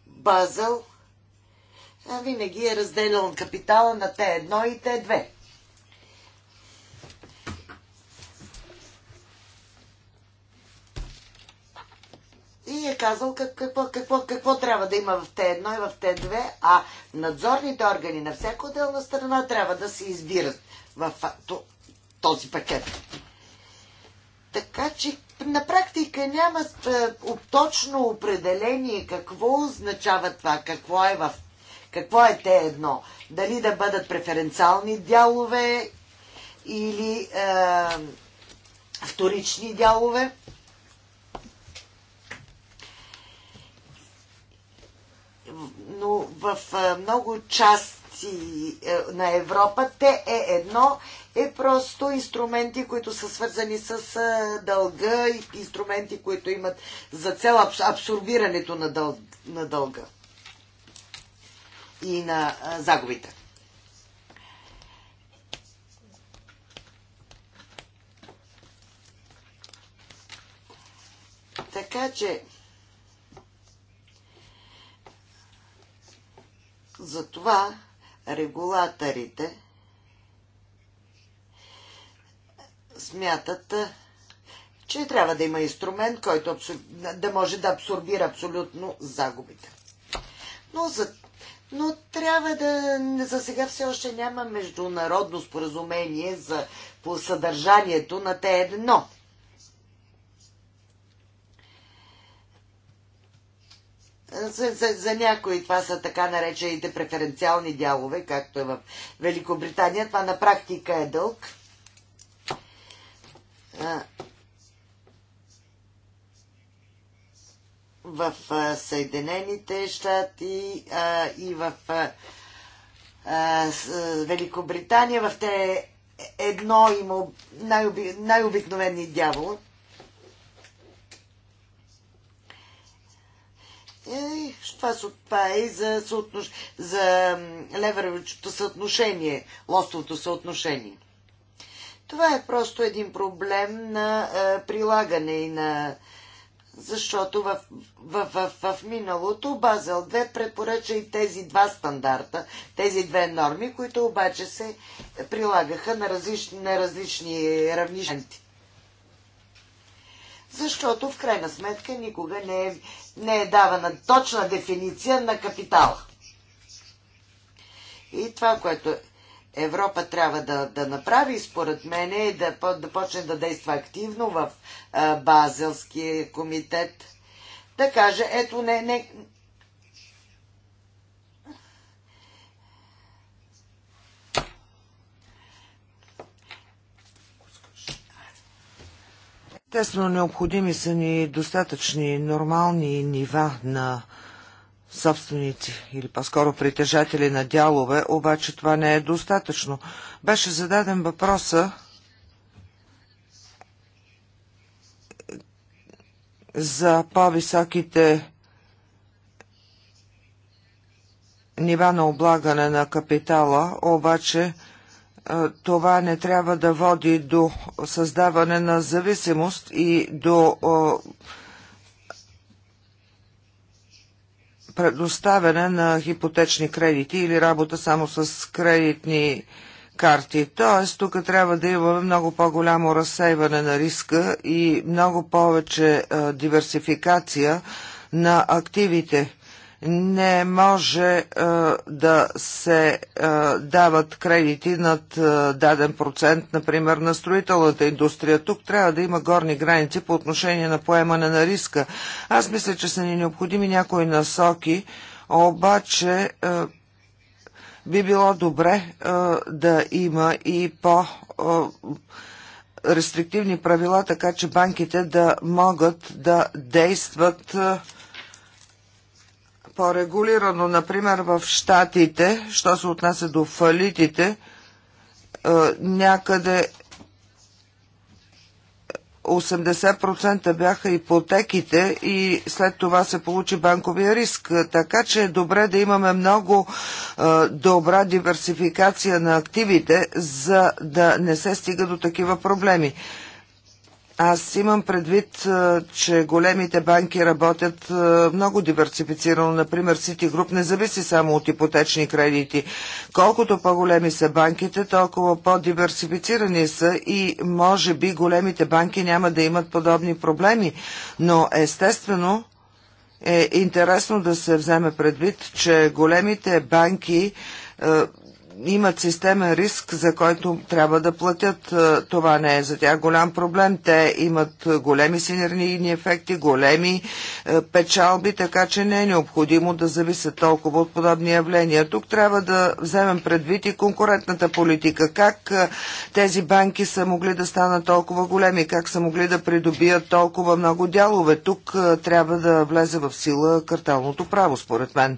Базъл винаги е разделял капитала на Т1 и Т2. и е казал какво, какво, какво трябва да има в Т1 и в Т2, а надзорните органи на всяка отделна страна трябва да се избират в този пакет. Така че на практика няма точно определение какво означава това, какво е в какво е те едно? Дали да бъдат преференциални дялове или е, вторични дялове? Но в е, много части е, на Европа те е едно е просто инструменти, които са свързани с е, дълга и инструменти, които имат за цел абсорбирането на, на дълга и на загубите. Така че за това регулаторите смятат, че трябва да има инструмент, който да може да абсорбира абсолютно загубите. Но за но трябва да... За сега все още няма международно споразумение за, по съдържанието на те едно. За, за, за някои това са така наречените преференциални дялове, както е в Великобритания. Това на практика е дълг. в Съединените щати и в Великобритания. В те едно има най обикновени дявол. И това, това е и за, съотнош... за леверовичното съотношение, лостовото съотношение. Това е просто един проблем на а, прилагане и на а, защото в, в, в, в миналото Базел 2 препоръча и тези два стандарта, тези две норми, които обаче се прилагаха на различни, на различни равнища. Защото в крайна сметка никога не е, не е давана точна дефиниция на капитала. И това, което е Европа трябва да, да направи, според мен, е да, да почне да действа активно в а, Базелския комитет. Да каже, ето не, не, Тесно необходими са ни достатъчни нормални нива на собственици или по-скоро притежатели на дялове, обаче това не е достатъчно. Беше зададен въпроса за по-високите нива на облагане на капитала, обаче е, това не трябва да води до създаване на зависимост и до е, предоставяне на хипотечни кредити или работа само с кредитни карти. Тоест, тук трябва да имаме много по-голямо разсейване на риска и много повече диверсификация на активите не може е, да се е, дават кредити над е, даден процент, например, на строителната индустрия. Тук трябва да има горни граници по отношение на поемане на риска. Аз мисля, че са ни необходими някои насоки, обаче би било добре да има и по. рестриктивни правила, така че банките да могат да действат е, по-регулирано. Например, в Штатите, що се отнася до фалитите, е, някъде 80% бяха ипотеките и след това се получи банковия риск. Така че е добре да имаме много е, добра диверсификация на активите, за да не се стига до такива проблеми. Аз имам предвид, че големите банки работят много диверсифицирано. Например, Citigroup не зависи само от ипотечни кредити. Колкото по-големи са банките, толкова по-диверсифицирани са и може би големите банки няма да имат подобни проблеми. Но естествено е интересно да се вземе предвид, че големите банки имат системен риск, за който трябва да платят. Е, това не е за тях голям проблем. Те имат големи синергийни ефекти, големи е, печалби, така че не е необходимо да зависят толкова от подобни явления. Тук трябва да вземем предвид и конкурентната политика. Как е, тези банки са могли да станат толкова големи, как са могли да придобият толкова много дялове. Тук трябва да влезе в сила карталното право, според мен.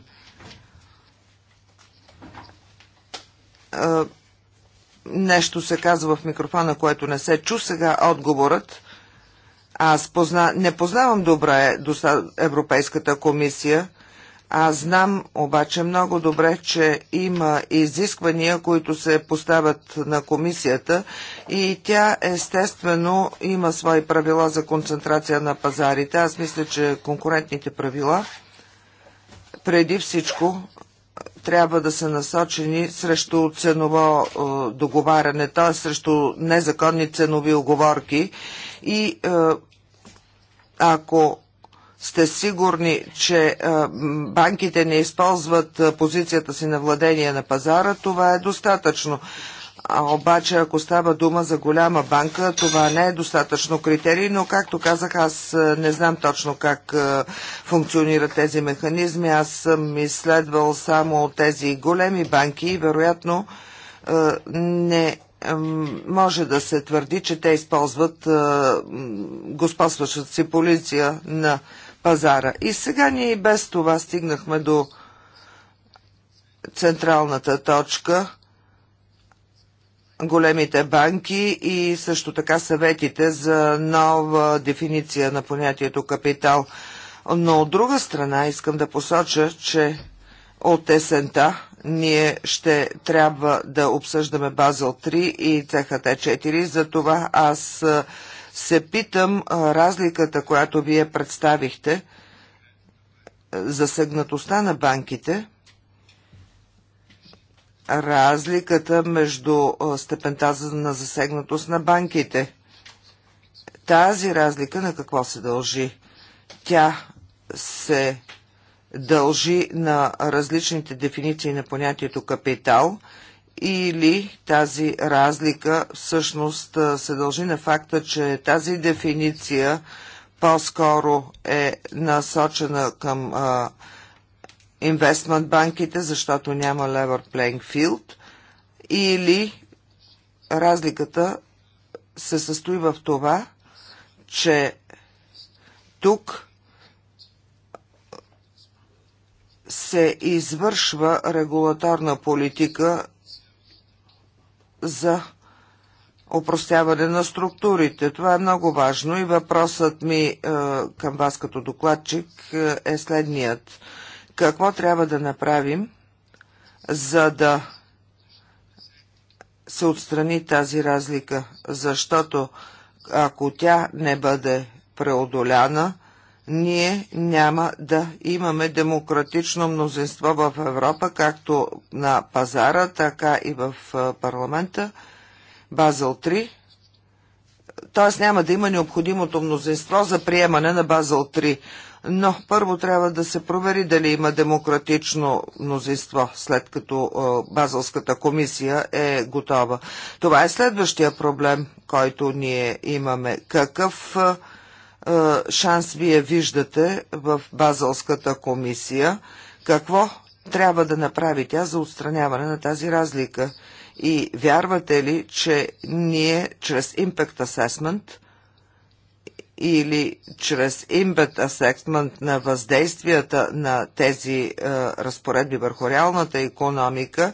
нещо се казва в микрофона, което не се чу сега отговорът. Аз позна... не познавам добре Европейската комисия. Аз знам обаче много добре, че има изисквания, които се поставят на комисията и тя естествено има свои правила за концентрация на пазарите. Аз мисля, че конкурентните правила преди всичко трябва да са насочени срещу ценово е, договаряне, т.е. срещу незаконни ценови оговорки и е, ако сте сигурни, че е, банките не използват позицията си на владение на пазара, това е достатъчно. А обаче, ако става дума за голяма банка, това не е достатъчно критерий, но както казах, аз е, не знам точно как е, функционират тези механизми. Аз съм изследвал само тези големи банки и вероятно е, не може да се твърди, че те използват господстващата си полиция на пазара. И сега ние и без това стигнахме до централната точка големите банки и също така съветите за нова дефиниция на понятието капитал. Но от друга страна искам да посоча, че от есента ние ще трябва да обсъждаме Базел 3 и ЦХТ 4. Е Затова аз се питам разликата, която вие представихте, засегнатостта на банките – разликата между степента на засегнатост на банките. Тази разлика на какво се дължи? Тя се дължи на различните дефиниции на понятието капитал или тази разлика всъщност се дължи на факта, че тази дефиниция по-скоро е насочена към а, инвестмент банките, защото няма левър плейнг филд, или разликата се състои в това, че тук се извършва регулаторна политика за опростяване на структурите. Това е много важно и въпросът ми е, към вас като докладчик е следният какво трябва да направим, за да се отстрани тази разлика, защото ако тя не бъде преодоляна, ние няма да имаме демократично мнозинство в Европа, както на пазара, така и в парламента. Базъл 3. Т.е. няма да има необходимото мнозинство за приемане на Базъл 3 но първо трябва да се провери дали има демократично мнозинство, след като е, Базълската комисия е готова. Това е следващия проблем, който ние имаме. Какъв е, е, шанс вие виждате в Базълската комисия? Какво трябва да направи тя за отстраняване на тази разлика? И вярвате ли, че ние чрез Impact Assessment – или чрез имбет асектмент на въздействията на тези е, разпоредби върху реалната економика,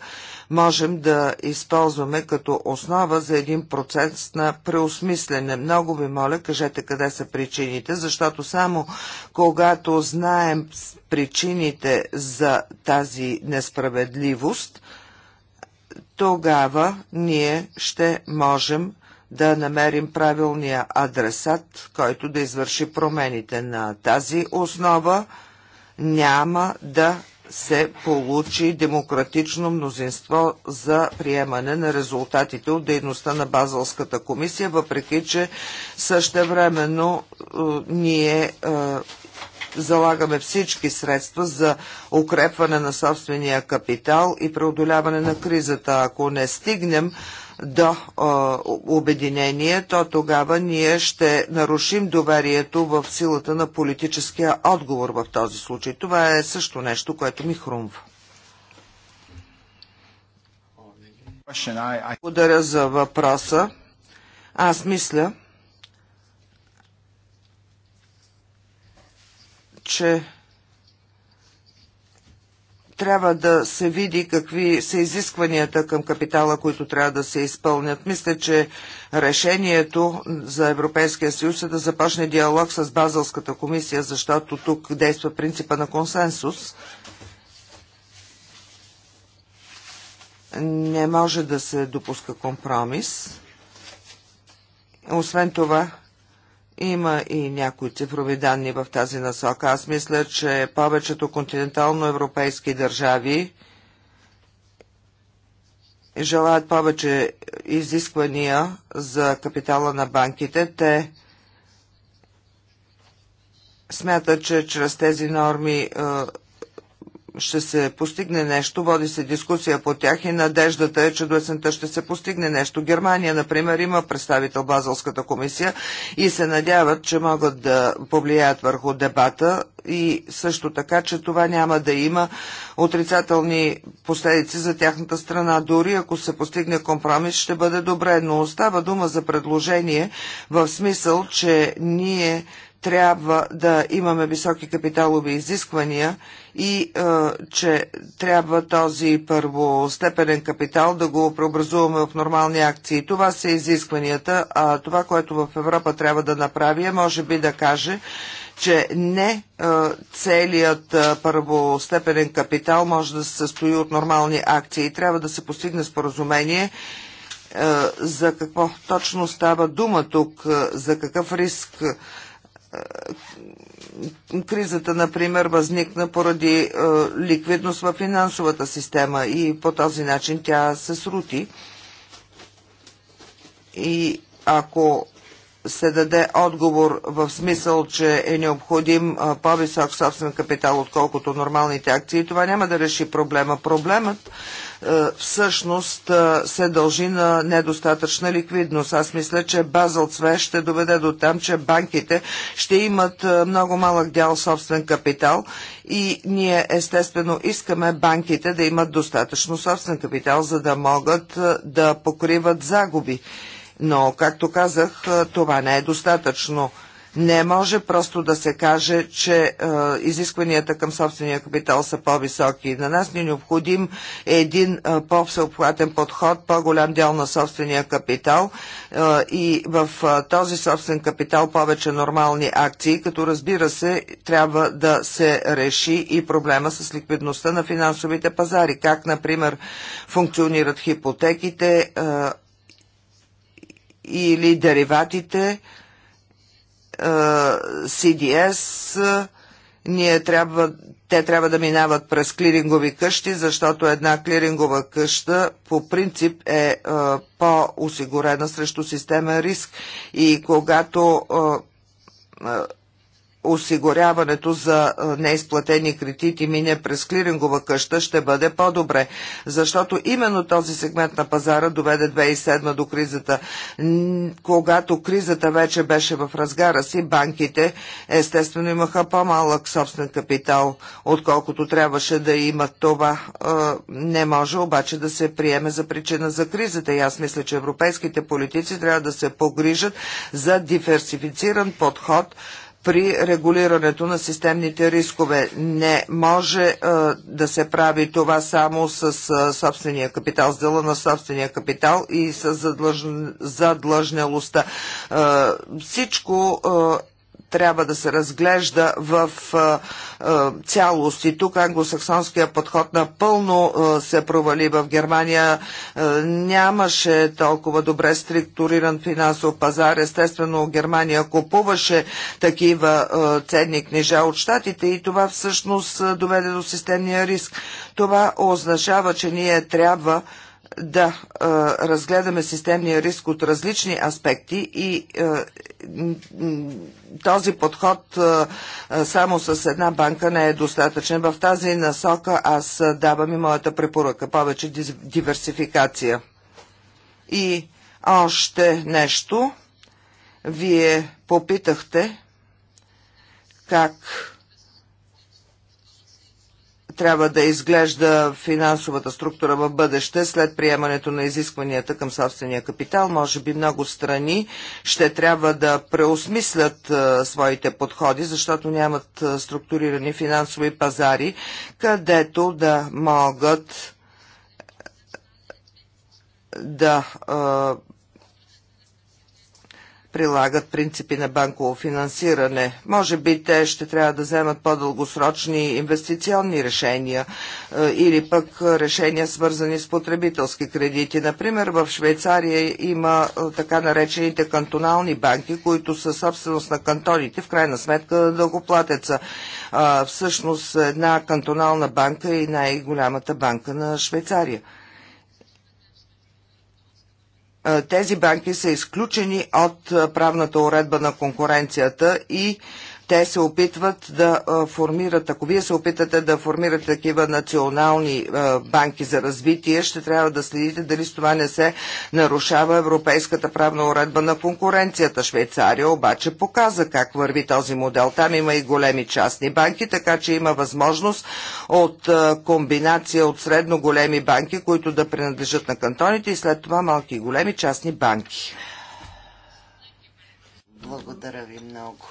можем да използваме като основа за един процес на преосмислене. Много ви моля, кажете къде са причините, защото само когато знаем причините за тази несправедливост, тогава ние ще можем да намерим правилния адресат, който да извърши промените на тази основа, няма да се получи демократично мнозинство за приемане на резултатите от дейността на Базалската комисия, въпреки че същевременно е, ние е, залагаме всички средства за укрепване на собствения капитал и преодоляване на кризата. Ако не стигнем до обединение, то тогава ние ще нарушим доверието в силата на политическия отговор в този случай. Това е също нещо, което ми хрумва. Благодаря за въпроса. Аз мисля, че трябва да се види какви са изискванията към капитала, които трябва да се изпълнят. Мисля, че решението за Европейския съюз е да започне диалог с Базълската комисия, защото тук действа принципа на консенсус. Не може да се допуска компромис. Освен това, има и някои цифрови данни в тази насока. Аз мисля, че повечето континентално европейски държави желаят повече изисквания за капитала на банките. Те смятат, че чрез тези норми е, ще се постигне нещо, води се дискусия по тях и надеждата е, че до есента ще се постигне нещо. Германия, например, има представител Базълската комисия и се надяват, че могат да повлияят върху дебата и също така, че това няма да има отрицателни последици за тяхната страна. Дори ако се постигне компромис, ще бъде добре, но остава дума за предложение в смисъл, че ние трябва да имаме високи капиталови изисквания и че трябва този първостепенен капитал да го преобразуваме в нормални акции. Това са изискванията, а това, което в Европа трябва да направи е може би да каже, че не целият първостепенен капитал може да се състои от нормални акции. Трябва да се постигне споразумение за какво точно става дума тук, за какъв риск кризата, например, възникна поради е, ликвидност във финансовата система и по този начин тя се срути. И ако се даде отговор в смисъл, че е необходим по-висок собствен капитал, отколкото нормалните акции, това няма да реши проблема. Проблемът всъщност се дължи на недостатъчна ликвидност. Аз мисля, че Базъл Цве ще доведе до там, че банките ще имат много малък дял собствен капитал и ние естествено искаме банките да имат достатъчно собствен капитал, за да могат да покриват загуби. Но, както казах, това не е достатъчно. Не може просто да се каже, че е, изискванията към собствения капитал са по-високи. На нас ни е необходим един е, по-всеобхватен подход, по-голям дял на собствения капитал е, и в е, този собствен капитал повече нормални акции, като разбира се трябва да се реши и проблема с ликвидността на финансовите пазари, как например функционират хипотеките, е, или дериватите CDS ние трябва, те трябва да минават през клирингови къщи, защото една клирингова къща по принцип е, е по-осигурена срещу системен риск. И когато е, е, осигуряването за неизплатени кредити мине през клирингова къща ще бъде по-добре, защото именно този сегмент на пазара доведе 2007 до кризата. Когато кризата вече беше в разгара си, банките естествено имаха по-малък собствен капитал, отколкото трябваше да имат това. Не може обаче да се приеме за причина за кризата и аз мисля, че европейските политици трябва да се погрижат за диверсифициран подход при регулирането на системните рискове. Не може а, е, да се прави това само с а, е, собствения капитал, с дела на собствения капитал и с задлъж... задлъжнелостта. А, е, всичко трябва да се разглежда в цялост. И тук англосаксонския подход напълно се провали. В Германия нямаше толкова добре структуриран финансов пазар. Естествено, Германия купуваше такива ценни книжа от щатите и това всъщност доведе до системния риск. Това означава, че ние трябва да е, разгледаме системния риск от различни аспекти и е, този подход е, само с една банка не е достатъчен. В тази насока аз давам и моята препоръка повече диверсификация. И още нещо. Вие попитахте как трябва да изглежда финансовата структура в бъдеще след приемането на изискванията към собствения капитал. Може би много страни ще трябва да преосмислят своите подходи, защото нямат структурирани финансови пазари, където да могат да а, прилагат принципи на банково финансиране. Може би те ще трябва да вземат по-дългосрочни инвестиционни решения е, или пък решения свързани с потребителски кредити. Например, в Швейцария има е, така наречените кантонални банки, които са собственост на кантоните, в крайна сметка дългоплатеца. Всъщност една кантонална банка е най-голямата банка на Швейцария. Е, тези банки са изключени от е, правната уредба на конкуренцията и те се опитват да формират, ако вие се опитате да формирате такива национални банки за развитие, ще трябва да следите дали с това не се нарушава европейската правна уредба на конкуренцията. Швейцария обаче показа как върви този модел. Там има и големи частни банки, така че има възможност от комбинация от средно големи банки, които да принадлежат на кантоните и след това малки и големи частни банки. Благодаря ви много.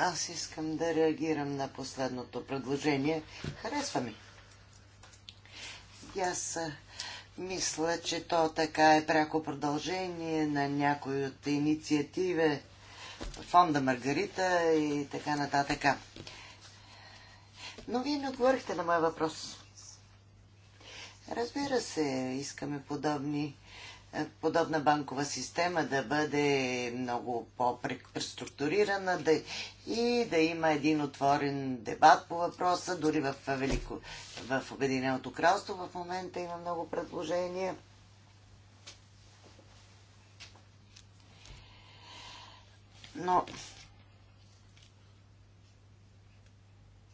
Аз искам да реагирам на последното предложение. Харесва ми. И аз мисля, че то така е пряко продължение на някои от инициативи фонда Маргарита и така нататък. Но вие не отговорихте на моя въпрос. Разбира се, искаме подобни подобна банкова система да бъде много по-преструктурирана да, и да има един отворен дебат по въпроса. Дори в, Велико, в Обединеното кралство в момента има много предложения. Но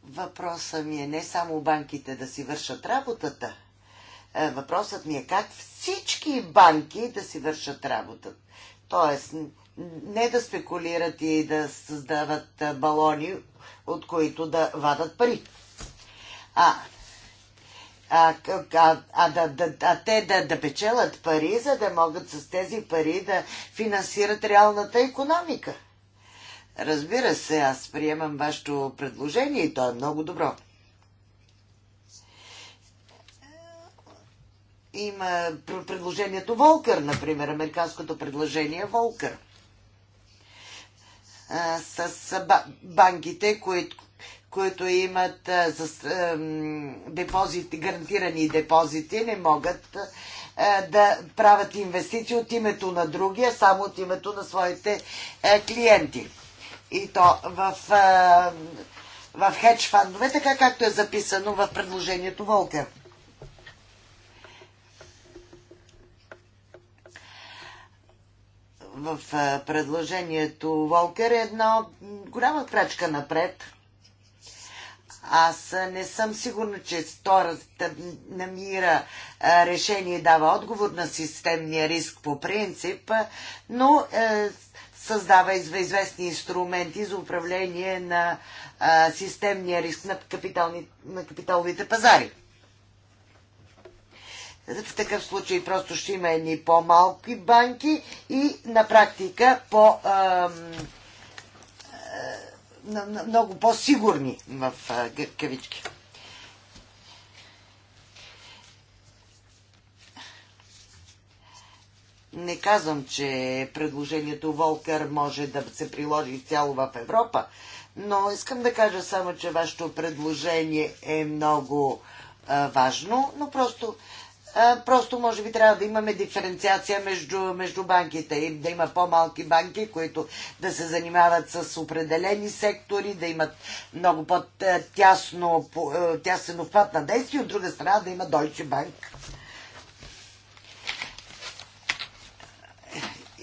въпросът ми е не само банките да си вършат работата, е, въпросът ми е как всички банки да си вършат работата. Тоест, не да спекулират и да създават е, балони, от които да вадат пари. А, а, а, а, да, да, а те да, да печелят пари, за да могат с тези пари да финансират реалната економика. Разбира се, аз приемам вашето предложение и то е много добро. Има предложението Волкър, например, американското предложение Волкър. С банките, които, които имат депозити, гарантирани депозити, не могат да правят инвестиции от името на другия, само от името на своите е, клиенти. И то в, в хедж фандове, така както е записано в предложението Волкер. в предложението Волкер е една голяма крачка напред. Аз не съм сигурна, че той намира решение и дава отговор на системния риск по принцип, но е, създава известни инструменти за управление на системния риск на, капитални, на капиталовите пазари. В такъв случай просто ще има едни по-малки банки и на практика по, е, а, а, много по-сигурни в а, е, кавички. Не казвам, че предложението Волкър може да се приложи цяло в Европа, но искам да кажа само, че вашето предложение е много а, е, важно, но просто Просто може би трябва да имаме диференциация между, между банките. И да има по-малки банки, които да се занимават с определени сектори, да имат много по-тясно, е, тясен обхват на действие, от друга страна да има Deutsche Bank.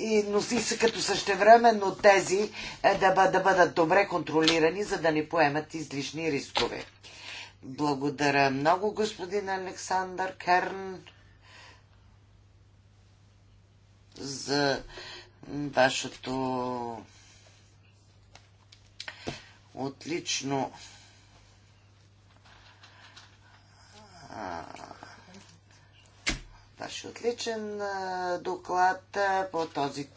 и носи се като същевременно тези е, да, да бъдат добре контролирани, за да не поемат излишни рискове. Благодаря много, господин Александър Керн, за вашето отлично ваш отличен доклад по този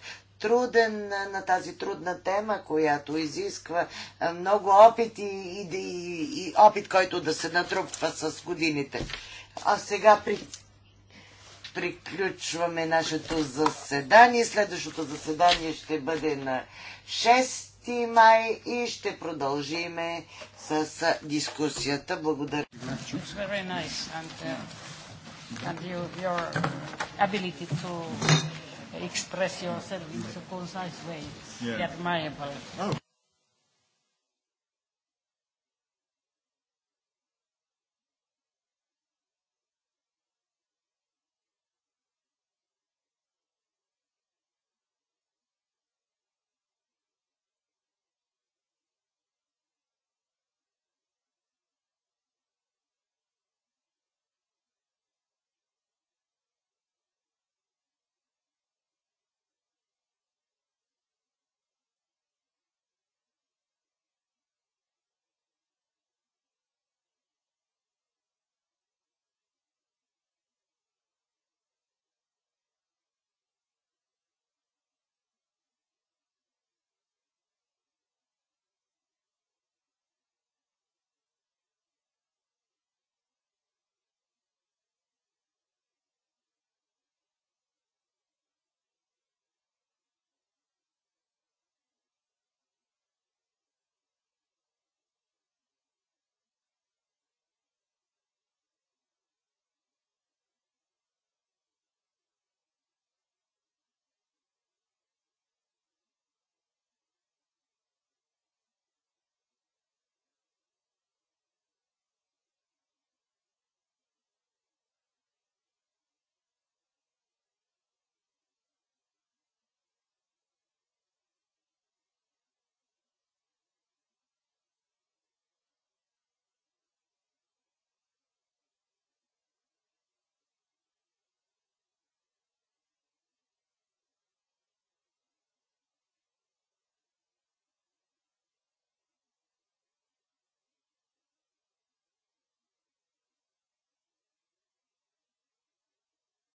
труден, на тази трудна тема, която изисква много опит и, и, и, и опит, който да се натрупва с годините. А сега при, приключваме нашето заседание. Следващото заседание ще бъде на 6 май и ще продължиме с дискусията. Благодаря. Uh, your ability to express yourself in a concise way. Yeah. Admirable. Oh.